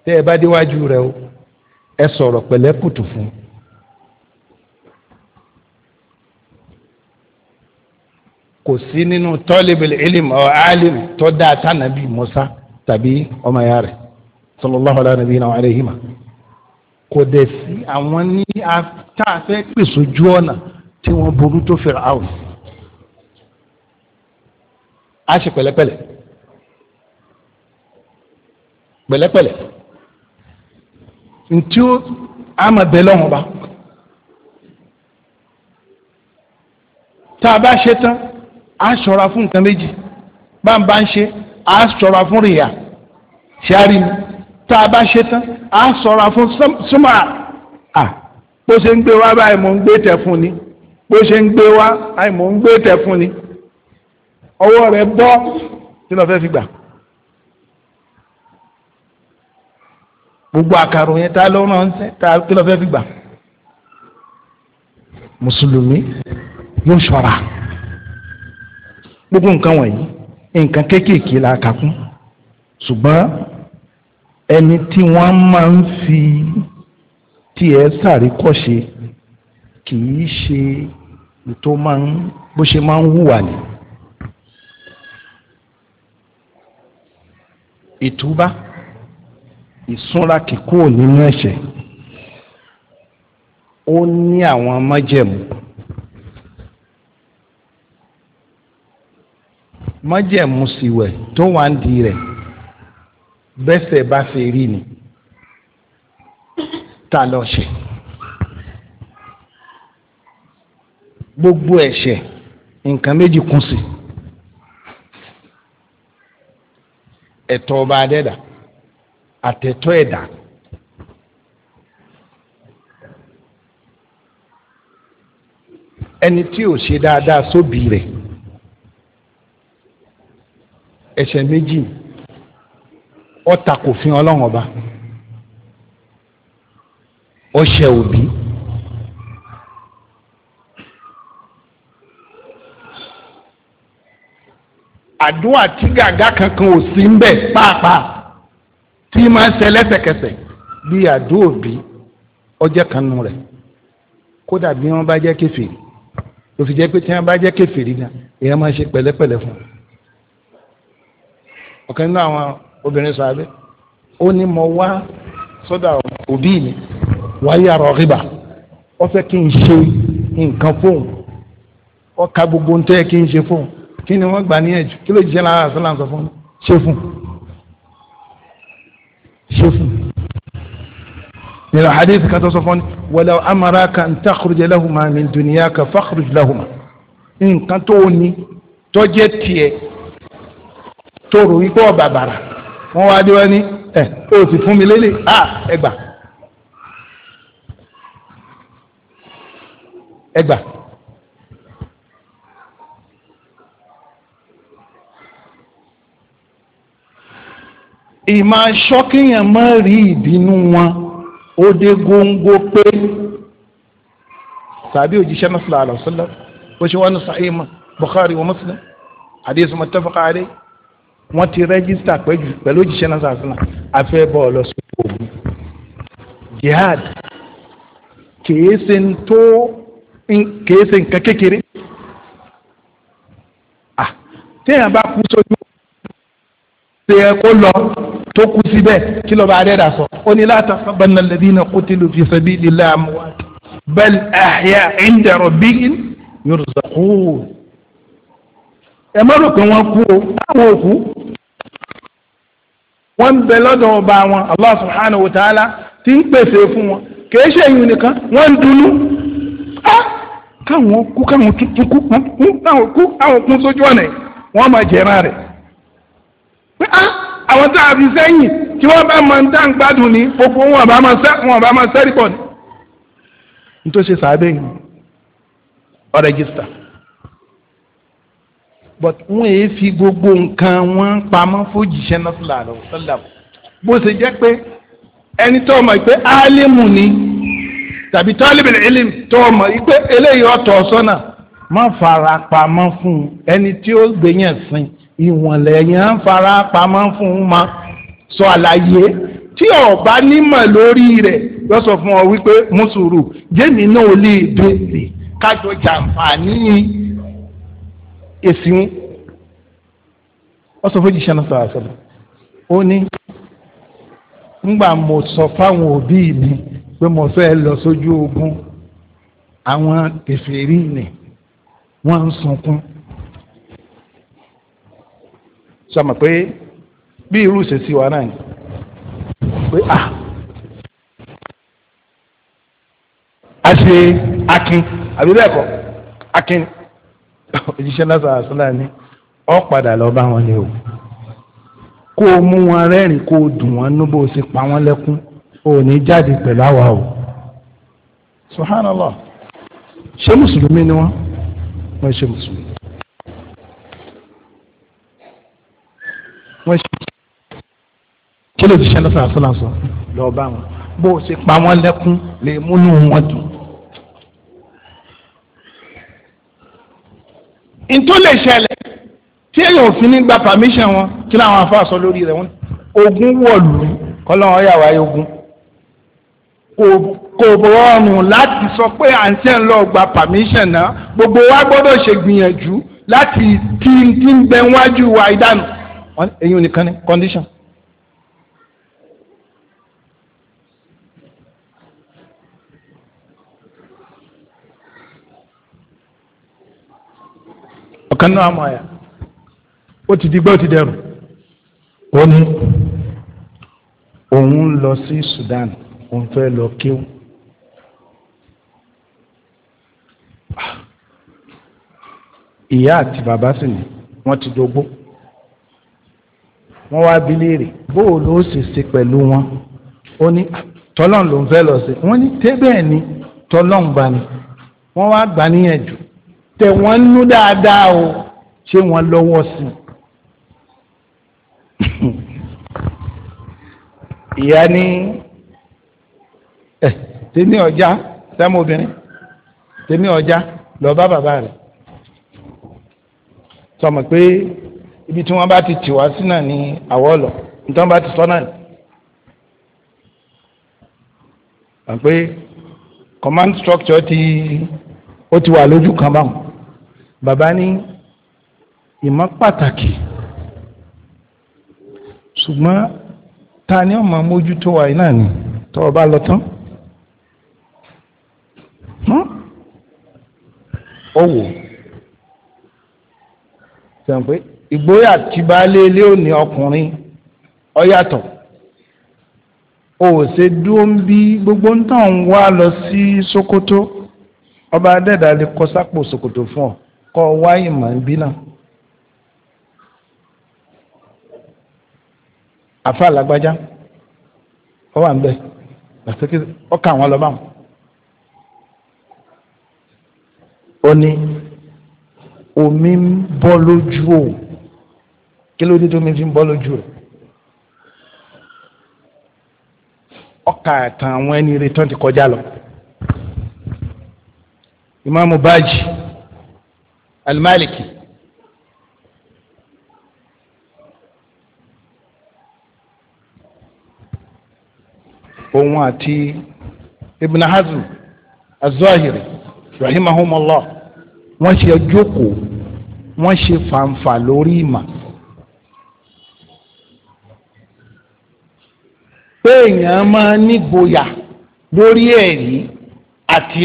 [SPEAKER 1] tẹ́ ẹ bá déwájú rẹ o ẹ sọ̀rọ̀ pẹ̀lẹ́ fún kò sí nínú tàbí ọmọ rẹ̀. sallallahu ala nabiyina wa alayhima kò dẹ̀ sí àwọn ní tá a fẹ́ pè sójú ọ̀nà tí wọ́n burú tó fẹ̀rẹ̀ áwùs a ṣe pẹ̀lẹ́pẹ̀lẹ́ pẹ̀lẹ́pẹ̀lẹ́ ntí ó ama bẹ lọ́wọ́ ba tá a bá ṣe tán a ṣọ́ra fún nǹkan méjì bá ń bá ń ṣe a ṣọ́ra fún rìyà ṣáà rí mi tá a bá ṣe tán a sọ̀rọ̀ fún súnmọ́ à bó ṣe ń gbé wá báyìí mò ń gbé tẹ̀ fún ni bó ṣe ń gbé wá báyìí mò ń gbé tẹ̀ fún ni ọwọ́ rẹ̀ bọ́ tí lọ́ọ́ fẹ́ fi gbà. gbogbo àkàrò yẹn tá ló ràn ṣe tá kí lọ́ọ́ fẹ́ fi gbà. mùsùlùmí yóò ṣọ́ra gbogbo nǹkan wọ̀nyí nǹkan kéékèèké la kà kún ṣùgbọ́n ẹni tí wọ́n máa ń fi tiẹ̀ sàríkọ́ṣe kì í ṣe tó máa ń bó ṣe máa ń hùwà ní. ìtúbá ìsúnra kíkó nínú ẹ̀ṣẹ̀ ó ní àwọn májẹ̀mú. májẹ̀mú sì wẹ̀ tó wà ń di rẹ̀ bẹ́sẹ̀ bá ṣe rí ni ta lọ ṣe gbogbo ẹ̀ṣẹ̀ nǹkan méjì kún sí ẹ̀tọ́ ọba adẹ́dà àtẹ̀tọ́ ẹ̀dá. ẹni tí ò ṣe dáadáa sóbì rẹ̀ ẹ̀ṣẹ̀ méjì ọ̀tà kò fi ọlọ́run ọba ọ̀ṣẹ̀ òbí. àdúrà tí gàgà kankan ò sí ń bẹ pàápàá tí máa ń ṣe lẹ́sẹ̀kẹsẹ̀ bí àdúrà òbí ọjọ́ kan nù rẹ̀ kódà bí wọ́n bá jẹ́ kèfèrí ló pé tí wọ́n bá jẹ́ kèfèrí gan èèyàn máa ṣe pẹ̀lẹ́pẹ̀lẹ́ fún un. nínú àwọn obìnrin sàbẹ̀ ó ní mo wá sọ́dà òbí mi wáyé àrọ̀ rìbà ó fẹ́ kí n ṣe nǹkan fóun ó ka gbogbo ń kí n ṣe fóun kí ni wọ́n gbà níyànjú kí ló jẹ́ lára àṣọ làǹsọ̀ fún ṣe fún ṣe fún nínú hadith kan tó sọ fún wàlá amara ka n takurujẹ lahuma min duniya ka fakurujẹ lahuma nǹkan tó ní tọ́jẹ́ tiẹ̀ tó rò wípé ọ̀bàbàrà wọ́n wá dé wọ́n ní ẹ̀ o ti fún mi lélẹ̀ à ẹgbà ẹgbà. ìmọ̀ ṣọ́kìyàn máa rí ìbínú wọn ó dé góńgó pé tàbí òjíṣẹ́ náà sallallahu alaihi ṣe wọ́n ní sahih Bukhari wa Muslim hadith muttafaqa alayhi wọ́n ti rẹ́gísítà pẹ̀lú òjíṣẹ́ náà sàásìlà afẹ́ bọ́ ọ lọ sí òun jihad kìí ṣe ń tó kìí ṣe nǹkan kékeré ah téèyàn bá kú sójú ṣe yẹ kó lọ tó kú síbẹ̀ kí ló bá rẹ́rà sọ ó ní la tahsabanna alladhina qutilu fi sabilillahi amwat bal ahya 'inda rabbihim yurzaqun ẹ má rò pé wọ́n kú o táwọn ò kú wọ́n ń bẹ lọ́dọ̀ ọba wọn Allah subhanahu wa ta'ala ti ń pèsè fún wọn kìí ṣe èyí nìkan wọ́n ń dunú káwọn kú káwọn tuntun kú káwọn kú káwọn kún sójú ọ̀nà yìí wọ́n máa jẹ̀ra rẹ̀ pé á àwọn tá a fi sẹ́yìn tí wọ́n bá máa ń dá ń gbádùn ní gbogbo wọn bá máa sẹ́ wọn bá máa sẹ́rí pọ̀ ní. nítorí ṣe sàábẹ́ yìí ọ rẹ́gísítà but wọn èé fi gbogbo nǹkan wọn pamọ́ fòjìṣẹ́ náà fúlà rẹ̀ sọ́là bó ṣe jẹ́ pé ẹni tó mọ̀ pé álímù ni tàbí tọ́líbìlì ìlìm tó mọ̀ pé eléyìí ọ̀tọ̀ sọ́nà má fara pamọ́ fún ẹni tí ó gbẹ̀yẹ̀ sìn ìwọ̀nlẹ̀ yẹn fara pamọ́ fún ma sọ àlàyé tí ọba nímọ̀ lórí rẹ̀ yọ sọ fún ọ wípé mùsùlùmí jẹ́mi náà lè bèèrè kájọ jàǹfààní yìí èsì ń wọ́n sọ fún ìṣẹ́ náà sọ̀rọ̀ àṣẹlẹ̀ ó ní ńgbà mo sọ fáwọn òbí mi pé mo fẹ́ lọ sójú ogun àwọn kèfèrí ni wọ́n ń sunkún sọmọ pé bí irú ìṣesí wa náà ni pé à a ṣe akin àbí bẹ́ẹ̀ kọ́ akin òjíṣẹ́ lásán àṣọlá ni ọ padà lọ bá wọn ni o kó o mú wọn rẹ́rìn kó o dùn wọn nú bó o sì pa wọn lẹ́kún o ò ní jáde pẹ̀lú àwa o subhanallah ṣé mùsùlùmí ni wọn wọn ṣe mùsùlùmí wọn ṣe kí ló ti ṣe lọ́sàn sọ lọ́ọ́ bá wọn bó o sì pa wọn lẹ́kún lè múnú wọn dùn. ntó lè ṣẹlẹ̀ tí èyàn òfin ní gba permission wọn kí làwọn afa sọ lórí rẹ̀ wọn ogun wọ̀lú kọ́lọ́wọ́n yà wáyé ogun kò rọrùn láti sọ pé à ń tẹ̀ ń lọ gba permission náà gbogbo wa gbọ́dọ̀ ṣe gbìyànjú láti tí ń bẹ wájú wa ìdánù èyí ò nìkan ni condition ọ̀kan náà àmọ́ àyà ó ti di gbé ó ti dẹrù ó ní òun lọ sí Sudan òun fẹ́ lọ kíw ìyá àti bàbá sì ni wọ́n ti dogbó wọ́n wá bi léèrè bóò ló sì ṣe pẹ̀lú wọn ó ní tọ́lọ́n ló ń fẹ́ lọ sí wọ́n ní tẹ́bẹ̀ẹ́ ni tọ́lọ́n gbani wọ́n wá gbà níyànjú tẹ̀ wọ́n nú dáadáa o ṣé wọ́n lọ́wọ́ sí i. ìyá ní ẹ tèmi ọjà sẹ́mu obìnrin tèmi ọjà lọ bá bàbá rẹ̀ sọmọ pé ibi tí wọ́n bá ti tì wá sí náà ni àwọ̀ lọ nítorí wọ́n bá ti sọ náà ni. àpé command structure ti ó ti wà lójú kan báwọn bàbá ní ìmọ̀ pàtàkì ṣùgbọ́n ta ni ọmọ mójútó wa náà ni tọ́ ọ bá lọ tán hm? ó wò sàn pé ìgboyà tí baálé ilé òní ọkùnrin ọ yàtọ̀ o ò ṣe dúró ń bí gbogbo ń tàn wá lọ sí Sokoto ọba adẹ́dàá lè kọ sápò Sokoto fún ọ. kọ́ wá ìmọ̀ ń bí náà. àfa làgbájá ọ wà ń bẹ làtẹ́kẹ́ ọkà àwọn lọ́ba wọn. ó ní omi ń bọ́ lójú o kí ló dé tó omi fi ń bọ́ lójú o. ọkà àtàwọn ẹni retán ti kọjá lọ. ìmáàmù báàjì. المالكي òun àti ibn hazm az èèyàn máa nígboyà lórí ẹ̀rí àti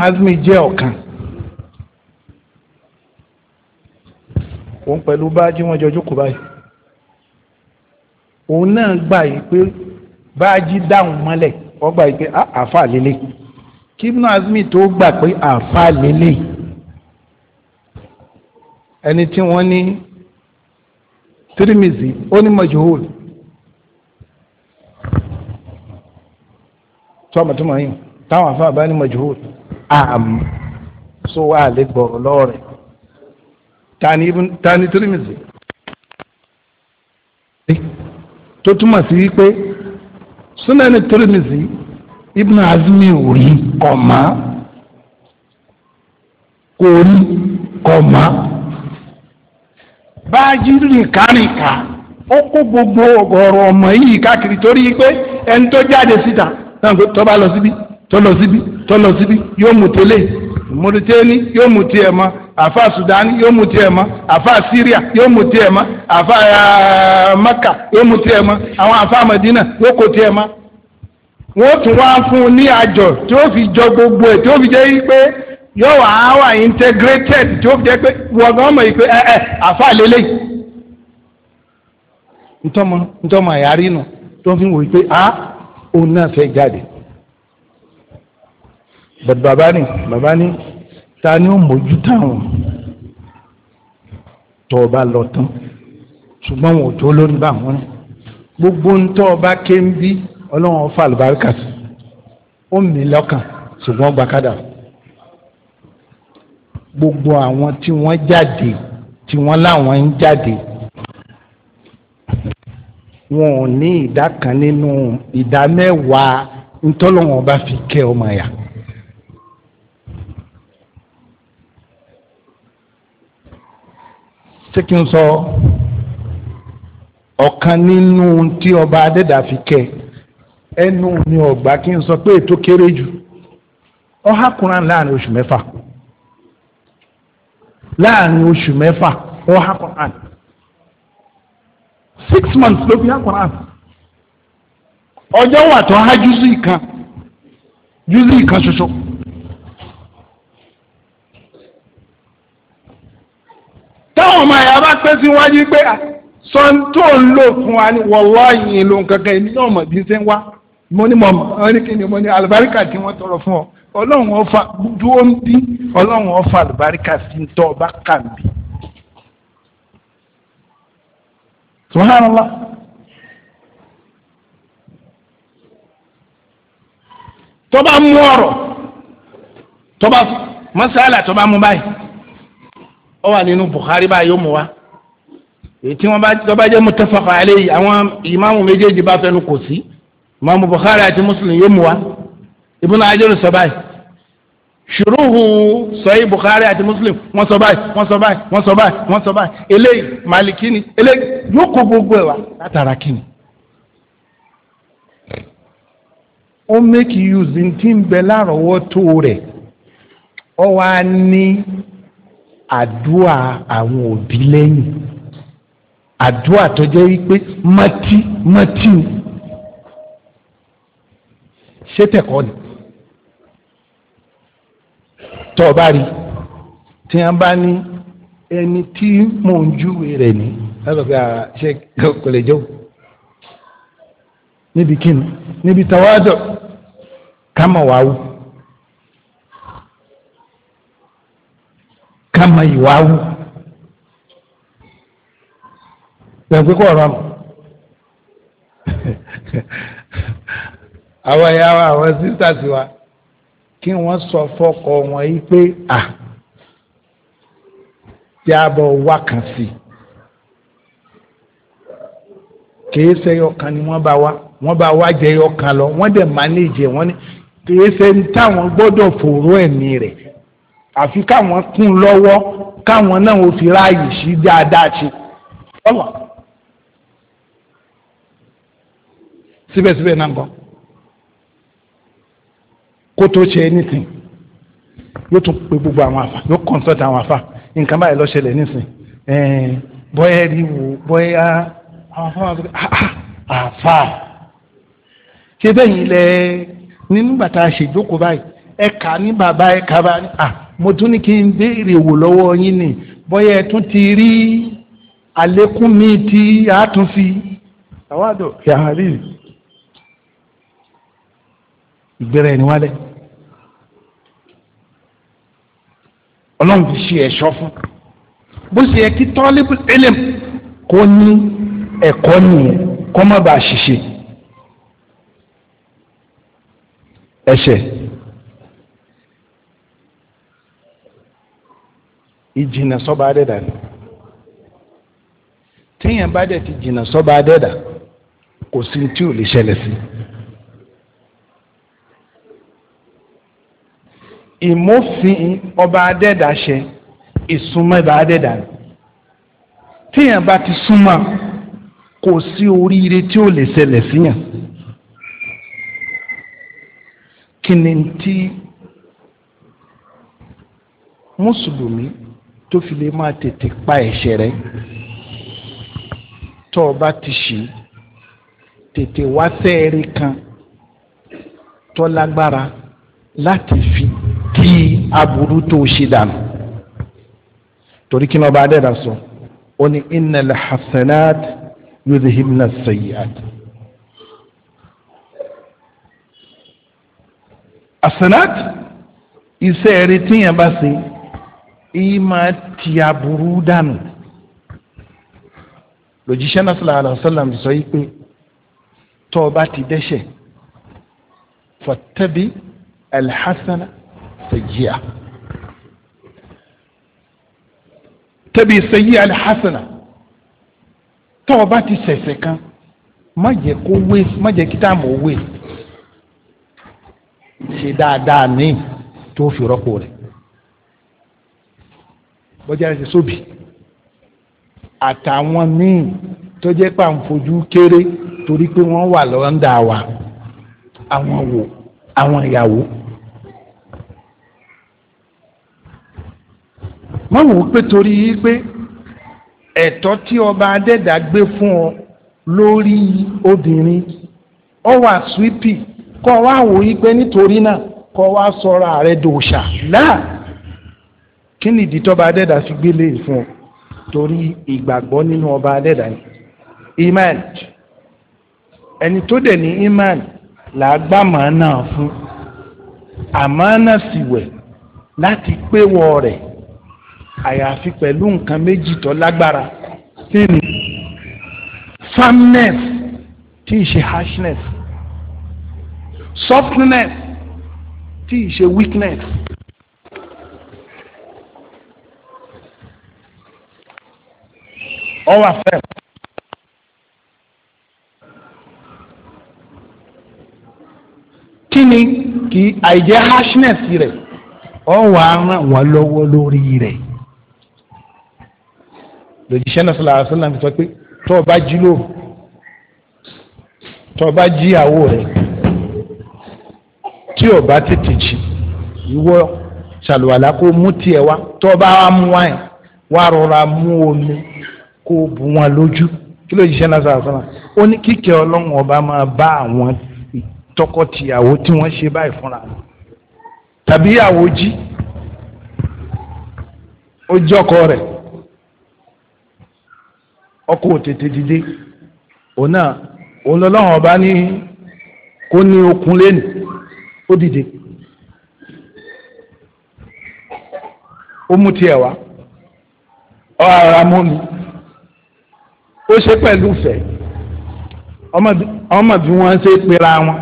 [SPEAKER 1] hazm jẹ́ ọ̀kan. òun pẹ̀lú báájí wọ́n jọ jókòó báyìí òun náà gbà yìí pé báájí dáhùn mọ́lẹ̀ wọ́n gbà yìí pé ah, àáfà lélẹ̀ kí Ibn Azmi tó gbà pé àáfà lélẹ̀ ẹni tí wọ́n ní tirimizi ó ní majhul tọ́mọ̀tọ́mọ̀ yìí táwọn àfáà bá ní majhul àmì so wà á lè gbọ̀rọ̀ lọ́rẹ̀ẹ́. tani ibn tani tirimizi tó túmọ̀ sí wípé súnẹ́ni tirimizi ibn azmi ò rí kọ̀má kò rí kọ̀má báyìí nìkanìka ó kó gbogbo ọgọrọ ọmọ yìí kakiri torí pé ẹni tó jáde síta náà tó bá lọ síbi tó lọ síbi tó lọ síbi yóò mú tẹ́lẹ̀ mú tẹ́lẹ̀ yóò mú tiẹ̀ mọ́ afa Sudan yóò mú tiẹ̀ Syria yóò mú tiẹ̀ mọ́ eh, Maka yóò mú tiẹ̀ àwọn Madina yóò kó tiẹ̀ mọ́ wọ́n tún wá fún ní àjọ tí ó fi jọ gbogbo ẹ̀ tí ó fi jẹ́ pé yóò wá wà integrated tí ó fi jẹ́ pé mọ̀ pé ẹ ẹ afa lélẹ̀ ntọ́mọ ntọ́mọ àyárí nù tó fi wò pé a ah, òun náà fẹ́ jáde bàbá ni bàbá ni. ta ni ó mójú táwọn tọ́ ọba lọ tán ṣùgbọ́n wọn ò tó lórí bá wọn rìn gbogbo ń tọ́ ọba ké ń bí ọlọ́run ọfà àlùbáríkà sí ó mì lọ́kàn ṣùgbọ́n gbàkádà gbogbo àwọn tí wọ́n jáde tí wọ́n láwọn ń jáde wọn ò ní ìdá kan nínú ìdá mẹ́wàá ntọ́lọ́wọ́n bá fi kẹ́ ọmọ yàrá. ṣé kí n sọ ọ̀kan nínú tí ọba adẹ́dà fi kẹ ẹnu kí n sọ pé ètò kéré jù ọ̀há láàrin oṣù mẹ́fà láàrin oṣù mẹ́fà six months ló fi há ọjọ́ wà tó há ika kan ika kan táwọn ọmọ ẹ̀yà bá pẹ́ sí wájú pé ah, sọ tó ń lò fún wa ní wọ́wọ́ yìí ló ń kankan èmi náà mọ̀ bí ṣe ń wá mo ní mọ̀ mọ̀ ní ni mo ní alùbáríkà tí wọ́n tọrọ fún ọ ọlọ́run ọfà dúró ń bí ọlọ́run ọfà alùbáríkà sí ń tọ́ ọba kà ń bí. subhanallah tọ́ba mú ọ̀rọ̀ tọ́ba masala tọ́ba mú báyìí. ó wà nínú Bukhari báyìí ó mú wa ètí wọn bá tó bá jẹ́ mutafaqa alayhi àwọn ìmáàmù méjèèjì bá fẹnu kò sí ìmáàmù Bukhari àti Muslim yóò mú wa sọ báyìí àti Muslim malikini eléyìí yóò gbogbo látara àdúà àwọn òbí lẹ́yìn àdúà tó jẹ́ wípé mọ́tí mọ́tí ṣé tẹ̀kọ́ ni tọ́ ọ bá rí tí wọ́n bá ní ẹni tí mò ń júwe rẹ̀ ní lọ́sọ̀ pé ṣe kò lè jẹun níbi kíni níbi tàwádọ̀ ká mọ̀ wá wù. ká mọ ìwà wù pẹ̀lú kọ́ ọ̀rọ̀ nù àwọn ìyá wa àwọn sisters wa kí wọ́n sọ fọ́kọ wọn yìí pé à tí a bọ̀ wá kan sí kìí ṣe ọkàn ni wọ́n bá wá wọ́n bá wá jẹ ọkàn lọ wọ́n dẹ̀ manage wọ́n ní kìí ṣe táwọn gbọ́dọ̀ fòró ẹ̀mí rẹ̀ àfi káwọn kún lọ́wọ́ káwọn náà ò fi ráàyè sí dáadáa ṣe ọlọ síbẹ̀síbẹ̀ náà gbọ́ kó tó ṣe anything yóò tún pe gbogbo àwọn àfà yóò consult àwọn àfà nǹkan báyìí ló ṣẹlẹ̀ nísìn bọ́yá rí wo bọ́yá àwọn afọ ah, àwọn ah, àfà ṣé bẹ́ẹ̀ lẹ nínú bàtà ṣèjókòó báyìí ẹ̀ka ní bàbá ẹ̀ka bá ní ah, mo tún ní kí n béèrè wò lọ́wọ́ yín ni bóyá ẹ tún ti rí àlékún mi tí a tún fi àwádọ̀ yàrá ìgbéra ẹni wálẹ̀ ọlọ́run fi ṣe ẹ̀ṣọ́ fún bó ṣe yẹ kí tọ́lébù ẹlẹ́m kó ní ẹ̀kọ́ nìyẹn kó má bàa ṣiṣẹ́ ẹ̀ṣẹ̀. ìjìnà sọ́ba adẹ́dà ni téèyàn bá dẹ̀ ti jìnà sọ́ba adẹ́dà kò sí tí ò lè ṣẹlẹ̀ sí. ìmọ̀fin ọba adẹ́dà ṣe ìsúnmọ́ ọba adẹ́dà ni téèyàn bá ti súnmọ́ kò sí oríire tí ò lè ṣẹlẹ̀ síyàn. kí ni tí mùsùlùmí tó fi lè máa tètè pa ẹ̀ṣẹ̀ rẹ tó o bá ti ṣì tètè wá sẹ́ẹ̀rí kan tó lágbára láti fi kí aburú tó ṣe dànù torí kí ni ọba adẹ́dà sọ ó ní innal hasanat yudhibna sayyi'at. hasanat iṣẹ́ rí tíyẹn bá ṣe ìmọ̀ ti aburú dànù lòjíṣẹ́ náà sallallahu alaihi wasallam sọ yìí pé tó o bá ti dẹ́ṣẹ̀ fattabi alhassana sayyi'a tẹ́bi sayyi'a alhassana tó o bá ti ṣẹ̀ṣẹ̀ kan má jẹ́ kó wé má jẹ́ kí táàmù ó wé ṣe dáadáa míì tó fi rọ́pò rẹ̀. bọ́jà ẹsẹ̀ sóbì àtàwọn míì tó jẹ́ pà ń fojú kéré torí pé wọ́n wà lọ́ndà wa àwọn wò àwọn ìyàwó. wọ́n wò ó pé torí pé ẹ̀tọ́ tí ọba adẹ́dà gbé fún ọ lórí obìnrin ọ wà swipi kọ́ wa wò yí pé nítorí náà kọ́ wa sọ̀rọ̀ ààrẹ dòṣà láà. kí ni ìdí tọ́ba adẹ́dà fi gbélé fún ọ torí ìgbàgbọ́ nínú ọba adẹ́dà ni iman ẹni tó dẹ̀ ní iman là á gbà màá náà fún àmọ́ sì wẹ̀ láti péwọ́ rẹ̀ àyàfi pẹ̀lú nǹkan méjì tó lágbára kí ni firmness tí ì ṣe harshness softness tí ì ṣe weakness. ọ wà fẹ́. kí ni harshness rẹ ọ wà ràn wọ́n lọ́wọ́ lórí rẹ̀ lòjíṣẹ́ náà sọ̀rọ̀ àṣọ náà sọ pé tó ọ bá jí lò tó bá jí ìyàwó rẹ̀ tí ọ bá tètè jí ìwọ ṣàlùwàlá kó mú tiẹ̀ wá o bá wá kó bu wọn lójú kí ló jíṣẹ́ náà sọ̀rọ̀ sọ́nà ó ní kíkẹ́ ọlọ́run ọba máa bá àwọn tọkọtìyàwó tí wọ́n ṣe báyìí fúnra wọn tàbí ìyàwó jí ó jọkọ rẹ̀ ọkọ òtètè dìde òun náà òun lọ́lọ́run ọba ní kó ní okun lẹ́nu ó dìde ó mú tiẹ̀ wá ọ ara mú mi. ó ṣe pẹ̀lú fẹ́ ọmọ bí wọ́n ṣe pera wọn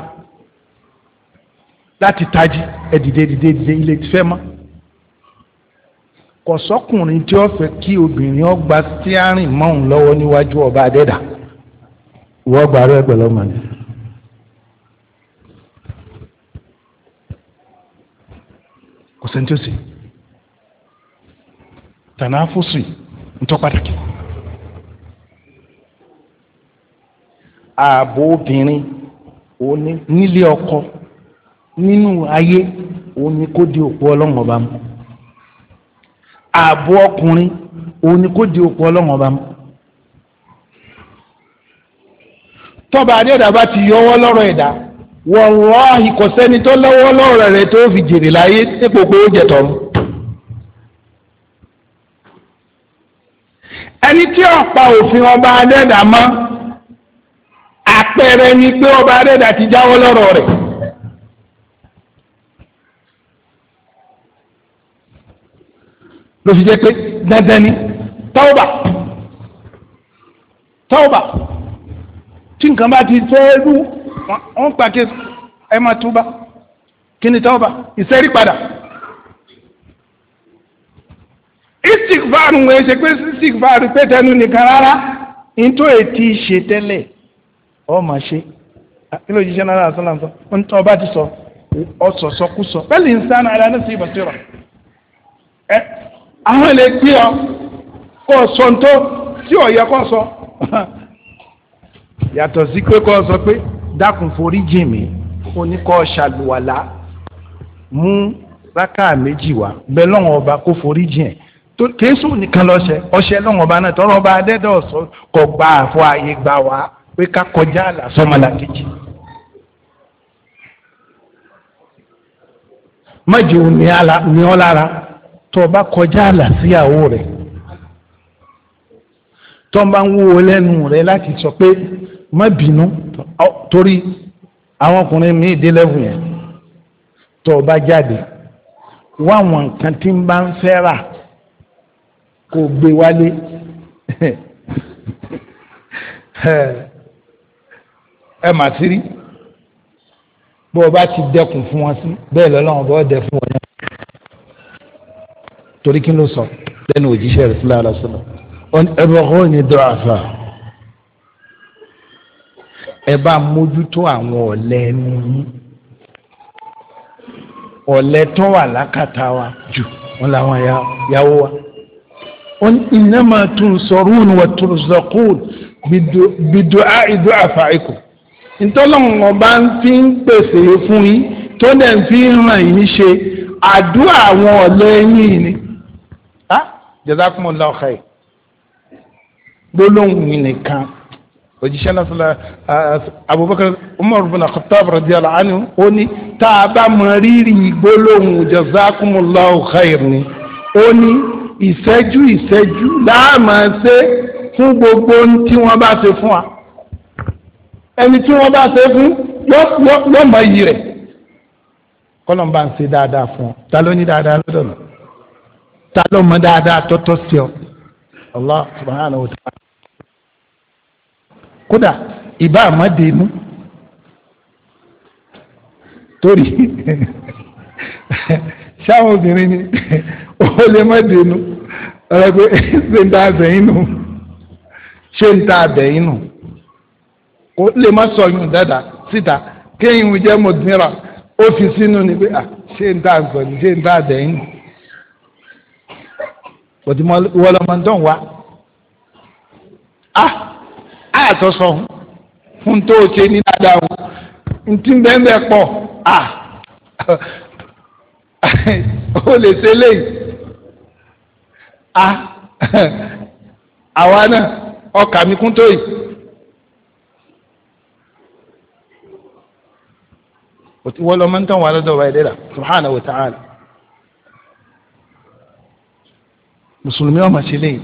[SPEAKER 1] láti tají edide dìde dìde ilé ti fẹ́ mọ́ kò sọ́kùnrin tí ó fẹ́ kí obìnrin ọgbà stíárìn mọ́hùn lọ́wọ́ níwájú ọba adẹ́dà ìwọ́ gbàrú ẹ̀ pẹ̀lú ni. kò sẹ́ni tí ó sè tànáfósì tọ́ ààbò obìnrin òní nílé ọkọ nínú ayé òní kó di òpó ọlọ́run ọba mu ààbò ọkùnrin òní kó di òpó ọlọ́run ọba mu tọ́ba adéèdà bá ti yọwọ́ lọ́rọ̀ ẹ̀dá wọ̀lọ́hì kò sẹ́ni tó lọ́wọ́ lọ́rọ̀ rẹ̀ tó fi jèrè láyé dípò pé ó jẹ̀tọ̀ mu. ẹni tí ó òfin ọba adéèdà mọ́. àpẹẹrẹ ni pé ọba adẹ́dà ti jáwọ́ lọ́rọ̀ rẹ̀. ló fi jẹ́ pé dandan ni tọ́ọ̀bà tọ́ọ̀bà tí nǹkan bá ti fẹ́ rú wọ́n pàkí ẹ máa túbà kí ni tọ́ọ̀bà ìsẹ́rí padà istikvaru ń ṣe pé istikvaru pé tẹnu nìkan rárá ní tó ètí ṣe tẹ́lẹ̀ ọ ṣe ilé ah, òjíṣẹ́ náà rà sọ́lá sọ ń ọba ti sọ ọsọ sọkúsọ pẹ́lú ìsánà ara ní sí ìbọ̀síra ẹ àwọn ilé gbé ọ kó o sọ tó tí ò yẹ kó o sọ yàtọ̀ sí pé kó o sọ pé dákun forí jì mí o ní kó o ṣàlùwàlá mú rákà méjì wá bẹ́ẹ̀ lọ́wọ́n ọba kó forí jì ẹ̀ kéésù nìkan lọ́sẹ̀ ọ̀sẹ̀ lọ́wọ́n ọba náà tọ́rọ̀ ọba adẹ́dọ̀ sọ gba àfọ àyè gbà wá pé ká kọjá àlà sọmọlàkejì. májè ò ní ọ lára tó o bá kọjá àlà síyàwó rẹ̀ tó o bá ń wúwo lẹ́nu rẹ̀ láti sọ pé má bínú torí àwọn ọkùnrin mi dé lẹ́wù yẹn tó o bá jáde wá àwọn nǹkan tí ń bá ń fẹ́ rà kó o gbé wálé. ẹ mà sí rí bó o bá ti dẹkùn fún wọn sí bẹ́ẹ̀ lọ́lọ́run bọ́ dẹ fún wọn náà torí kí ló sọ lẹ́nu òjíṣẹ́ rẹ̀ sílẹ̀ alásọ̀lọ̀ ẹ̀rọ̀hún ni dọ́àfà ẹ bá mójútó àwọn ọ̀lẹ́ ẹnu yín tó wà lákàtà wa jù wọn làwọn yàwó wa wọn innama tunsarun wa turzaqun bidu'a du'afaikum ntọ́lọ́run ọba fi ń pèsè fún yín tó dẹ̀ ń fi hàn yín ṣe àdúrà àwọn ọ̀lẹ́ yín ni. Ah, jazakumullahu khair gbólóhùn nìkan òjíṣẹ́ náà sọlá ah, Abubakar Umar bin Khattab radiyallahu anhu ó ní tá a bá mọ rírì gbólóhùn jazakumullahu khair ni ó ní ìṣẹ́jú ìṣẹ́jú láàmú ṣe fún gbogbo tí wọ́n bá ṣe fún wa ẹni tí wọ́n bá ṣe fún yọ mọ iyì rẹ̀ kọ́lọ́n bá ń ṣe dáadáa fún ọ ta ló ní dáadáa lọ́dọ̀ lọ ta ló mọ dáadáa tọ́tọ́ sí ọ Allah subhanahu wa ta'ala kódà ìbá àmọ́déémú torí sáwọn obìnrin ni ó lè mọ́déémú ọ̀rọ̀ pé ṣe ń ta àbẹ̀yìn nù ṣe ń ta àbẹ̀yìn nù ó lè má sọ yún dáadáa síta kéyìn jẹ́ mọ̀tìmíra ó fi sínú ni pé ṣé n ta sọ ni ṣé n ta dẹ̀yìn bọ̀dì wọlọmọdún wa ah àyàtọ̀ sọ fún tó o ṣe ní dáadáa o ntí bẹ́ẹ̀ bẹ́ẹ̀ pọ̀ ah ó lè ṣe léyìí ah àwa náà ọkà mi kún tó yìí wọ́n lọ wà lọ́dọ̀ wáyé dẹ́dà subhanahu wa ta'ala ọmọ ṣe lè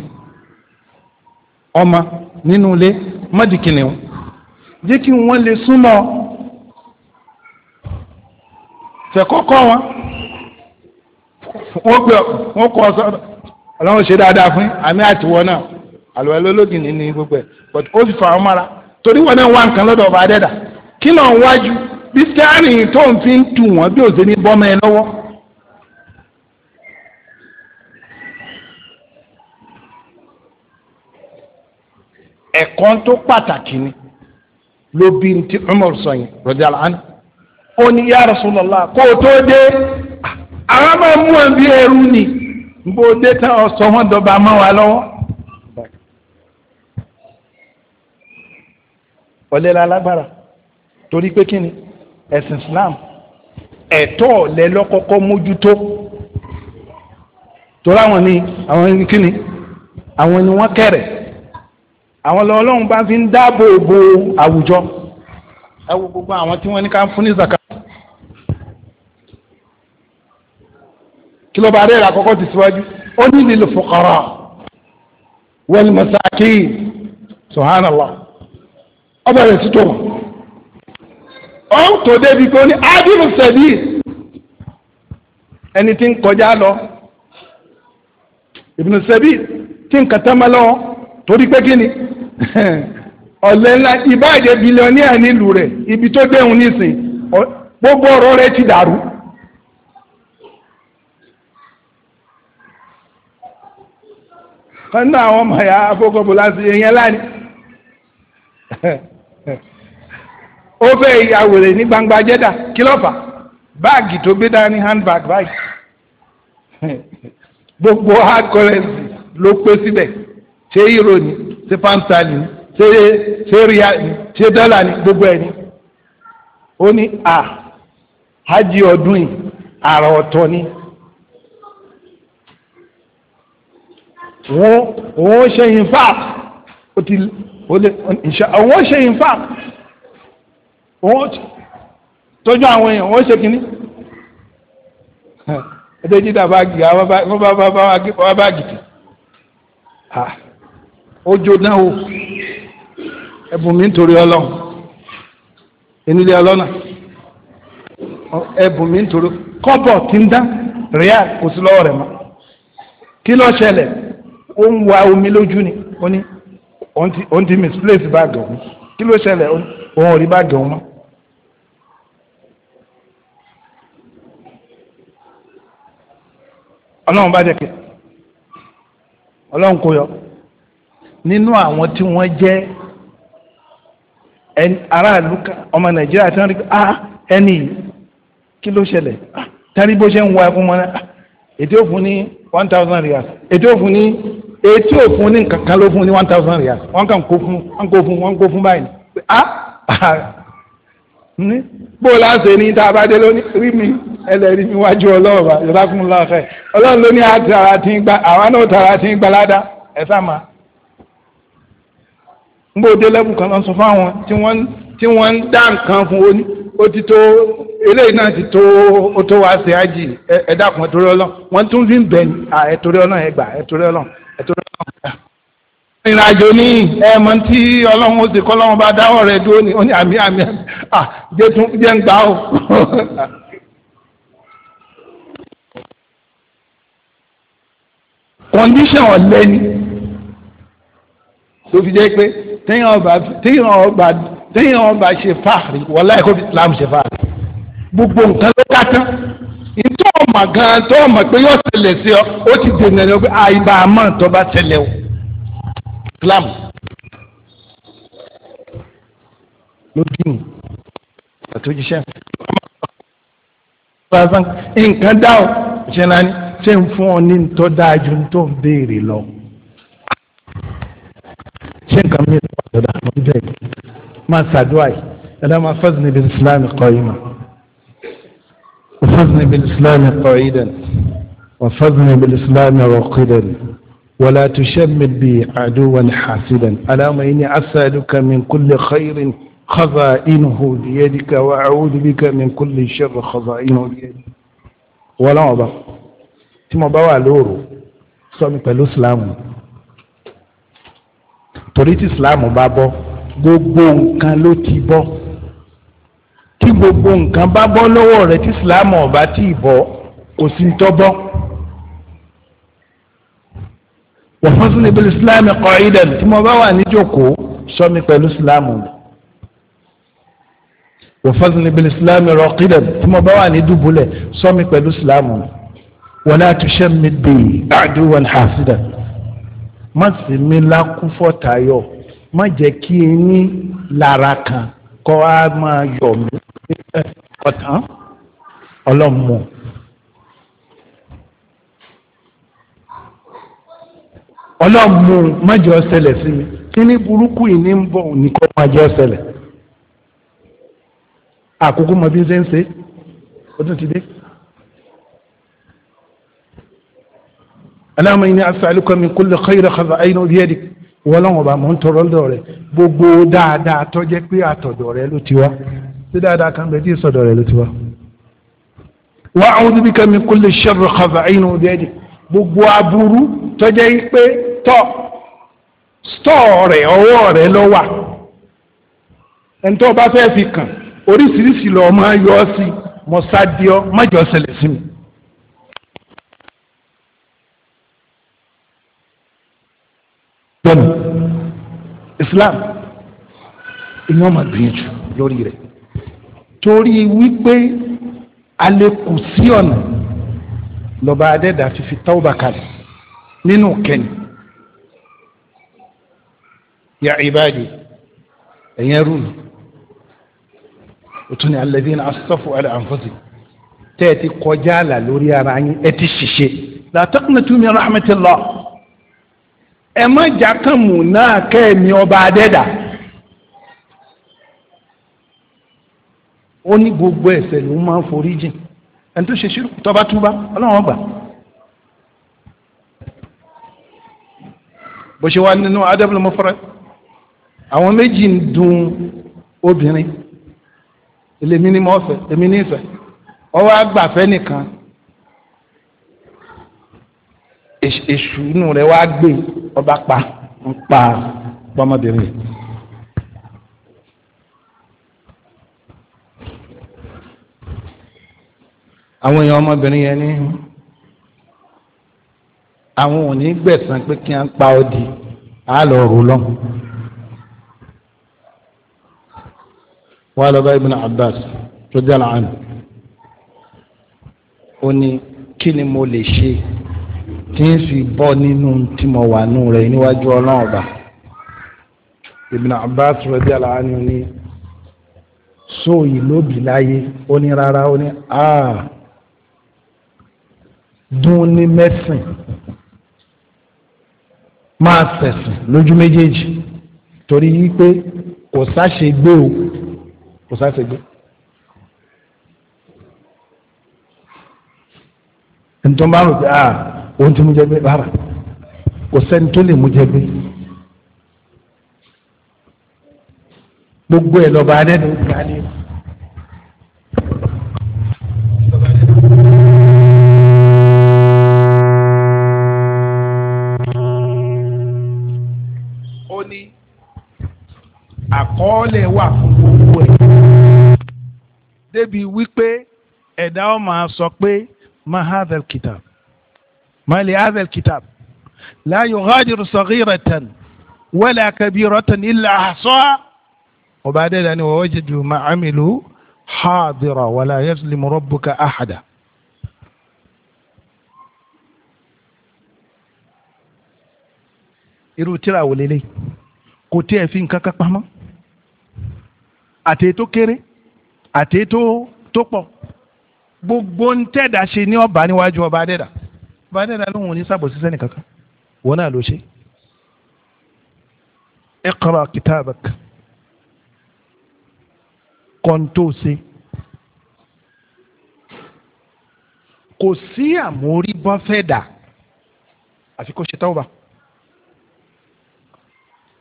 [SPEAKER 1] ọmọ nínú ilé mọ́dìkìnì jẹ́ kí wọ́n lè súnmọ́ fẹ̀kọ́kọ́ wọn wọ́n wọ́n kọ́ sọ́dọ̀ ọlọ́run bí stẹ́rìn tó ń fi ń tù wọ́n bí òsè ní bọ́mọ ẹ lọ́wọ́. ẹ̀kọ́ tó pàtàkì ni ló bí ti Umar sọ yẹn rọ̀dí àlàánú ó ní ya Rasulullah kó o tó dé àwọn máa mú ẹ bí ẹrú ni bó o dé tán ọ̀sán wọn dọ̀bà máa wà lọ́wọ́. ọ̀lẹ́la lágbára torí pé kí ni ẹ̀sìn Islam ẹ̀tọ́ lẹ lọ́kọ́kọ́ mójútó torí àwọn ni àwọn ni kíni àwọn ni wọ́n kẹ̀rẹ̀ àwọn lọ́lọ́run bá fi ń dáàbò bo àwùjọ gbogbo àwọn tí wọ́n ní ká fún ní zaka. kí ló bá àkọ́kọ́ ti síwájú ó ní subhanallah ó ń débi kó ní ádùrù sẹ̀bí ẹni tí ń kọjá lọ ìbùnú sẹ̀bí tí ń kàtàmà lọ́wọ́ torí pé kí ni ọ̀lẹ́ ńlá ìbáàjẹ́ nílùú rẹ̀ ibi tó déhùn nísìn gbogbo ọ̀rọ̀ rẹ̀ ti dàrú. kan àwọn ọmọ ya afọ́kọ̀bọ̀ láti ẹ̀yẹn láàrin ó fẹ́ ya wèrè ní gbangba jẹ́dà kí ló fà báàgì tó gbé dání handbag báyìí gbogbo hard currency ló pé síbẹ̀ ṣé euro ni ṣé pound ni ṣé ṣé real ni ṣé dọ́là ni gbogbo ẹ̀ ni ó ní à hajj ọdún yìí àrà ọ̀tọ̀ ni wọ́n ṣe in fact ó ti ó lè ṣe àwọn ṣe in fact owó tójú àwọn èèyàn wọ́n ṣe kínní ẹjẹ jíta báàgì wọ́n bá bá wá báàgì tì ojú náà o ẹ̀bùn mi nítorí ọlọ́run enílé ọlọ́nà ẹ̀bùn mi nítorí kọ́bọ̀ tí ń dá rẹ́à kò sí lọ́wọ́ rẹ̀ mọ́ kí ló ṣẹlẹ̀ ó ń wa omi lójú ni ó ní òun ti misplace báàgì òun kí ló ṣẹlẹ̀ òun ò rí báàgì òun mọ́. ọlọ́run bá dẹ̀kẹ̀ ọlọ́run kò yọ nínú àwọn tí wọ́n jẹ́ aráàlú ọmọ nàìjíríà tí wọ́n rí ah, ẹni kí ló ṣẹlẹ̀ ah, tẹ́rí bó ṣe ń wá ẹkún mọ́ná ah, ètò òfun ní one thousand riyals ètò òfun ní ètò òfun ní kankan ló fún ní one thousand riyals wọ́n kàn kó fún wọ́n kó fún wọ́n kó fún báyìí ah ní bóòlá ṣe ní tá a bá dé lónìí rí mi ẹlẹ́rìí mi wájú ọlọ́run bá yọ̀dá fún lọ́wọ́ fẹ́ ọlọ́run ló ní àtàrà tí ń gba àwa náà tàrà tí ń gba ládá ẹ sáàmà ń bó dé lẹ́bù kan lọ sọ fáwọn tí wọ́n tí wọ́n ń dá nǹkan fún oní ó ti tó eléyìí náà ti tó ó tó wá ṣe ájì ẹ̀dá kan torí ọlọ́run wọ́n tún fi ń bẹ̀ ẹ̀torí ọlọ́run ẹgbà ẹ̀torí ọlọ́run ẹ̀torí ọlọ́run ìrìnàjò ní ẹ̀mọ́ tí ọlọ́run ó sì kọ́ lọ́run bá dáwọ́ rẹ̀ dúró ní oní àmì àmì àmì jẹ́ tún jẹ́ ń gbà ó. condition ọ̀lẹ́ ni tó fi jẹ́ pé téèyàn ọba téèyàn ọba ṣe fáàrí wọlé ẹ̀kọ́ Islam ṣe fáàrí gbogbo nǹkan ló dá tán ìtọ́ ọmọ gan-an tó ọmọ pé yóò ṣẹlẹ̀ sí ọ ó ti dènà ẹni pé àìbá àmọ́ tó bá ṣẹlẹ̀ o. Islam lójú àtòjíṣẹ́ pàṣán nǹkan dáhùn ṣe náà ni ṣé ń fún ọ ní tó dáa ju tó ń béèrè lọ ṣé nǹkan mi tó dáa lọ ń bẹ̀rẹ̀ máa ṣàdúrà yìí ẹ̀dá máa fazni bil Islam qayima wa fazni bil Islam qa'idan wa fazni bil Islam raqidan. ولا تشمل بي عدوا حاسدا اللهم إني أسألك من كل خير خزائنه بيدك وأعوذ بك من كل شر خزائنه بيدك ولا أبا tí mo bá wà lóòrò sọ mi pẹ̀lú ìsìláàmù torí tí ìsìláàmù bá bọ́ gbogbo nǹkan ló ti bọ́ tí gbogbo nǹkan bá bọ́ lọ́wọ́ rẹ̀ tí ìsìláàmù ọ̀bá tí ì bọ́ kò sí ń tọ́ bọ́ wọ́fọ́sùn níbi islam kọ́ ìdẹ̀ tí mo bá wà níjòkó sọ mi pẹ̀lú islam wọ́fọ́sùn níbi islam rọ ìdẹ̀ tí mo bá wà ní dùbúlẹ̀ sọ mi pẹ̀lú islam wọ́n náà tún ṣe mí dé àdúwọ̀n hàṣídà má sì mí lákúfọ́ tayọ má jẹ́ kí eyín lára kan kọ́ á máa yọ̀ mí ọ̀tán ọlọ́mọ. ọlọ́mú mọ́jọ ṣẹlẹ̀ sí mi kí ní burúkú yìí ní ń bọ̀ nìkan mọ́jọ ṣẹlẹ̀ àkókò mọ bí ń ṣe ń ṣe ọdún ti dé. aláàmú yìí ní asàlùkọ́ mi kúlẹ̀ kọ́yìrẹ́ kọ́fà ayé náà bíyẹ́dì wọ́lọ́wọ́n bá mọ̀ ń tọrọ lọ́dọ̀ rẹ̀ gbogbo dáadáa tọ́jẹ́ pé àtọ̀dọ̀ rẹ̀ ló ti wá tí dáadáa kan bẹ̀ tí ìsọ̀dọ̀ rẹ̀ ló ti wá. wà á wọ́n bíbí kẹ́mi kúlẹ̀ ṣẹ́rù kọ́fà ayé náà bíyẹ́dì gbogbo aburú tọ́jẹ́ pé tọ́ stọ́ọ̀ rẹ̀ ọwọ́ rẹ̀ ló wà ẹni tó bá fẹ́ fi kàn oríṣiríṣi lọ máa yọ sí mọ́sádìọ́ májọ ṣẹlẹ̀ sí mi. Islam iná máa gbìyànjú lórí rẹ̀ torí wípé alekùn sí ọ̀nà lọ́ba adẹ́dà fífi táwọn bá kalẹ̀ nínú kẹ́ni ya ibadi ẹ̀yin ẹrú mi òtún ni alladhina asrafu ala anfusihim tẹ́ ẹ ti kọjá àlà lórí ara yín ẹ ti ṣiṣẹ́ la taqnatu min rahmatillah ẹ má jákàmù náà kẹ́ẹ̀mí ọba adẹ́dà ó ní gbogbo ẹ̀ṣẹ̀ ló máa ń forí jìn ẹni tó ṣe ṣírò tọbatúba ọlọ́run gbà bó ṣe wá nínú adabul àwọn méjì ń dun obìnrin èlèmi ni mo fẹ́ èmi ní ìfẹ́ ọwọ́ àgbàfẹ́ nìkan èṣù inú rẹ̀ wá gbé ọba pa ń pa ọmọbìnrin. àwọn èèyàn ọmọbìnrin yẹn ní àwọn ò ní gbẹ̀sán pé kí wọ́n pa ọ́ di àá lọ rò lọ́hùn. wọ́n lọ bá ibùn abbas tó dára àná ó ní kí ni mo lè ṣe tí ń fi bọ́ nínú tí mo wà nù rẹ̀ níwájú ọlọ́run ọba ibùn abbas tó dára àná ní so ìlóbi láyé ó ní rárá ó ní àà ah, dún ní mẹ́sìn máa sẹ̀sìn lójú méjèèjì torí wípé kò sáṣe gbé o kò sáṣẹ gbé ntọ́ bá rò pé a ah, òun ti mú jẹ gbé rárá kò sẹ́ni tó lè mú jẹ gbé gbogbo ẹ̀ lọ́ba adẹ́nu gbani. àkọọ́lẹ̀ wà fún gbogbo ẹ̀ débi wípé ẹ̀dá ọ máa sọ pé mahadal kitab mali hadal kitab la yughadiru saghiratan wala kabiratan illa ahsaha ọba adẹ́dá ni wa wajadu ma amilu hadira wala yazlimu rabbuka ahada. irú tíra wò kò tí ẹ fi nǹkan kan pamọ́ àti tó kéré àti tó tó pọ̀ gbogbo ń tẹ̀dá ṣe ní ọba níwájú ọba adẹ́dà ọba adẹ́dà ló ń wọn ní sàbòsí sẹ́ni kankan wọn náà ló ṣe. iqra kitabak kọ́ńtóòsì kò sí àmórí bọ́fẹ́dà àfi kó ṣe tọ́wọ́bà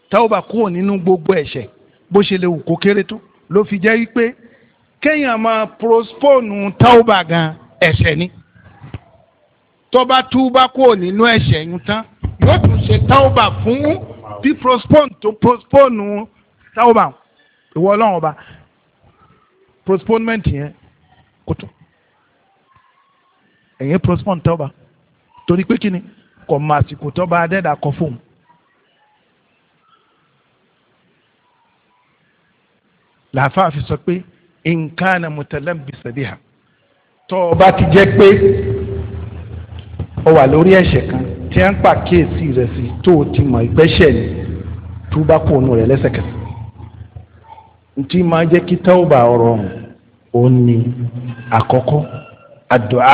[SPEAKER 1] tọ́wọ́bà kúrò nínú gbogbo ẹ̀ṣẹ̀ bó ṣe lè wù kó kéré tó ló fi jẹ́ wípé kéèyàn máa prospone tauba gan ẹ̀ṣẹ̀ ni tọ́ba túbá kúrò nínú ẹ̀ṣẹ̀ yìí tán yóò tún ṣe tauba fún bí prospone tó prospone tauba ìwọ ọlọ́run ọba postponement yẹn kò tó ẹ̀yìn prospone tauba torí pé kí ni kò mà àsìkò tọ́ba adẹ́dà kọ fóun. làáfàá fi sọ pé nǹkan mọ̀tẹ́lẹ́m bìsẹ̀bí ha tó o bá ti jẹ́ pé o wà lórí ẹ̀ṣẹ̀ kan tí a ń pa kéèsì rẹ̀ sí tó o ti mọ̀ ìgbẹ́sẹ̀ ni tó bá kó onú rẹ̀ lẹ́sẹ̀kẹsẹ̀ ntí máa jẹ́ kí tẹ́wọ́bà ọ̀rọ̀ ọ̀hún ó ní àkọ́kọ́ àdúà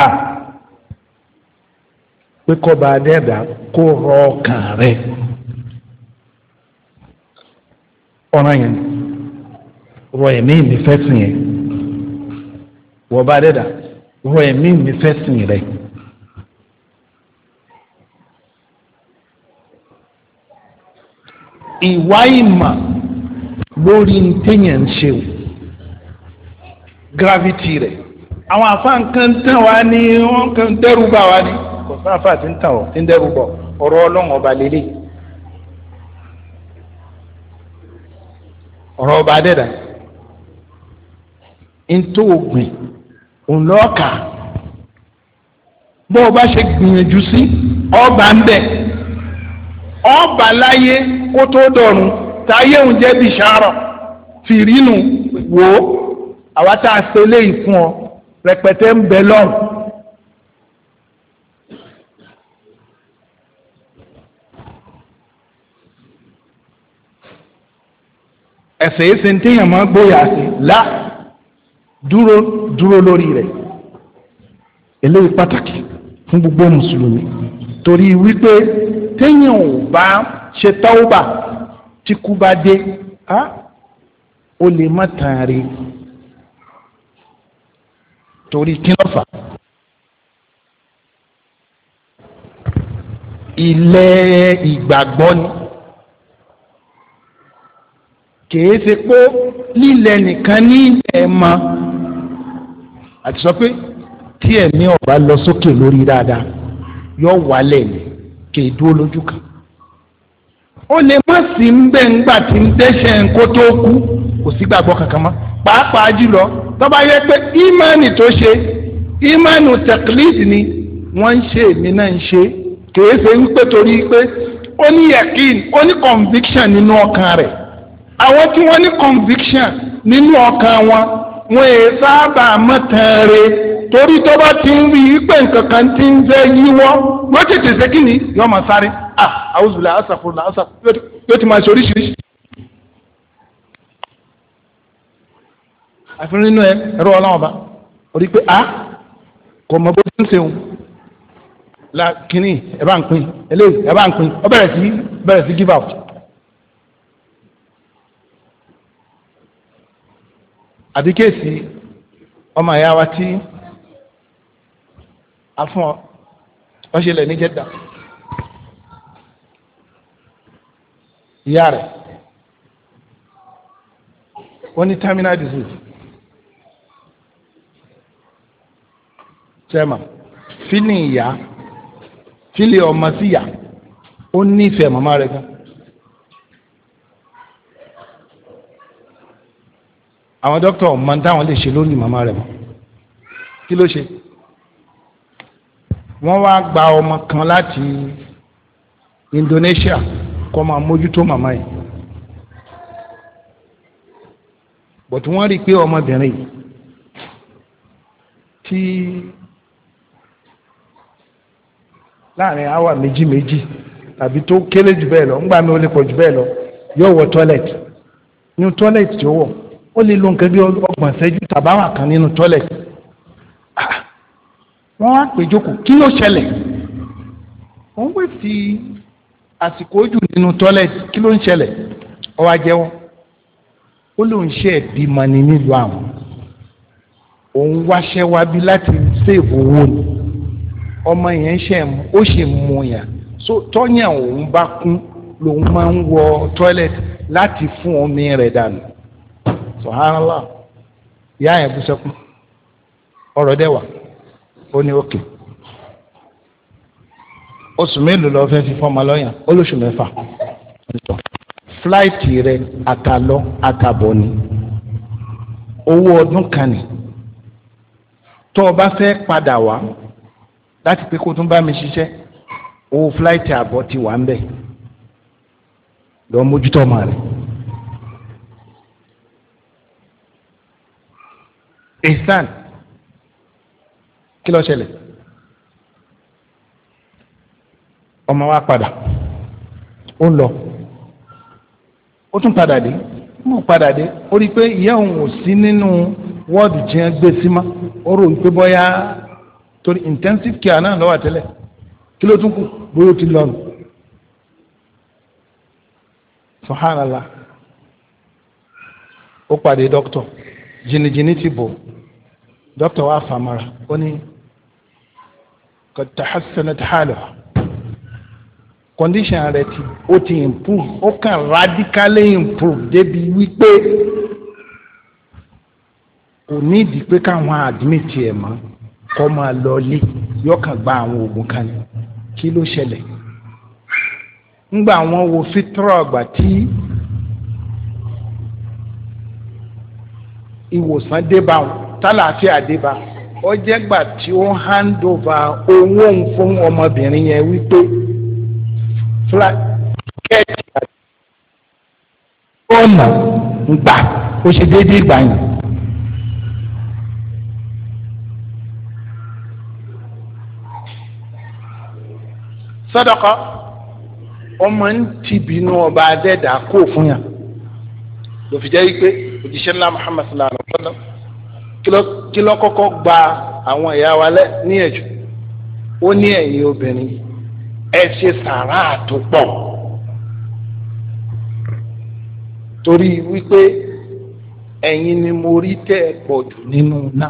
[SPEAKER 1] pé kọ́ba adẹ́ẹ̀dá kó rọ ọkàn rẹ̀ ọ̀ràn yẹn ni rọ ẹ̀mí mi fẹ́ sìn yẹn wọ́n bá dẹ́dà rọ ẹ̀mí mi fẹ́ sìn rẹ̀. ìwá ìmà lórí téèyàn ń ṣe o gravity rẹ̀ àwọn àfáàn kan tán wá ní wọ́n kan dẹ́rù bá wá ní kò sáà ti ń tàn ọ́ ti ń dẹ́rù bọ̀ ọ̀rọ̀ ọlọ́run ọba lélẹ́yìí. ọ̀rọ̀ ọba adẹ́dà ntó ògbìn òun lọ́ọ̀kà bó o bá ṣe gbìyànjú sí ọba ń bẹ̀ ọba láyé kó tó dọ̀run táyé òun jẹ́ bí sàárọ̀ fìrínù wò ó àwa tá a ṣe léyìí fún ọ rẹpẹtẹ ń bẹ lọ́rùn. ẹ̀sẹ̀ yìí ṣe ń téèyàn máa gbóyà sí la dúró dúró lórí rẹ̀ eléyìí pàtàkì fún gbogbo mùsùlùmí torí wípé téèyàn ò bá ṣe tọ́wọ́bà tí kú bá dé ó lè má tàn rí torí kí ló ìgbàgbọ́ ni kìí ṣe pé lílẹ̀ nìkan ní ilẹ̀ mọ́ àti sọ pé tí ẹ̀mí ọba lọ sókè lórí dáadáa yọ wálẹ̀ ni kì í dúró lójú kan. ó lè má sí ń bẹ́ tí ń tó kú kò sí gbàgbọ́ kankan pàápàá jùlọ tọ́ba yẹ pé ímánì tó ṣe ímánì tẹ̀klídì ni wọ́n ń èmi náà ṣe kìí ṣe torí pé ó ní wọn è sábà mọ̀tàn rẹ̀ torí tó bá ti ń rí i pé nǹkan kan ti ń fẹ́ yíwọ́ wọ́n tètè ṣe kí ni yóò máa sáré ah àwùjọ àṣàfò làṣàfò yóò ti máa ṣe oríṣiríṣi. àfihàn nínú ẹ ẹ̀rọ ọlọ́wọ́n bá orí pé a ah, kò mọ bó ti ń ṣeun la kínní ẹ bá ń pín eléyìí ẹ bá ń pín ọ bẹ̀rẹ̀ sí bẹ̀rẹ̀ sí give out. àbí kéèsì ọmọ ìyá wa tí a fún ọ wọ́n ṣe lẹ̀ ní jẹ́dà ìyá rẹ̀ wọ́n ní terminal disease sẹ́mà fílì ìyá fílì ọmọ síyà ó nífẹ̀ẹ́ màmá rẹ̀ gan. àwọn dókítà ọmọ táwọn lè ṣe lórí màmá rẹ̀ mọ́ kí ló ṣe wọ́n wá gba ọmọ kan láti Indonesia kó máa mójútó màmá yìí but wọ́n rí i pé ọmọbìnrin yìí tí láàrin àwa méjì méjì tàbí tó kéré jù bẹ́ẹ̀ lọ ńgbà mi ò lè pọ̀ jù bẹ́ẹ̀ lọ yóò wọ tọ́lẹ̀tì ní tọ́lẹ̀tì tí ó wọ̀ ó lè lo nǹkan bí ọgbọ̀n ìṣẹ́jú tàbáwà kan nínú tọ́lẹ̀ ah, wọ́n á pè jókòó kí ló ṣẹlẹ̀ wọ́n pè fi àsìkò ojú nínú tọ́lẹ̀ kí ló ń ṣẹlẹ̀ ọwọ́ ajẹ́wọ́ ó lóun ṣe ẹ̀bí mani nílùú àwọn òun wáṣẹ́ wábí láti ṣèbò owó ni ọmọ yẹn ṣe ó ṣe mú yàn so tọ́yàn òun bá kún lòun máa ń wọ tọ́lẹ̀tì láti fún omi rẹ̀ dànù subhanallah ìyá yẹn bú sẹ́kù ọ̀rọ̀ dẹ́wà ó ní òkè oṣù mélòó lọ fẹ́ fi fọ́mọ lọ́yàn olóṣù mẹ́fà fúláìtì rẹ àtàlọ àtàbọ̀ ni owó ọdún kan ni tó o bá fẹ́ padà wá láti pé kó tún bá mi ṣiṣẹ́ owó fúláìtì àbọ̀ ti wà ń bẹ̀ lọ mójútó ọmọ rẹ̀. ihsan kí ló ṣẹlẹ̀ ọmọ wa padà ó lọ ó tún padà dé mo padà dé ó rí i pé ìyá òun ò sí nínú wọ́ọ̀dù tí wọ́n gbé sí mọ́ ó rò wípé bóyá torí intensive care náà lọ́wọ́ àtẹ́lẹ̀ kí ló tún kù bóyá ó ti lọ́nu subhanallah ó pàdé dókítà jìnnìjìnnì ti bo, dókítà wa fàmàrà ó ní kòtà hasan tàhálà condition rẹ ti ó ti improve ó kàn radically improve débi wípé kò ní ìdí pé káwọn admit ẹ̀ mọ́ kọ́ máa lọ lé yọkàn gba àwọn oògùn kan ní kí ló ṣẹlẹ̀ wọn wo fitrọ àgbà ìwòsàn débà tálàáfíà débà ó jẹ́ gbà tí ó hand over owó ń fún ọmọbìnrin yẹn wípé fúlákẹ́ẹ̀tì àti ọ̀nà gbà ó ṣe déédéé gbà yẹn. sọ́dọ̀kọ́ ọmọ ń tìbínú ọba adẹ́dàá kó fún yàn ló fi jẹ́ wípé òjíṣẹ́ ńlá Muhammad sallallahu alaihi wa sallam kí ló kọ́kọ́ gba àwọn ìyá wa lẹ́ ní ẹ̀jú ó ní ẹ̀yin obìnrin ẹ ṣe sàrà tó pọ̀ torí wípé ẹ̀yin ni mo rí tẹ́ ẹ pọ̀ jù nínú náà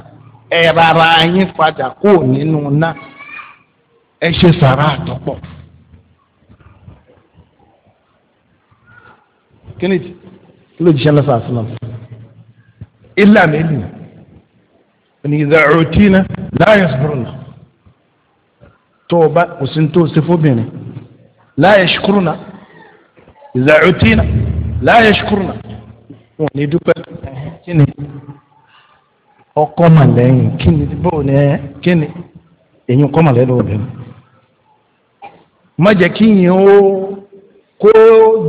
[SPEAKER 1] ẹ rárá yín padà kó nínú náà ẹ ṣe sàrà tó pọ̀. kí ni tí kí ló jíṣẹ́ lọ́sàn àṣìlọ́ ilé àmì ìlú ni ìdá rotínà láàyè sọ̀rọ̀ náà tó o bá kò sí tó o ṣe fóbìnrin láàyè ṣukúrú náà ìdá rotínà láàyè ṣukúrú náà wọn ní dúpẹ́ kí ọkọ màlẹ́yìn kí ni ni ẹ kí ni kọ́ màlẹ́ lọ́wọ́ bẹ́ẹ̀ má jẹ́ kí yín ó kó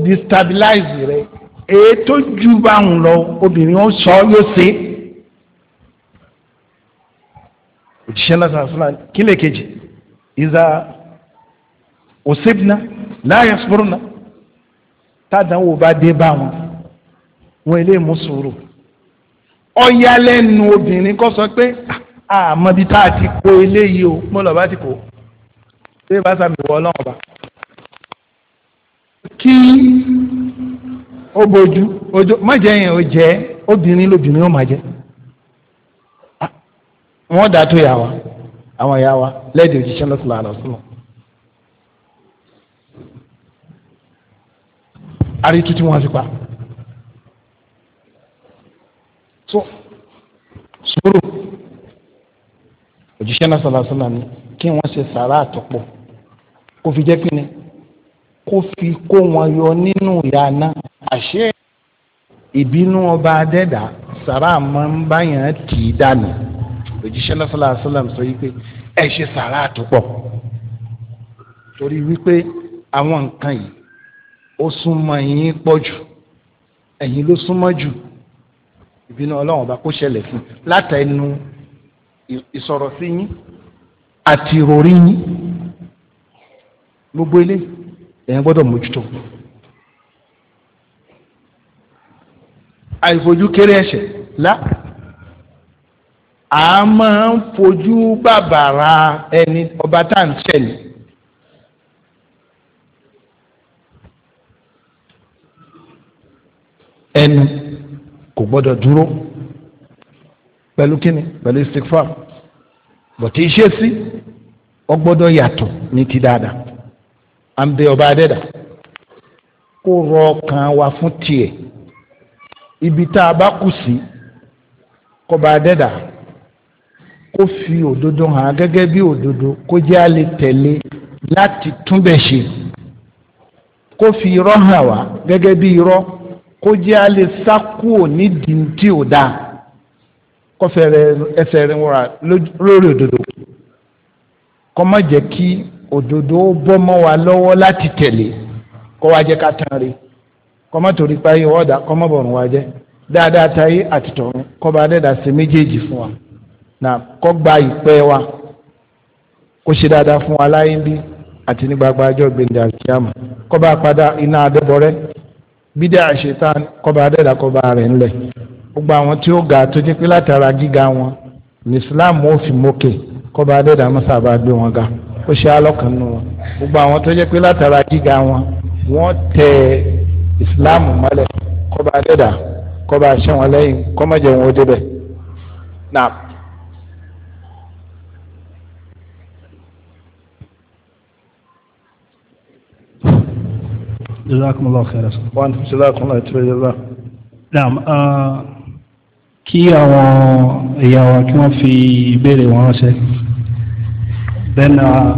[SPEAKER 1] destabilize rẹ èyí tó ju báwọn lọ obìnrin ó sọ yóò ṣe òjíṣẹ́ lásán àṣìlá kílẹ̀ kejì ìza òṣèbìnà láàyè sùpùrùnà tádàwò bá dé báwọn wọn ilé mú sùúrù ọyálẹ́nu obìnrin kọ́ sọ pé àmọ́bi tá a ti kó eléyìí o mo lọ́ọ́ bá ti kó ṣé ìbáṣà mi wọ ọlọ́run ọba kí ó bójú ojú mọ̀jẹ̀ yẹn ò jẹ́ obìnrin lóbìnrin ó máa jẹ́ wọ́n dà tó yà wá àwọn yà wá lẹ́ẹ̀dì òjíṣẹ́ lọ́sọ̀lá àlọ́sọ̀lá. àrítú tí wọ́n fi pa. so sùúrù òjíṣẹ́ lọ́sọ̀lá àlọ́sọ̀lá ni kí wọ́n ṣe sàrà àtọ̀pọ̀ kó fi jẹ́ pínlẹ̀ kó fi kó wọn yọ nínú ìyáná àṣé ìbínú ọba adẹ́dà sàrà máa ń báyàn tì í dànù òjíṣẹ́ lọ́sọ̀lá sọ́làm sọ wípé ẹ ṣe sàrà àtúpọ̀ torí wípé àwọn nǹkan yìí ó súnmọ́ yín pọ̀ jù ẹ̀yin ló súnmọ́ jù ìbínú ọlọ́run ọba kó ṣẹlẹ̀ sí látẹnu ìsọ̀rọ̀ sí yín àti ìròrí yín gbogbo eléyìí èèyàn gbọ́dọ̀ mójútó àìfojú kéré ẹ̀ṣẹ̀ lá a máa ń fojú bàbàrà ẹni ọba tá à ń ṣẹlẹ̀ ẹnu kò gbọ́dọ̀ dúró pẹ̀lú kíni pẹ̀lú istikfar bọ̀tí iṣẹ́ sí ó yàtọ̀ ní ti dáadáa. à ń bẹ ọba adẹ́dà kó rọ ọkàn wa fún tiẹ̀ ibi tá a bá kù sí kọba adẹ́dà kó fi òdodo hàn gẹ́gẹ́ bí òdodo kó jẹ́ a lè tẹ̀lé láti túnbẹ̀ ṣe kó fi irọ́ hàn wá gẹ́gẹ́ bí irọ́ kó jẹ́ a lè sá kúò nídìí tí ò dáa kọfẹ́ rẹ ẹsẹ̀ rẹ lórí òdodo má jẹ́ kí òdodo ó bọ́ mọ́ wa lọ́wọ́ láti tẹ̀lé kọ́ wa jẹ́ ká tán rí kọ́ má torí pa ọ̀dà kọ́ má bọ̀rùn wa jẹ́ fún wa na kọ́ gba ìpẹ́ wa kó ṣe dáadáa fún wa láyé bí àti ní gbagba ajọ́ gbẹ̀ndẹ̀ àkíyàmù kọ́ bá padà iná adébọ̀rẹ́ bídẹ́ àṣetán kọ́ bá dẹ́dà kọ́ bá ga tó jẹ́ pé látara gíga wọn ní Islam ó fi mókè kọ́ bá dẹ́dà wọn ga. ó ṣe alọ́kàn nù wọn gbogbo àwọn tó jẹ́ pé látara gíga wọn wọ́n tẹ ìsìláàmù mọ́lẹ̀ kọ́ba dẹ́dà kọ́ba aṣẹ́ wọn lẹ́yìn kọ́mọ̀jẹ̀ wọn ó débẹ̀ náà. جزاكم الله خيرا وانتم جزاكم الله خير نعم kí àwọn ìyá wa kí wọ́n fi ìbéèrè wọn ránṣẹ́ then uh,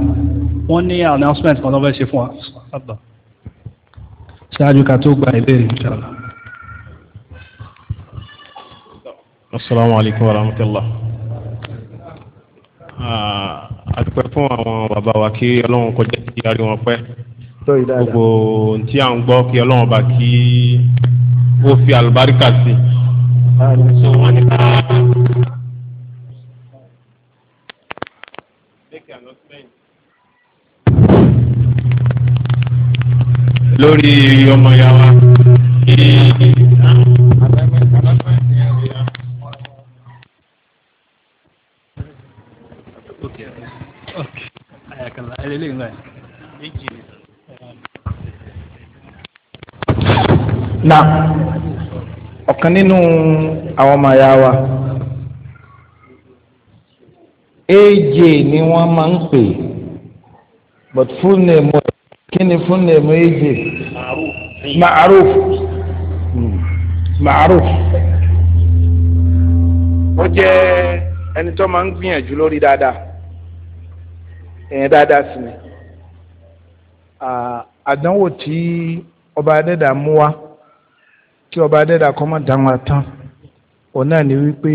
[SPEAKER 1] wọ́n ní announcement kan lọ́wọ́ ṣe fún wa sábà ṣáájú ká tó gba ìbéèrè ìṣàlá. asalaamu alaykum wa rahmatulah. àdúpẹ́ ah, fún àwọn bàbá wa kí ọlọ́run kọjá sí arí wọn pẹ́ gbogbo tí à ń gbọ́ kí ọlọ́run bá kí ó fi àlùbáríkà sí. wọ́n ní ká.
[SPEAKER 2] lórí ọmọ ìyá wa.
[SPEAKER 1] na ọ̀kan nínú àwọn ọmọ ìyá wa aj ni wọ́n máa ń pè but full name kini fun ní ẹ̀mọ́ èjì ma'aruf ma'aruf. ó jẹ́ ẹni tó máa ń gbìyànjú lórí dáadáa èèyàn dáadáa sí ni àdánwò tí ọba adẹ́dà mú wá kí ọba adẹ́dà kọ́ mọ́ dá wọn òun náà ni wípé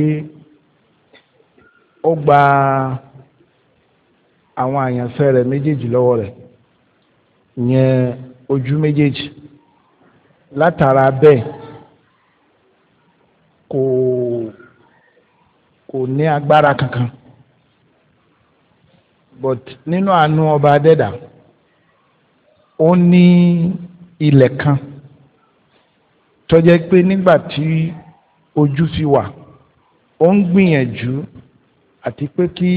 [SPEAKER 1] ó gba àwọn àyànfẹ́ rẹ̀ méjèèjì lọ́wọ́ rẹ̀ yẹn ojú méjèèjì látara bẹ́ẹ̀ kò kò ní agbára kankan but nínú àánú ọba adẹ́dà ó ní ilẹ̀ kan tó jẹ́ pé nígbà tí ojú fi wà ó ń gbìyànjú àti pé kí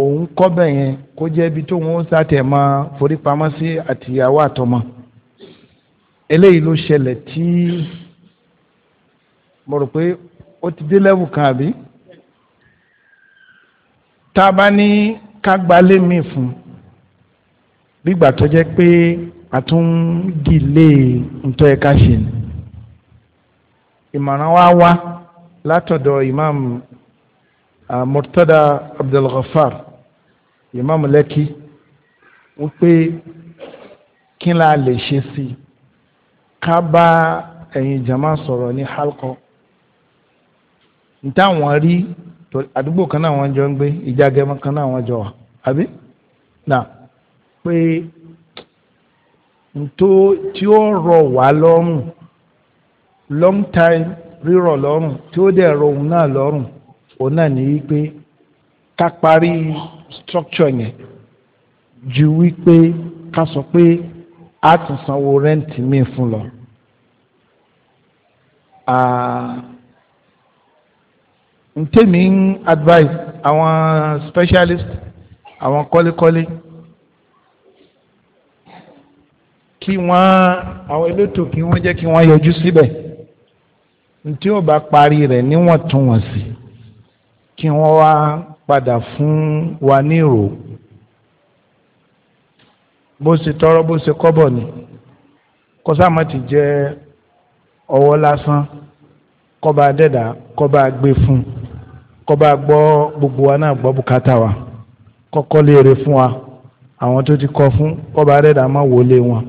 [SPEAKER 1] òun kọ́bẹ̀ yẹn kó jẹ́ ibi tó wọ́n sátẹ̀ máa forí pamọ́ sí àtìyàwó àtọmọ eléyìí ló ṣẹlẹ̀ tí mo rò pé ó ti dé lẹ́wù kan àbí tá a bá ní ká gbalé mi fún gbígbà tó jẹ́ pé a tún ń dìlé ṣe ni ìmọ̀ràn wa wá látọ̀dọ̀ imam ah, murtada abdulghafar Imam Lẹ́kí wípé kí la lè ṣe sí i ká bá ẹ̀yin jama sọ̀rọ̀ ní halkọ́ ntáwọn rí àdúgbò kan náà wọ́n jọ ń gbé ìjàgẹmọ kan náà wọ́n jọ wà àbí nà pé ntó tí ó rọ̀ wá lọ́rùn long time rírọ̀ lọ́rùn tí ó dẹ̀ rọ̀ òun náà lọ́rùn òun náà ní wípé ká parí. structure yẹn ju wípé ká sọ pé a tún sanwó rẹ́ǹtì míì fún lọ. ntẹ́mi ń advise àwọn specialist àwọn kọ́lékọ́lé kí wọ́n àwọn elétò kí wọ́n jẹ́ kí wọ́n yọjú síbẹ̀ ntí ó bá parí rẹ̀ níwọ̀ntúnwọ̀nsì kí wọ́n wá. Wa padà fún wa ní ìrò bó ṣe tọrọ bó ṣe kọ́bọ̀ ni kó sáàmọ́ ti jẹ́ ọwọ́ lásán kọ́ba dẹ́dà kọ́ba gbé fún kọ́ba gbọ́ gbogbo wa náà gbọ́ bùkátà wa kọ́kọ́ léèrè fún wa àwọn tó ti kọ́ fún kọ́ba dẹ́dà má wọlé wọn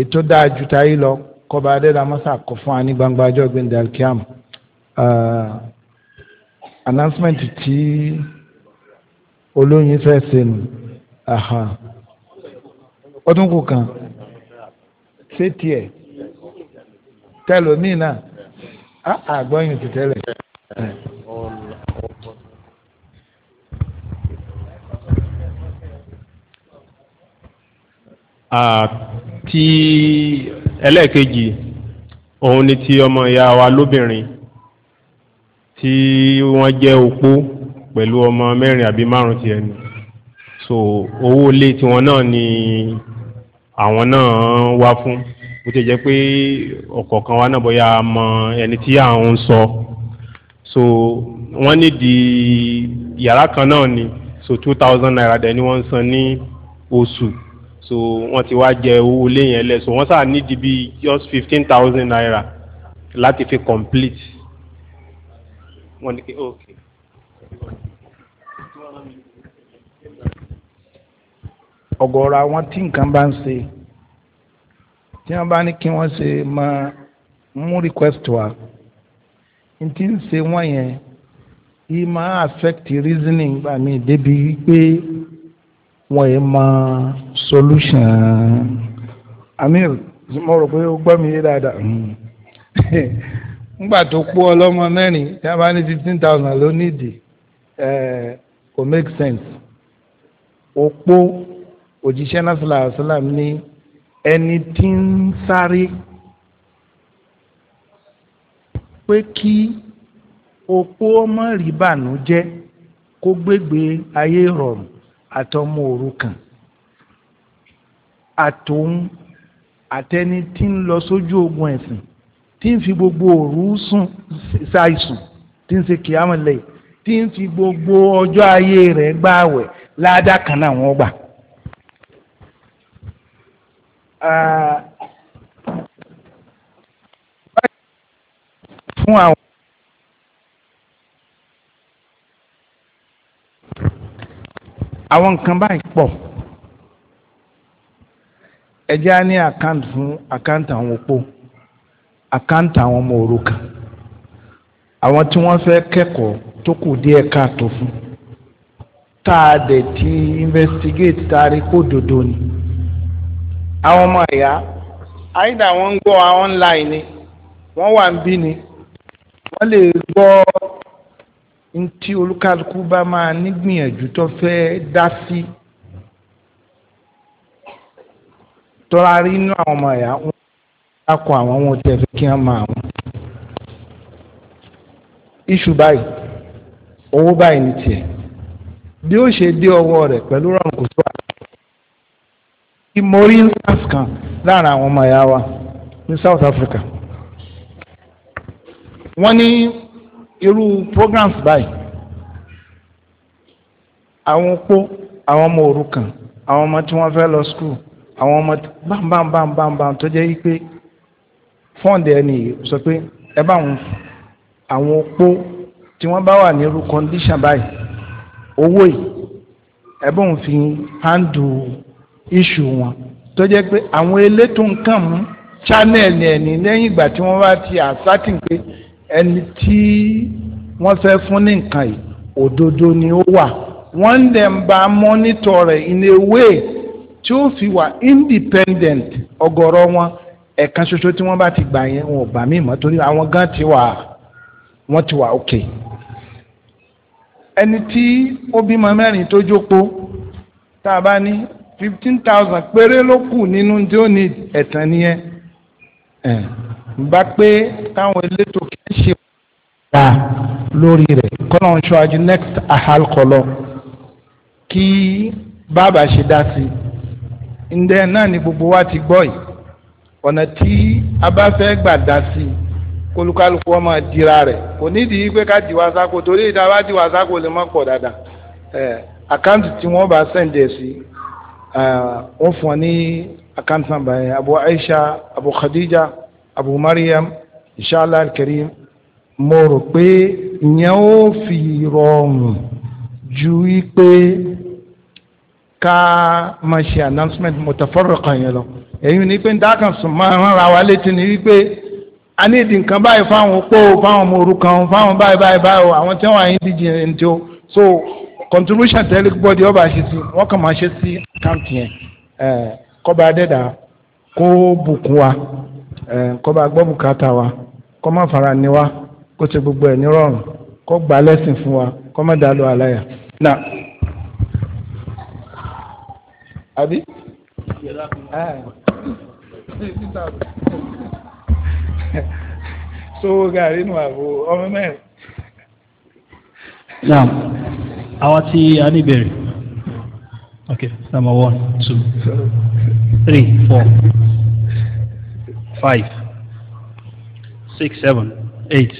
[SPEAKER 1] ètò dáa ju táyé lọ kọ́ba dẹ́dà má sàkọ́ fún wa ní gbangba ọjọ́ gbẹ̀ndẹ̀ alkiam ah, announcement ti. Uh, olóyin fẹ́ ṣe nù ọdún kù kan ṣé tiẹ̀ tẹlomi náà àgbọ̀yìn ti tẹ́lẹ̀. àti ẹlẹ́ẹ̀kejì òun ni ti ọmọ ìyá wa lóbìnrin tí wọ́n jẹ́ opó pẹ̀lú ọmọ mẹ́rin àbí márùn ti ẹni so owó ilé tiwọn náà ni àwọn náà wá fún bó ti jẹ́ pé ọ̀kọ̀ọ̀kan wa náà bóyá a mọ ẹni tí à ń sọ so wọ́n nídìí yàrá kan náà ni so two thousand naira dẹ̀ ni wọ́n ń san ní oṣù so wọ́n ti wá jẹ owó ilé yẹn lẹ̀ so wọ́n sáà nídìí bíi just fifteen thousand naira láti fi complete wọ́n ní ọ̀gọ̀ọ̀rọ̀ àwọn tí nǹkan bá ń ṣe tí wọ́n bá ní kí wọ́n ṣe máa mú request wa n tí ń ṣe wọ́n yẹn yìí máa affect reasoning gbà mí débi wípé wọ́n yìí máa solution amir mo rò pé ó gbọ́ mi yé dáadáa nígbà tó kú ọlọ́mọ mẹ́rin tí wọ́n bá ní fifteen thousand ló nídìí eh, kò make sense òpó òjíṣẹ́ náà sọlá àṣàlám ní ẹni tí ń sáré pé kí opó ọmọ rí bànújẹ́ kó gbégbé ayé rọrùn àtọmọ òrukàn àtòun àtẹni tí ń lọ sójú ogun ẹ̀sìn tí ń fi gbogbo òru sùn ṣàìsùn tí ń ṣe kìámọ̀lẹ̀ tí ń fi gbogbo ọjọ́ ayé rẹ̀ gbáwẹ̀ ládàá kan gbà. fún àwọn. àwọn nǹkan báyìí pọ̀ ẹjẹ́ á ní àkáǹtì fún àkáǹtì àwọn opó àkáǹtì àwọn ọmọ òrukàn àwọn tí wọ́n fẹ́ kẹ́kọ̀ọ́ tó kù díẹ̀ káàtó fún tá a dẹ̀ ti investigate tá a rí kó dodo ni. àwọn ọmọ ẹ̀yà àìdá wọn ń gbọ́ online ni wọ́n wà ń bí ni wọ́n lè gbọ́ ntí olúkálukú bá máa nígbìyànjú tó fẹ́ dá sí tọ́ra rí inú àwọn ọmọ ẹ̀yà wọn kọ àwọn ohun tẹ̀ fẹ́ kí wọ́n máa wọn. iṣu báyìí owó báyìí ní tiẹ̀ bí ó ṣe dé ọwọ́ rẹ̀ pẹ̀lú rọrùn kò àná. mo rí instance kan láàrin àwọn ọmọ ìyá wa ní South Africa wọ́n ní irú programs báyìí àwọn opó àwọn ọmọ òrukàn àwọn ọmọ tí wọ́n fẹ́ lọ school àwọn ọmọ bámbámbámbámbám tó jẹ́ wípé fọ́ǹdì ẹni sọ pé ẹ e bá wọn àwọn opó tí wọ́n bá wà ní irú condition báyìí owó yìí ẹ e bá wọn fi iṣu wọn tó jẹ́ pé àwọn elétò nǹkan mú channel ẹni lẹ́yìn ìgbà tí wọ́n bá ti àsátìn pé ẹni tí wọ́n fẹ́ fún ní nǹkan yìí òdodo ni ó wà wọ́n dẹ̀ ń bá mọ́nítọ̀ rẹ̀ in a way tí ó fi wà independent ọ̀gọ̀rọ̀ wọn ẹ̀ka ṣoṣo tí wọ́n bá ti gbà yẹn wọn ò bá mí mọ́ torí àwọn gan ti wà wọ́n ti wà okay ẹni tí ó bímọ mẹ́rin tó jókòó tá a bá ní fifteen thousand péré ló kù nínú tí ó ní ẹ̀tàn nìyẹn bá pé táwọn elétò kí n ṣe wà lórí rẹ̀ kọ́nà ṣọ́ájú next ahalkọlọ kí bàbá ṣe dá sí i ǹdẹ́ náà ni gbogbo wa ti gbọ́ yìí ọ̀nà tí a bá fẹ́ gbà dá sí i kólúkálukú ọmọ dira rẹ̀ kò nídìí pé ká diwa sáko torí ìta bá diwa sáko lè má pọ̀ dáadáa àkáǹtì tí wọ́n bá sẹ̀ǹdẹ̀ sí wọ́n fún wa ní account number yẹn abu aisha abu khadija abu mariam inshallah alkarim mo rò pé ìyẹn ó fi rọrùn ju wípé ká máa ṣe announcement mutafarriqan yẹn lọ èyí ni pé dákan sùn máa ń ra wa létí ni wípé a ní ìdí nǹkan báyìí fáwọn opó fáwọn ọmọ òrukàn fáwọn báyìí báyìí báyìí àwọn tí wọn àyìn díje ẹni tí ó so contribution tẹ́lẹ̀ body ọba ṣe sí kàn máa ṣe sí àkáǹtì yẹn kọ́ba adẹ́dà kó bùkún wa fara ni wa kó ṣe gbogbo ẹ̀ nírọ̀rùn kọ́ gbà lẹ́sìn fún wa kọ́ má so ọmọ àwọn tí a ní ìbéèrè okay number one two three four five six seven eight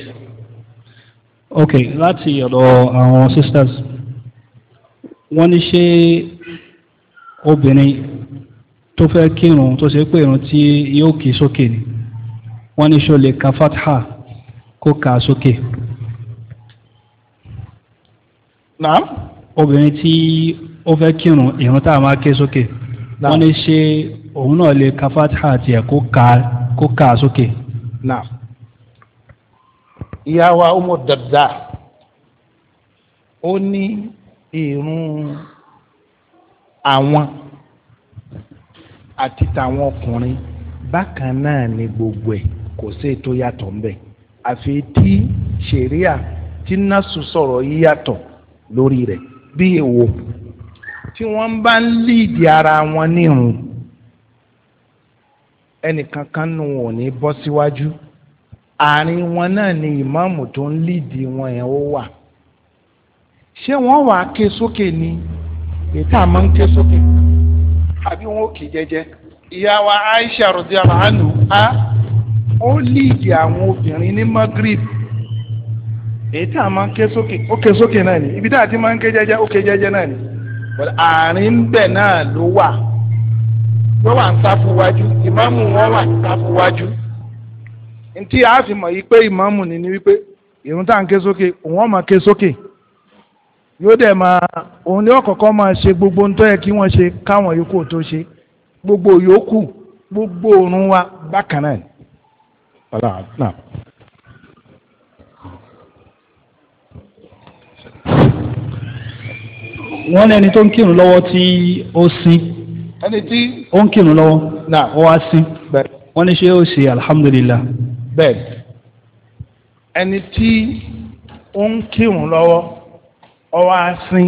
[SPEAKER 1] okay láti ọ̀dọ̀ àwọn sisters wọ́n ní ṣé obìnrin tó fẹ́ kírun tó ṣe pé irun tí yóò kì sókè ni wọ́n ní ṣó lè ka fatha kó kà sókè. Okay naam. obìnrin tí ó fẹ́ kírun ìrun tá a máa ké sókè wọ́n ní ṣé òun náà lè ka fatiha àti ẹ̀ kó ka kó ka sókè. naam. ìyá ọmọ dàda ó ní ìrun àwọn àti tàwọn ọkùnrin bákan náà ni gbogbo ẹ̀ kò sí ètò yàtọ̀ ńbẹ̀ àfi tí ṣẹ̀ríà tí násù sọ̀rọ̀ yìí yàtọ̀ lórí rẹ̀ bí èwo tí wọn bá ń líìdì ara wọn nírun ẹnìkan kan nù wọn ò ní bọ́ síwájú àárín wọn náà ni ìmáàmù tó ń líìdì wọn yẹn ó wà ṣé wọn wàá ké sókè ni ètò àmọ́ ń ké sókè àbí wọn ò kì í jẹ́jẹ́ ìyá wa Aisha rọ̀dí àlọ́ àánú á ó líìdì àwọn obìnrin ní Maghrib èyí ama nke soke ń soke nani ó ké sókè náà ni ibi tá a ti máa ń ké jẹ́jẹ́ ó ké jẹ́jẹ́ náà ni àárín bẹ̀ náà ló wà ló wà ń sáfù wájú ìmáàmù wọn wà ń sáfù wájú ntí a fi mọ̀ yìí pé ni ni wípé ìrun tá à ń òun ọ̀ máa ké yóò dẹ̀ máa òun ni ọ̀kọ̀ọ̀kan máa ṣe gbogbo ohun tó yẹ kí wọ́n ṣe káwọn yòókù tó ṣe gbogbo yòókù gbogbo òórùn wa bákan náà. wọ́n lẹ́ni tó ń kírun lọ́wọ́ tí ó sín ẹni tí ó ń kírun lọ́wọ́ náà ó wá sín wọ́n ní ṣé ó ṣe alhamdulillah. bẹ́ẹ̀ ẹni tí ó ń kírun lọ́wọ́ ó wá sín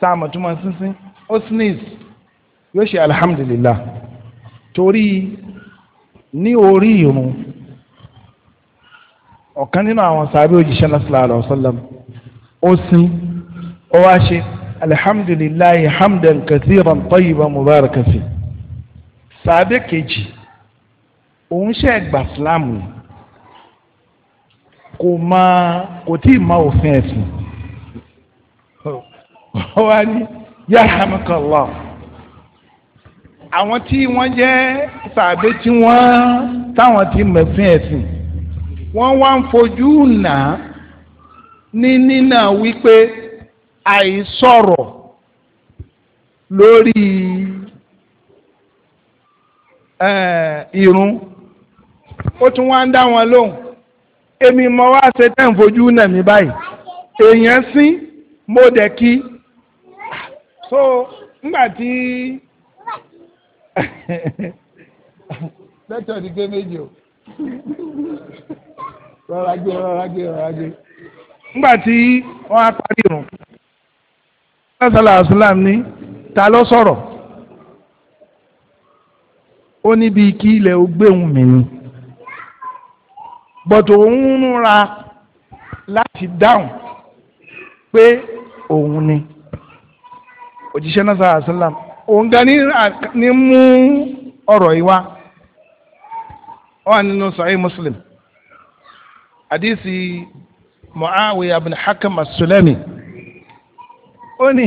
[SPEAKER 1] sáà mọ̀túnmọ̀ sínsín ó sneeze yóò ṣe alhamdulillah torí ní orí irun ọ̀kan nínú àwọn sàbẹ̀ òjíṣẹ́ náà sallallahu alaihi wasallam ó sín ó wá ṣe alihamdulilayi hamdan kathiran tayyiban mubarakan fi sàbẹ kejì òun ṣe gba fúlàmù kò máa kò tí ì máa òfin ẹ̀sìn ó wá ní yarhamukallah àwọn tí wọ́n jẹ́ sàbẹ tí wọ́n táwọn ti mẹ̀sìn ẹ̀sìn wọ́n wá ń fojú nà ní nínà wípé àìsọ̀rọ̀ lórí ìrun ó tún wá ń dá wọn lóhùn èmi mọ wá ṣe tẹ́ ń fojú nà mí báyìí èèyàn sí mo dẹ̀ kí so nígbà tí lẹ́tọ̀ ní gé méjì o rọra gbé rọra gbé rọra gbé nígbà tí wọ́n á parí ìrun. sálà àṣìlám ní ta lọ sọ̀rọ̀ ó níbi kí ilẹ̀ ó gbéhùn mi ni bọ̀tò òun ra láti dáhùn pé òun ni òjíṣẹ́ náà sálà àṣìlám òun gan ní mú ọ̀rọ̀ yìí wọ́n muslim hadisi muawiya hakam as ó ní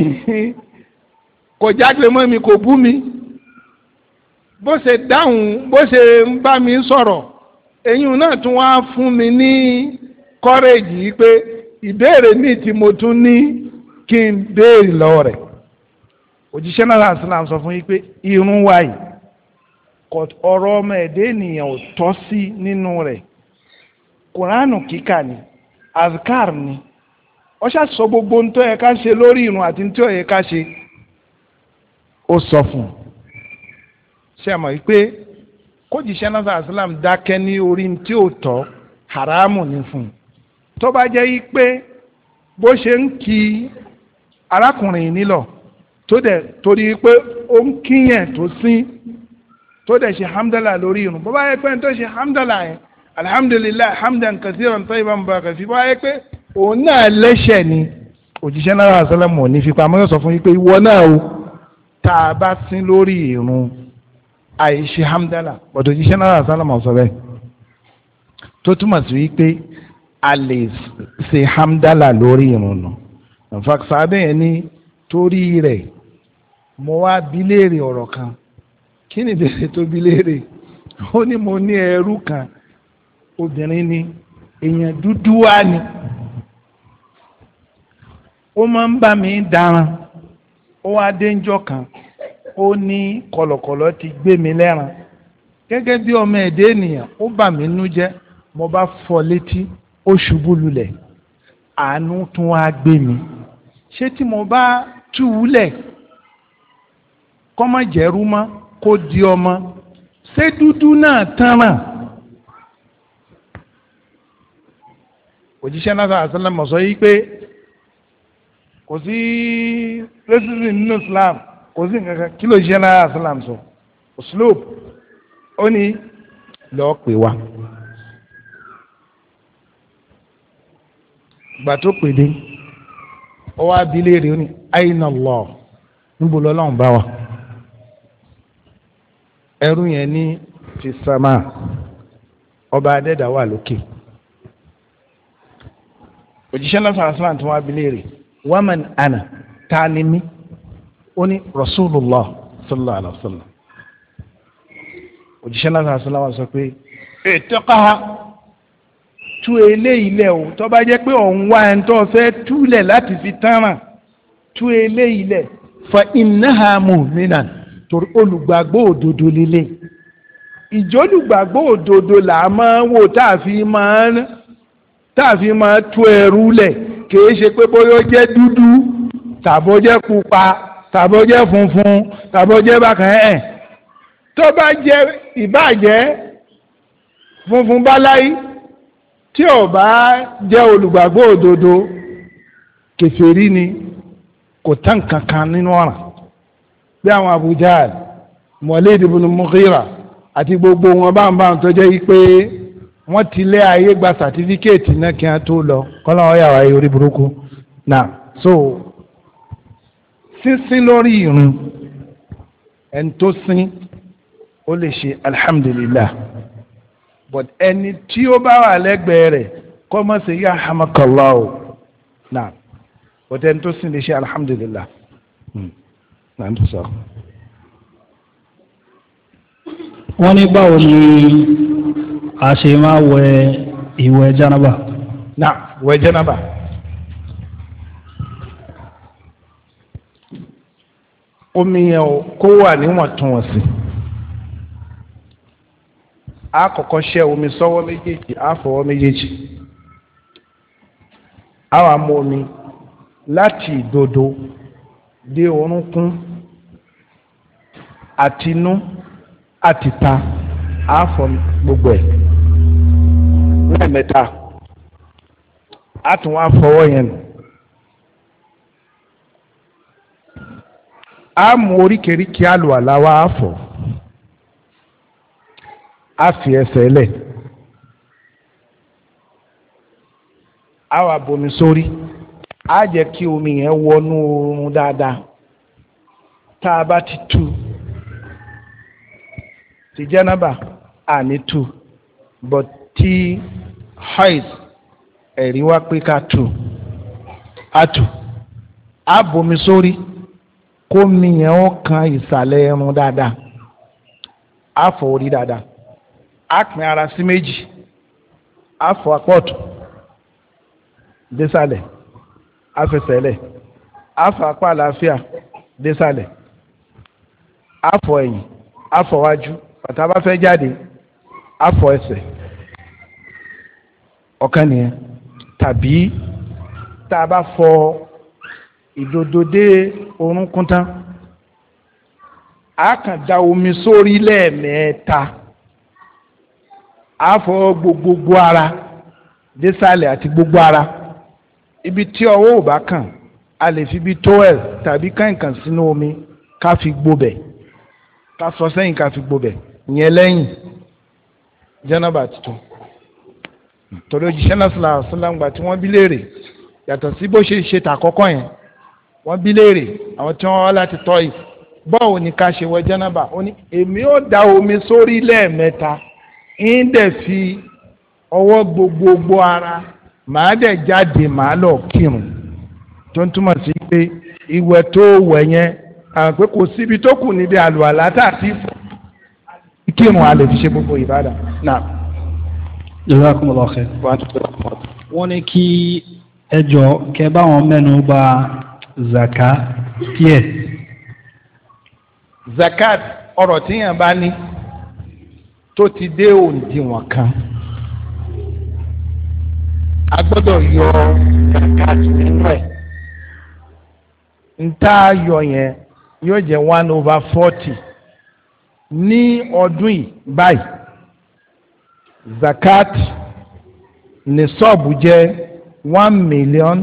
[SPEAKER 1] kò jágbe mọ́ mi kò bú mi bó ṣe dáhùn bó ṣe ń bá mi sọ̀rọ̀ ẹ̀yin náà tún wá fún mi ní kọ́rẹ́jì yìí pé ìbéèrè míì tí mo tún ní kí n béèrè lọ́wọ́ rẹ̀ òjíṣẹ́ náà àṣìlám sọ fún yín pé irun wa yìí ọ̀rọ̀ ọmọ ẹ̀dẹ́ ènìyàn ò tọ́ sí nínú rẹ̀ kùránù kíkà ni azkar ni ó ṣàṣọ gbogbo ohun tó yẹ ká ṣe lórí ìrun àti tí ó yẹ ká ṣe ó sọ fún un ṣe àmọ́ wípé kójìṣẹ́ náà àṣìlám dákẹ́ ní orí tí ó tọ́ haramu ni fún un tó bá jẹ́ wípé bó ṣe ń kí arákùnrin nílọ tó dẹ̀ torí pé ó ń kíyàn tó sín tó dẹ̀ ṣe hamdala lórí irun bó bá yẹ pé tó ṣe hamdala yẹn alhamdulilayi hamdan kasiran tayyiban bá kasi bó bá yẹ pé òun náà lẹ́ṣẹ̀ ni òjíṣẹ́ náírà sálẹ̀mù ò ní fipá mọ́ sọ fún yín ìwọ náà o tá a bá sín lórí ìrun àìṣe hamdala bọ̀dọ̀ òjíṣẹ́ náírà sálẹ̀mù ọ̀sọ̀ bẹ́ẹ̀ tó túmọ̀ sí wípé a lè ṣe hamdala lórí ìrun nù nfàkṣà abẹ́yẹn ní torí rẹ̀ mo wá bi léèrè ọ̀rọ̀ kan kí ni ìbéèrè tó bi ó ní mo ní ẹrú kan obìnrin ni èèyàn dúdú wá ni. o máa ń bá mi daran ó wá dé ńjọ́ kan ó ní kọ̀lọ̀kọ̀lọ̀ ti gbé mi lẹ́ran gẹ́gẹ́ bí ọmọ ẹ̀dá ènìyàn ó bà mí nú jẹ́ mo bá fọ́ létí ó ṣubú lulẹ̀ àánú tún wá gbé mi ṣé tí mo bá tú u lẹ̀ kọ́mọ mọ́ kó di ọmọ ṣé dúdú náà òjíṣẹ́ náà sọ sọ yí pé kò sí racism nínú islam kò sí nǹkan kan kí ló ṣe náà islam sọ slope ó ní lọ́ọ́ pè wá. ìgbà tó pè dé ó wá bi léèrè ó ní aina Allah níbo lọ́lọ́run bá wa ẹrú yẹn ní fisama ọba adẹ́dàá wà lókè òjíṣẹ́ lọ́sàn-án sàn tí wọ́n á bi waman ana ta ni mí ó ní rasulullah sallallahu alaihi wa sallam òjíṣẹ́ náà sàlá wa sọ pé ètò káha tú eléyìí lẹ̀ o tó bá jẹ́ pé òun wá ẹni tó fẹ́ túlẹ̀ láti fi tánràn tú eléyìí lẹ̀ fa innaha mu'minan torí olùgbàgbọ́ òdodo lélẹ̀ ìjọlùgbàgbọ́ òdodo là máa ń wò tá a fi máa tú ẹrú lẹ̀ kìí ṣe pé bóyá ó jẹ́ dúdú tàbó jẹ́ pupa tàbó jẹ́ funfun tàbó jẹ́ bákan ẹ̀ tó bá jẹ́ ìbàjẹ́ funfun báláyé tí ò bá jẹ́ olùgbàgbọ́ òdodo kèfèrí ni kò tán kankan nínú ọ̀ràn bí àwọn Abu Jahl Walid ibn Mughira àti gbogbo wọn bá ń bá ń tọ́jẹ́ yí pé wọ́n ti lé ayé gba sàtífíkẹ́ẹ̀tì náà kí wọ́n tó lọ kọ́lá wọn yàrá orí burúkú náà so sínsín lórí irun ẹni tó sín ó lè ṣe alhamdulillah but ẹni tí ó bá wà lẹ́gbẹ̀ẹ́ rẹ̀ kọ́ mọ́ sí yá hamakallah o náà but ẹni tó sín lè ṣe alhamdulillah hmm. Na ń tó sọ. wọ́n ní báwo ni. a se ma wẹ ìwẹ̀ janaba. na wẹ̀ janaba. omi yẹn o kó wà níwọ̀ntúnwọ̀nsì a kọ́kọ́ ṣẹ́ omi sọ́wọ́ méjèèjì a fọwọ́ méjèèjì a wà mú omi láti ìdodo dé orúnkún àtinú àtìta a fọ gbogbo ẹ̀. lẹ́ẹ̀mẹ́ta a tún wá fọwọ́ yẹn a mú oríkèéríkèé àlùwàlá wa fọ̀ a fi ẹsẹ̀ lẹ̀ a wà bomi sórí a jẹ́ kí omi yẹn wọnú oorun dáadáa tá a bá ti tu ti jẹ́nàbà àní tu bọ̀ tí haid ẹ̀rí wá pé ká tù á tù á bomi sórí kó mi yẹn ó kan ìsàlẹ̀ ẹrun dáadáa á fọ orí dáadáa á ara sí méjì á fọ désàlẹ̀ á fẹsẹ̀ apá àlàáfíà désàlẹ̀ á ẹ̀yìn á wájú bàtà bá fẹ́ jáde á ẹsẹ̀ ọ̀kan nìyẹn tàbí tá a bá fọ ìdodo dé orúnkún tán a kàn da omi sórí lẹ́ẹ̀mẹ́ta a fọ gbogbo ara désàlẹ̀ àti gbogbo ara ibi tí ọwọ́ ò bá kàn a lè fi bí towel tàbí kàǹkàn sínú omi ká fi gbobẹ̀ ká fọ sẹ́yìn ká fi gbobẹ̀ ìyẹn lẹ́yìn jẹ́nàbà tuntun torí òjíṣẹ́ náà sọ̀rọ̀ àṣọláǹgbà tí wọ́n bí léèrè yàtọ̀ sí bó ṣe ṣe tàkọ́kọ́ yẹn wọ́n bí léèrè àwọn tí wọ́n wá láti tọ́ yìí bọ́ọ̀ ni ká ṣe wọ jẹ́nàbà ó ní èmi ó da omi sórí lẹ́ẹ̀mẹ́ta ń dẹ̀ fi ọwọ́ gbogbogbò ara màá dẹ̀ jáde màá lọ kírun tó ń túmọ̀ sí pé ìwẹ̀ tó wẹ̀ yẹn àwọn pé kò síbi tó kù níbi àlùwàlá tá àti ìfọ̀ kírun a lè fi ṣe gbogbo ìbádà náà. Jazakumullahu khair. wọ́n ní kí ẹjọ́ kẹ bá wọn mẹ́nu bà zaka díẹ̀. zakat ọ̀rọ̀ bá ní tó ti dé òǹdíwọ̀n kan a gbọ́dọ̀ yọ zakat nínú ẹ̀ nta yọ yẹn yóò jẹ́ one over forty ní ọdún yìí báyìí. zakat ní sọ́ọ̀bù jẹ́ one million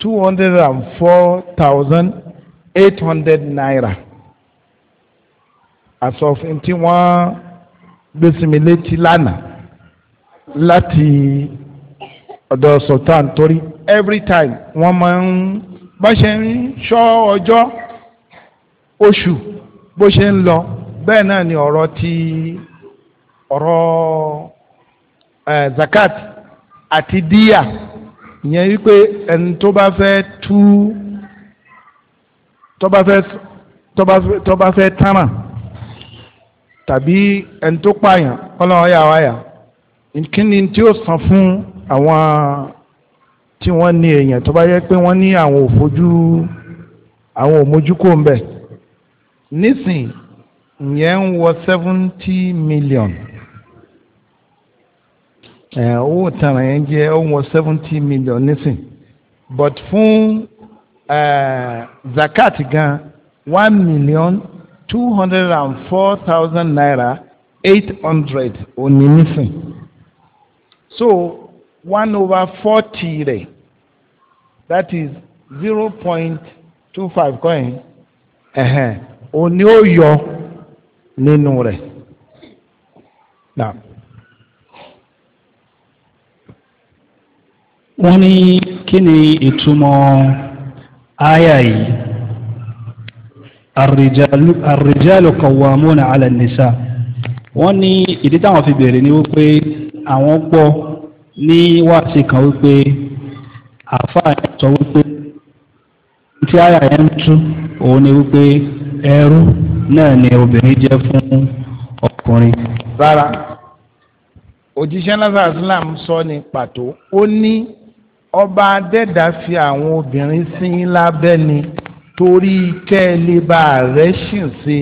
[SPEAKER 1] two hundred and four thousand eight hundred naira àsọ̀fin tí wọ́n gbèsèmí létí lánàá láti ọ̀dọ̀ sultan torí every time wọ́n máa ń bá ṣe ń ṣọ́ ọjọ́ oṣù bó ṣe ń lọ bẹ́ẹ̀ náà ni ọ̀rọ̀ ti ọ̀rọ̀ zakat àti díyà ìyẹn wípé ẹni tó bá fẹ́ tú tó bá fẹ́ tó bá fẹ́ tó bá fẹ́ tánà tàbí ẹni tó pààyàn ọlọ́run ọ̀yà wáyà kí ni tí ó san fún àwọn tí wọ́n ní èèyàn tó bá yẹ pé wọ́n ní àwọn òfojú àwọn òmójúkò ń bẹ̀ nísìnyí ìyẹn ń wọ seventy million eh, owó tààrà yẹn jẹ́ ó ń wọ seventy million nísìn but fún eh, zakat gan one million two hundred and four thousand naira eight hundred òní nísìn so one over forty rẹ̀ that is zero point two five coin òní ó yọ nínú rẹ̀ náà. wọ́n ní kí ni ìtumọ̀ àyà yìí àrìjálù kọ̀wàmúnà alànìsà wọ́n ní ìdí táwọn fi bèèrè ní wípé àwọn gbọ́ ní wáàsí kan wípé àfáà sọ wípé tí àyà yẹn ń tú òun ni wípé ẹrú náà ni obìnrin jẹ́ fún ọkùnrin. rárá òjíṣẹ́ lásán islam sọ ní pàtó ó ní ọba adẹ́dá fi àwọn obìnrin sí lábẹ́ ni torí kẹ́ẹ̀lébà rẹ̀ ṣìn sí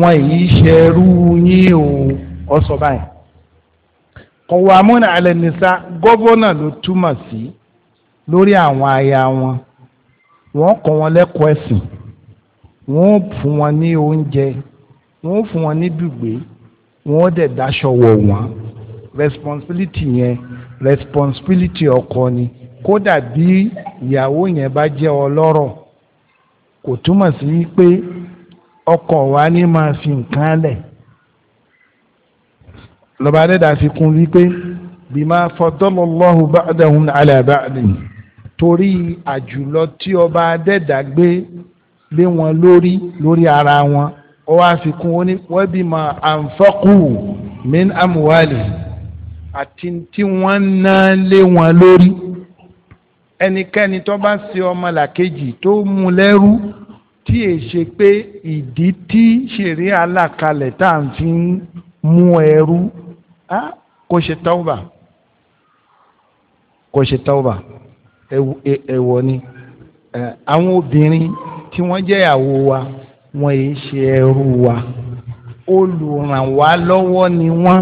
[SPEAKER 1] wọn èyí ṣerú yín o ọsọ báyìí kọ̀wámúnà alẹ́nisa gọ́vọ́nà ló túmọ̀ sí lórí àwọn aya wọn wọ́n kọ́ wọn lẹ́kọ̀ọ́ ẹ̀sìn wọ́n fún wọn ní oúnjẹ wọ́n fún wọn ní dùgbé wọ́n dẹ̀ dáṣọ wọ̀ wọ́n responsibility yẹn responsibility ọkọ ni kódà bí ìyàwó yẹn bá jẹ́ ọlọ́rọ̀ kò túmọ̀ sí pé ọkọ wa ní máa fi nǹkan lẹ̀ lọ́ba adẹ́dà fi kún wípé bima faddalallahu ba'dahum ala ba'din torí àjùlọ tí ọba adẹ́dà gbé lé wọn lórí lórí ara wọn ó wá fi kún ó ní wọ́n bí ma àǹfọ́kù min amuwali àti tí wọ́n ná lé wọn lórí ẹnikẹ́ni tó bá ṣe ọmọlàkejì tó mú lẹ́rú tí è ṣe pé ìdí tí ṣeré alákalẹ̀ tá à ń fi mú ẹrú kò ṣe tọ́wọ́bà kò ṣe tọ́wọ́bà ẹ̀wọ̀ ni. E, e, e, àwọn obìnrin tí wọ́n jẹ́ ìyàwó wa wọ́n yìí ṣe ẹrú wa olùrànwá lọ́wọ́ ni wọ́n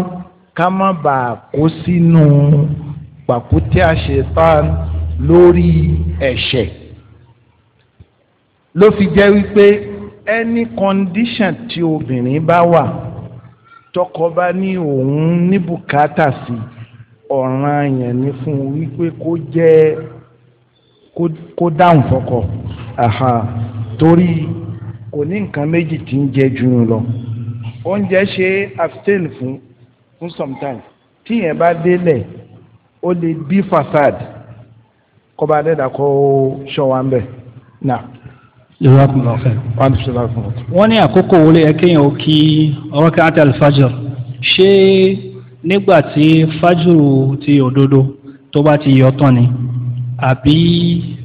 [SPEAKER 1] ká má bàa kó sínú pàkúté àṣetán lórí ẹ̀ṣẹ̀ ló fi jẹ́ wípé any condition tí obìnrin bá wà tọkọ bá ní òun ní sí ọ̀ràn yẹn ni fún wípé kó jẹ́ kó dáhùn fọ́kọ torí kò ní nǹkan méjì tí ń jẹ jù lọ oúnjẹ ṣe abstain fún fún sometimes tíyẹn bá délẹ̀ ó lè bí fasad kọ́ bá dẹ́dà kó ṣọ́ wa ń bẹ̀ náà. wọ́n ní àkókò wọlé ẹ kéèyàn ó kí ọ̀rọ̀kẹ́ alfajr ṣé nígbà tí fájùrù ti òdodo tó bá ti yọ tán ni àbí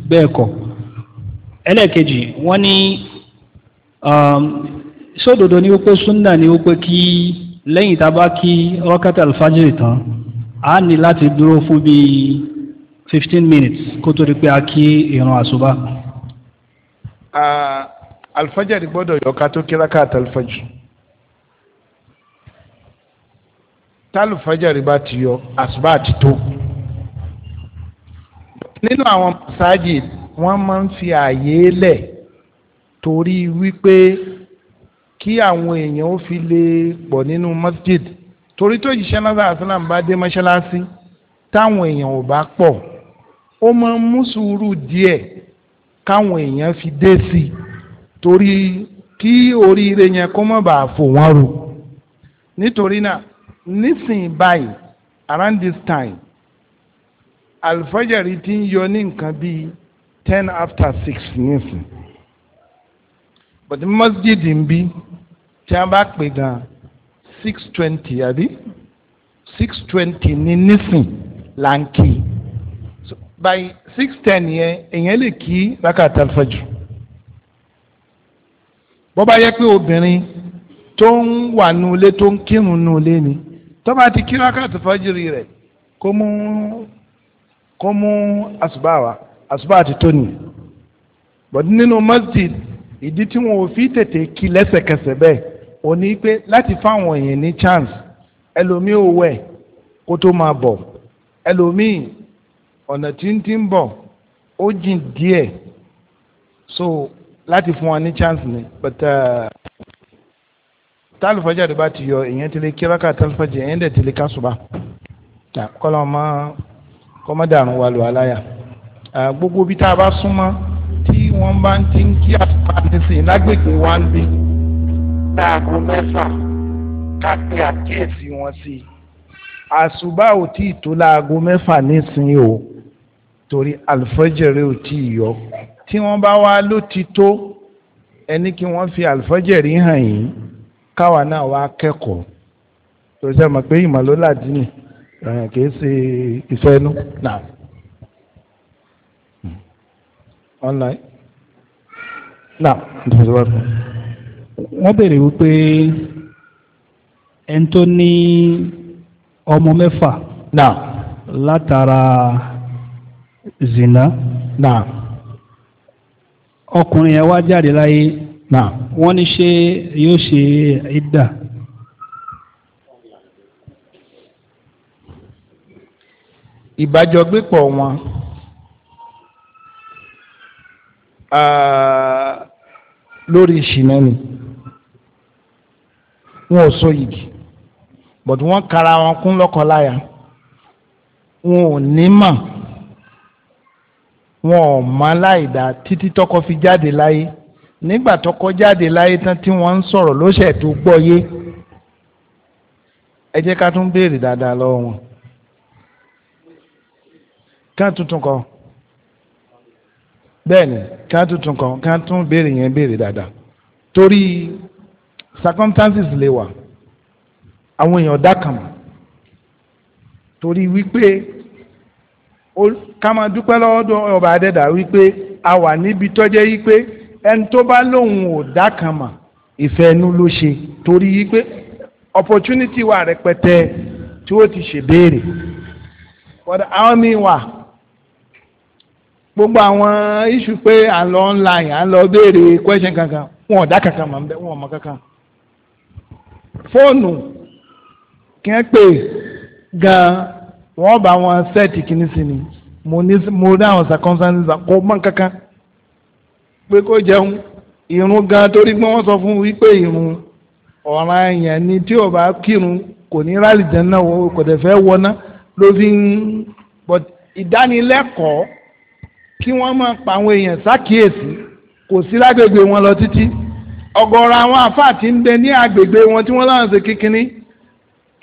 [SPEAKER 1] bẹ́ẹ̀ kọ́ ẹlẹ́ẹ̀kejì wọ́n ní sódodo um, ni wípé súnà ni wípé kí lẹ́yìn tá kí rọ́kátà alfajiri tán a ní láti dúró fún bí fifteen minutes kó tó di pé a kí ìrun àṣùbà. alfajiri gbọ́dọ̀ yọ ká tó kí rákátà alfajiri. tálùfajiri bá ti yọ àṣùbà ti tó nínú àwọn masaji wọ́n máa ń fi àyè lẹ̀ torí wípé kí àwọn èèyàn ó fi lè pọ̀ nínú masjid torí tó yìí náà àsálàm bá dé mọ́ṣáláṣí táwọn èèyàn ò bá pọ̀ ó máa ń mú sùúrù díẹ̀ káwọn èèyàn fi dé sí i torí kí oríire yẹn kó má bàa fò wọ́n ru nítorí náà nísìnyí báyìí around this time alfajari ti ń yọ ní nǹkan bíi ten after six nísìn but masjid ń bí tí a bá pè gan six twenty àbí six twenty ní nísìn là ń by six ten yẹn èèyàn lè kí rákàtà alfajù bó bá yẹ pé obìnrin tó ń wà nù ilé tó ń kírun nù ilé ni tó bá ti kí rákàtà alfajù rẹ̀ kó mú kó mú àsùbá wa àsùbá ti tó ni but nínú masjid ìdí tí wọn ò fi tètè kí lẹ́sẹ̀kẹsẹ̀ bẹ́ẹ̀ ò ní pé láti fáwọn èèyàn ní chance ẹlòmíì ò wẹ̀ kó tó máa bọ̀ ẹlòmíì ọ̀nà tí ń ti ń bọ̀ ó jìn díẹ̀ so láti fún wa ní chance ni but uh, tálùfọ́jà tó bá ti yọ èèyàn ti lè kí rákà tálùfọ́jà èèyàn dẹ̀ ti lè ká sùbà kọ́lọ́ máa kọ́mọ́dàrún wa lò aláyà gbogbo bí tá a bá súnmọ́ tí wọ́n bá ń ti ń kí àtúntà nísìnyí lágbègbè wa ń bí láago mẹ́fà ká pe àkíyèsí wọn sí i àṣùbà ò tí ì tó láago mẹ́fà nísìnyí o torí àlùfọ́jẹ̀rẹ̀ ò tí ì yọ tí wọ́n bá wá ló ti tó ẹni kí wọ́n fi àlùfọ́jẹ̀rẹ̀ hàn yín káwa náà wá kẹ́kọ̀ọ́ tó sẹ́ mọ̀ pé ìmọ̀ ló làdínì. Eh, kìí ṣe ìfẹ́ hmm. inú wọ́n béèrè wípé ẹni tó ní ọmọ mẹ́fà náà látara zina náà ọkùnrin yẹn wá jáde láyé wọ́n ní ṣe yóò ṣe ìdá. ìbájọgbépọ̀ wọn lórí ìṣìnà ni wọn ò so yìgì bọ̀dù wọn kara wọn kún lọ́kọláya wọn ò ní mọ̀ wọn ò mọ aláìdá títí tọkọ fi jáde láyé nígbà tọkọ jáde láyé tán tí wọ́n ń sọ̀rọ̀ ló tó gbọ́ yé ẹ jẹ́ ká tún béèrè dáadáa lọ́wọ́ wọn. kán tuntun kọ béèrè yẹn béèrè dada torí circumstances lè wà àwọn èèyàn dákàmà torí wípé ká kama dúpẹ́ ọba adẹ́dà wípé a wà níbi tọ́jẹ́ wípé ẹni tó bá lóun ò ìfẹ́ torí wípé opportunity wa rẹpẹtẹ tí ó ti ṣèbéèrè àwọn míì gbogbo àwọn iṣu pé à ń lọ online à ń lọ béèrè question kankan wọn ò dá kankan mọ̀ nbẹ wọn ò mọ̀ kankan fóònù kí wọ́n pè gan wọ́n bá wọn sẹ́ẹ̀tì kìíní sí ni mo ní mo ní àwọn circumstances kò mọ̀ kankan pé kó jẹun irun gan torí pé wọ́n sọ fún un wípé irun ọ̀ràn èèyàn ni tí ò bá kírun kò ní rálì jẹun náà kò dẹ̀ fẹ́ wọná ló fi ń but ìdánilẹ́kọ̀ọ́ kí wọ́n máa pa àwọn èèyàn sákìyèsí kò sí lágbègbè wọn lọ títí ọ̀gọ̀rọ̀ àwọn àfáà ti ń bẹ ní àgbègbè wọn tí wọ́n láwọn ṣe kíkíní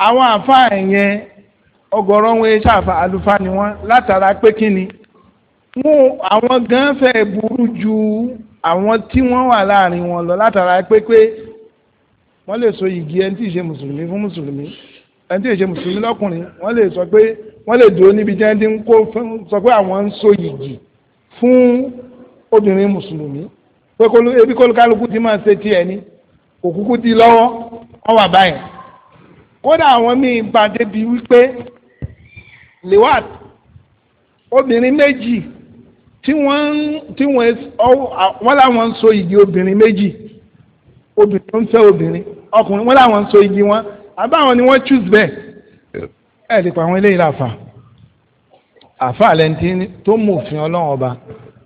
[SPEAKER 1] àwọn àfáà yẹn ọ̀gọ̀rọ̀ wọn iṣẹ́ àfà àlùfáà ni wọ́n látara pé kíni mú àwọn gan fẹ́ burú ju àwọn tí wọ́n wà láàrin wọn lọ látara pé pé wọ́n lè so yìgì ẹni tí ì ṣe mùsùlùmí fún mùsùlùmí ẹni tí ì ṣe mùsùlùmí lọ́kùnrin wọ́n lè sọ pé wọ́n lè dúró níbi tí wọ́n sọ pé àwọn ń so yìgì fún obìnrin mùsùlùmí pé ebi kólúkálukú ti máa ṣe tiẹ̀ ni òkúkú ti lọ́wọ́ wọ́n wà báyìí kódà àwọn míì bá débi wípé lewat obìnrin méjì tí wọ́n tí wọ́n láwọn ń so igi obìnrin méjì obìnrin tó ń fẹ́ obìnrin ọkùnrin wọ́n láwọn ń so igi wọn àbáwọn ni wọ́n choose bẹ́ẹ̀ ẹ̀ lè pa àwọn eléyìí láfa àfàlẹ́ntì tó mòfin ọlọ́run ọba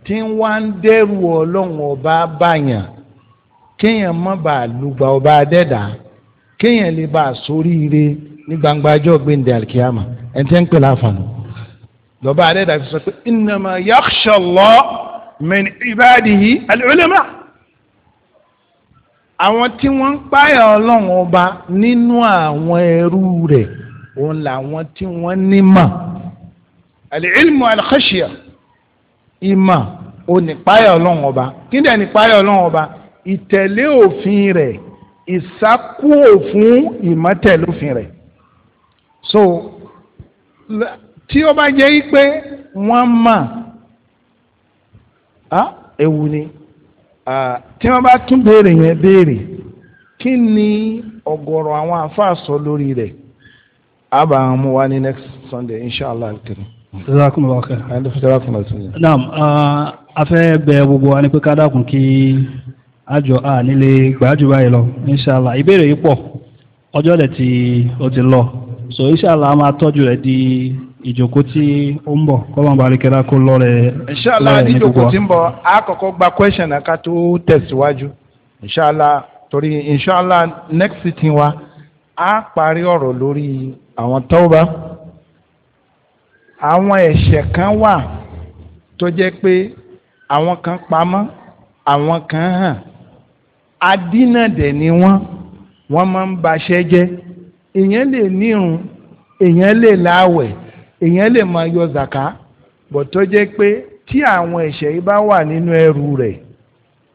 [SPEAKER 1] tí ń wá ń dẹ́rù ọlọ́run ọba báyàn kéèyàn má bàa lùgbà ọba adẹ́dà kéèyàn lè bàa sóríire ní gbangba ọjọ́ gbẹ̀ndẹ̀ alikiyama ẹ̀ tẹ́ ń pè láǹfààní lọ́ba adẹ́dà fi sọ pé innama yakhsha Allah min ibadihi al-ulama àwọn tí wọ́n ń páyà ọlọ́run ọba nínú àwọn ẹrú rẹ̀ òun làwọn tí wọ́n nímọ̀ al-ilmu al-khashya ìmọ̀ onípáyà ọlọ́run ọba kí ni ẹnìpáyà ọlọ́run ọba ìtẹ̀lé òfin rẹ̀ ìsákúò fún ìmọ̀tẹ̀lé òfin rẹ̀ so tí ó bá jẹ́ pé wọ́n mọ̀ á ewu ni tí wọ́n bá tún béèrè yẹn béèrè kí ni ọ̀gọ̀rọ̀ àwọn àfáà sọ lórí rẹ̀ á wa ní next Sunday inshallah alkirim. Jazakum Allah khair. Àyẹ̀dẹ̀ fún Jazakum Allah sọ̀rọ̀. Naam, afẹ́ bẹ gbogbo wa ni pé ká dákun kí àjọ a nílé gbàájú báyìí lọ, inshallah. Ìbéèrè yìí pọ̀, ọjọ́ rẹ̀ tí ó ti lọ. So inshallah a máa tọ́jú rẹ̀ di ìjòkó tí ó ń bọ̀ kọ́lọ́n bá rikẹ́lá kó lọ́rẹ̀ inshallah ní ìjòkó tí ń bọ̀ a kọ́kọ́ gba question ká tó tẹ̀síwájú inshallah torí inshallah next sitting wa a parí ọ̀rọ̀ lórí àwọn tọ́wọ́ àwọn ẹ̀ṣẹ̀ kan wà tó jẹ́ pé àwọn kan pamọ́ àwọn kan hàn adínàdẹ̀ ni wọ́n wọ́n máa ń baṣẹ́ jẹ́ èèyàn lè nírun èèyàn lè láwẹ̀ èèyàn lè máa yọ zàká bọ̀ tó jẹ́ pé tí àwọn ẹ̀ṣẹ̀ yìí bá wà nínú ẹrù rẹ̀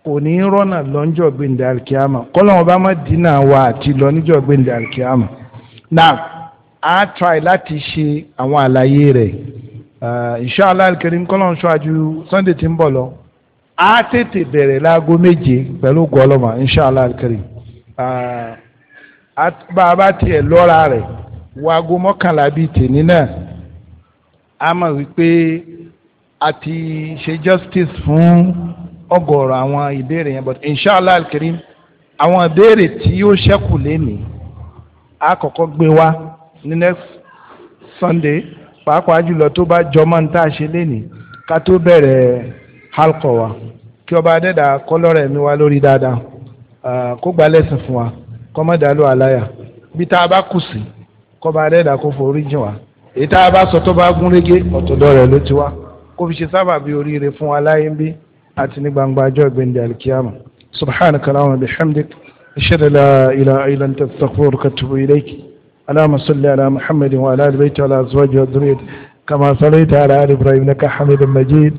[SPEAKER 1] kò ní rọ́nà lọ́njọ́ kọ́lọ́wọ́n bá má dínà wa àti a try láti ṣe àwọn àlàyé rẹ̀ inshallah alkarim kọ́lọ́n ṣáájú sunday tí ń bọ̀ lọ a tètè bẹ̀rẹ̀ láago méje pẹ̀lú gọlọ́mà inshallah alkarim bá a bá tiẹ̀ lọ́ra rẹ̀ waago mọ́kànlá bíi tèmi náà a mọ̀ wípé a ti ṣe justice fún ọgọ́rọ̀ àwọn ìbéèrè yẹn but inshallah alkarim àwọn ìbéèrè tí ó ṣẹ́kù lénìí a kọ́kọ́ gbé wá ní next Sunday pàápàá jùlọ tó bá jọmọ́ ní tá a ṣe lénìí ká tó bẹ̀rẹ̀ halkọ̀ wa kí ọba adẹ́dà kọ́lọ́rẹ̀ mi wá lórí dáadáa kó gba lẹ́sìn fún wa kó má dàlú àláyà bí tá a bá kù sí kọ́ba adẹ́dà kó forí jìn wá èyí tá a bá sọ tó bá gún régé ọ̀tọ̀dọ̀ rẹ̀ ló ti wá kó fi ṣe sábàbí oríire fún wa láyé ń bí àti ní gbangba ọjọ́ ìgbéǹde alikiyama subhanaka allahumma bihamdik ashhadu la ilaha illa anta astaghfiruka wa atubu ilayk. اللهم صل على محمد وعلى ال بيته وعلى ازواجه وذريته كما صليت على ال ابراهيم انك حميد مجيد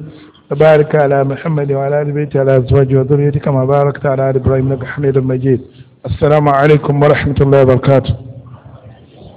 [SPEAKER 1] وبارك على محمد وعلى ال بيته وعلى ازواجه وذريته كما باركت على ال ابراهيم انك حميد مجيد السلام عليكم ورحمه الله وبركاته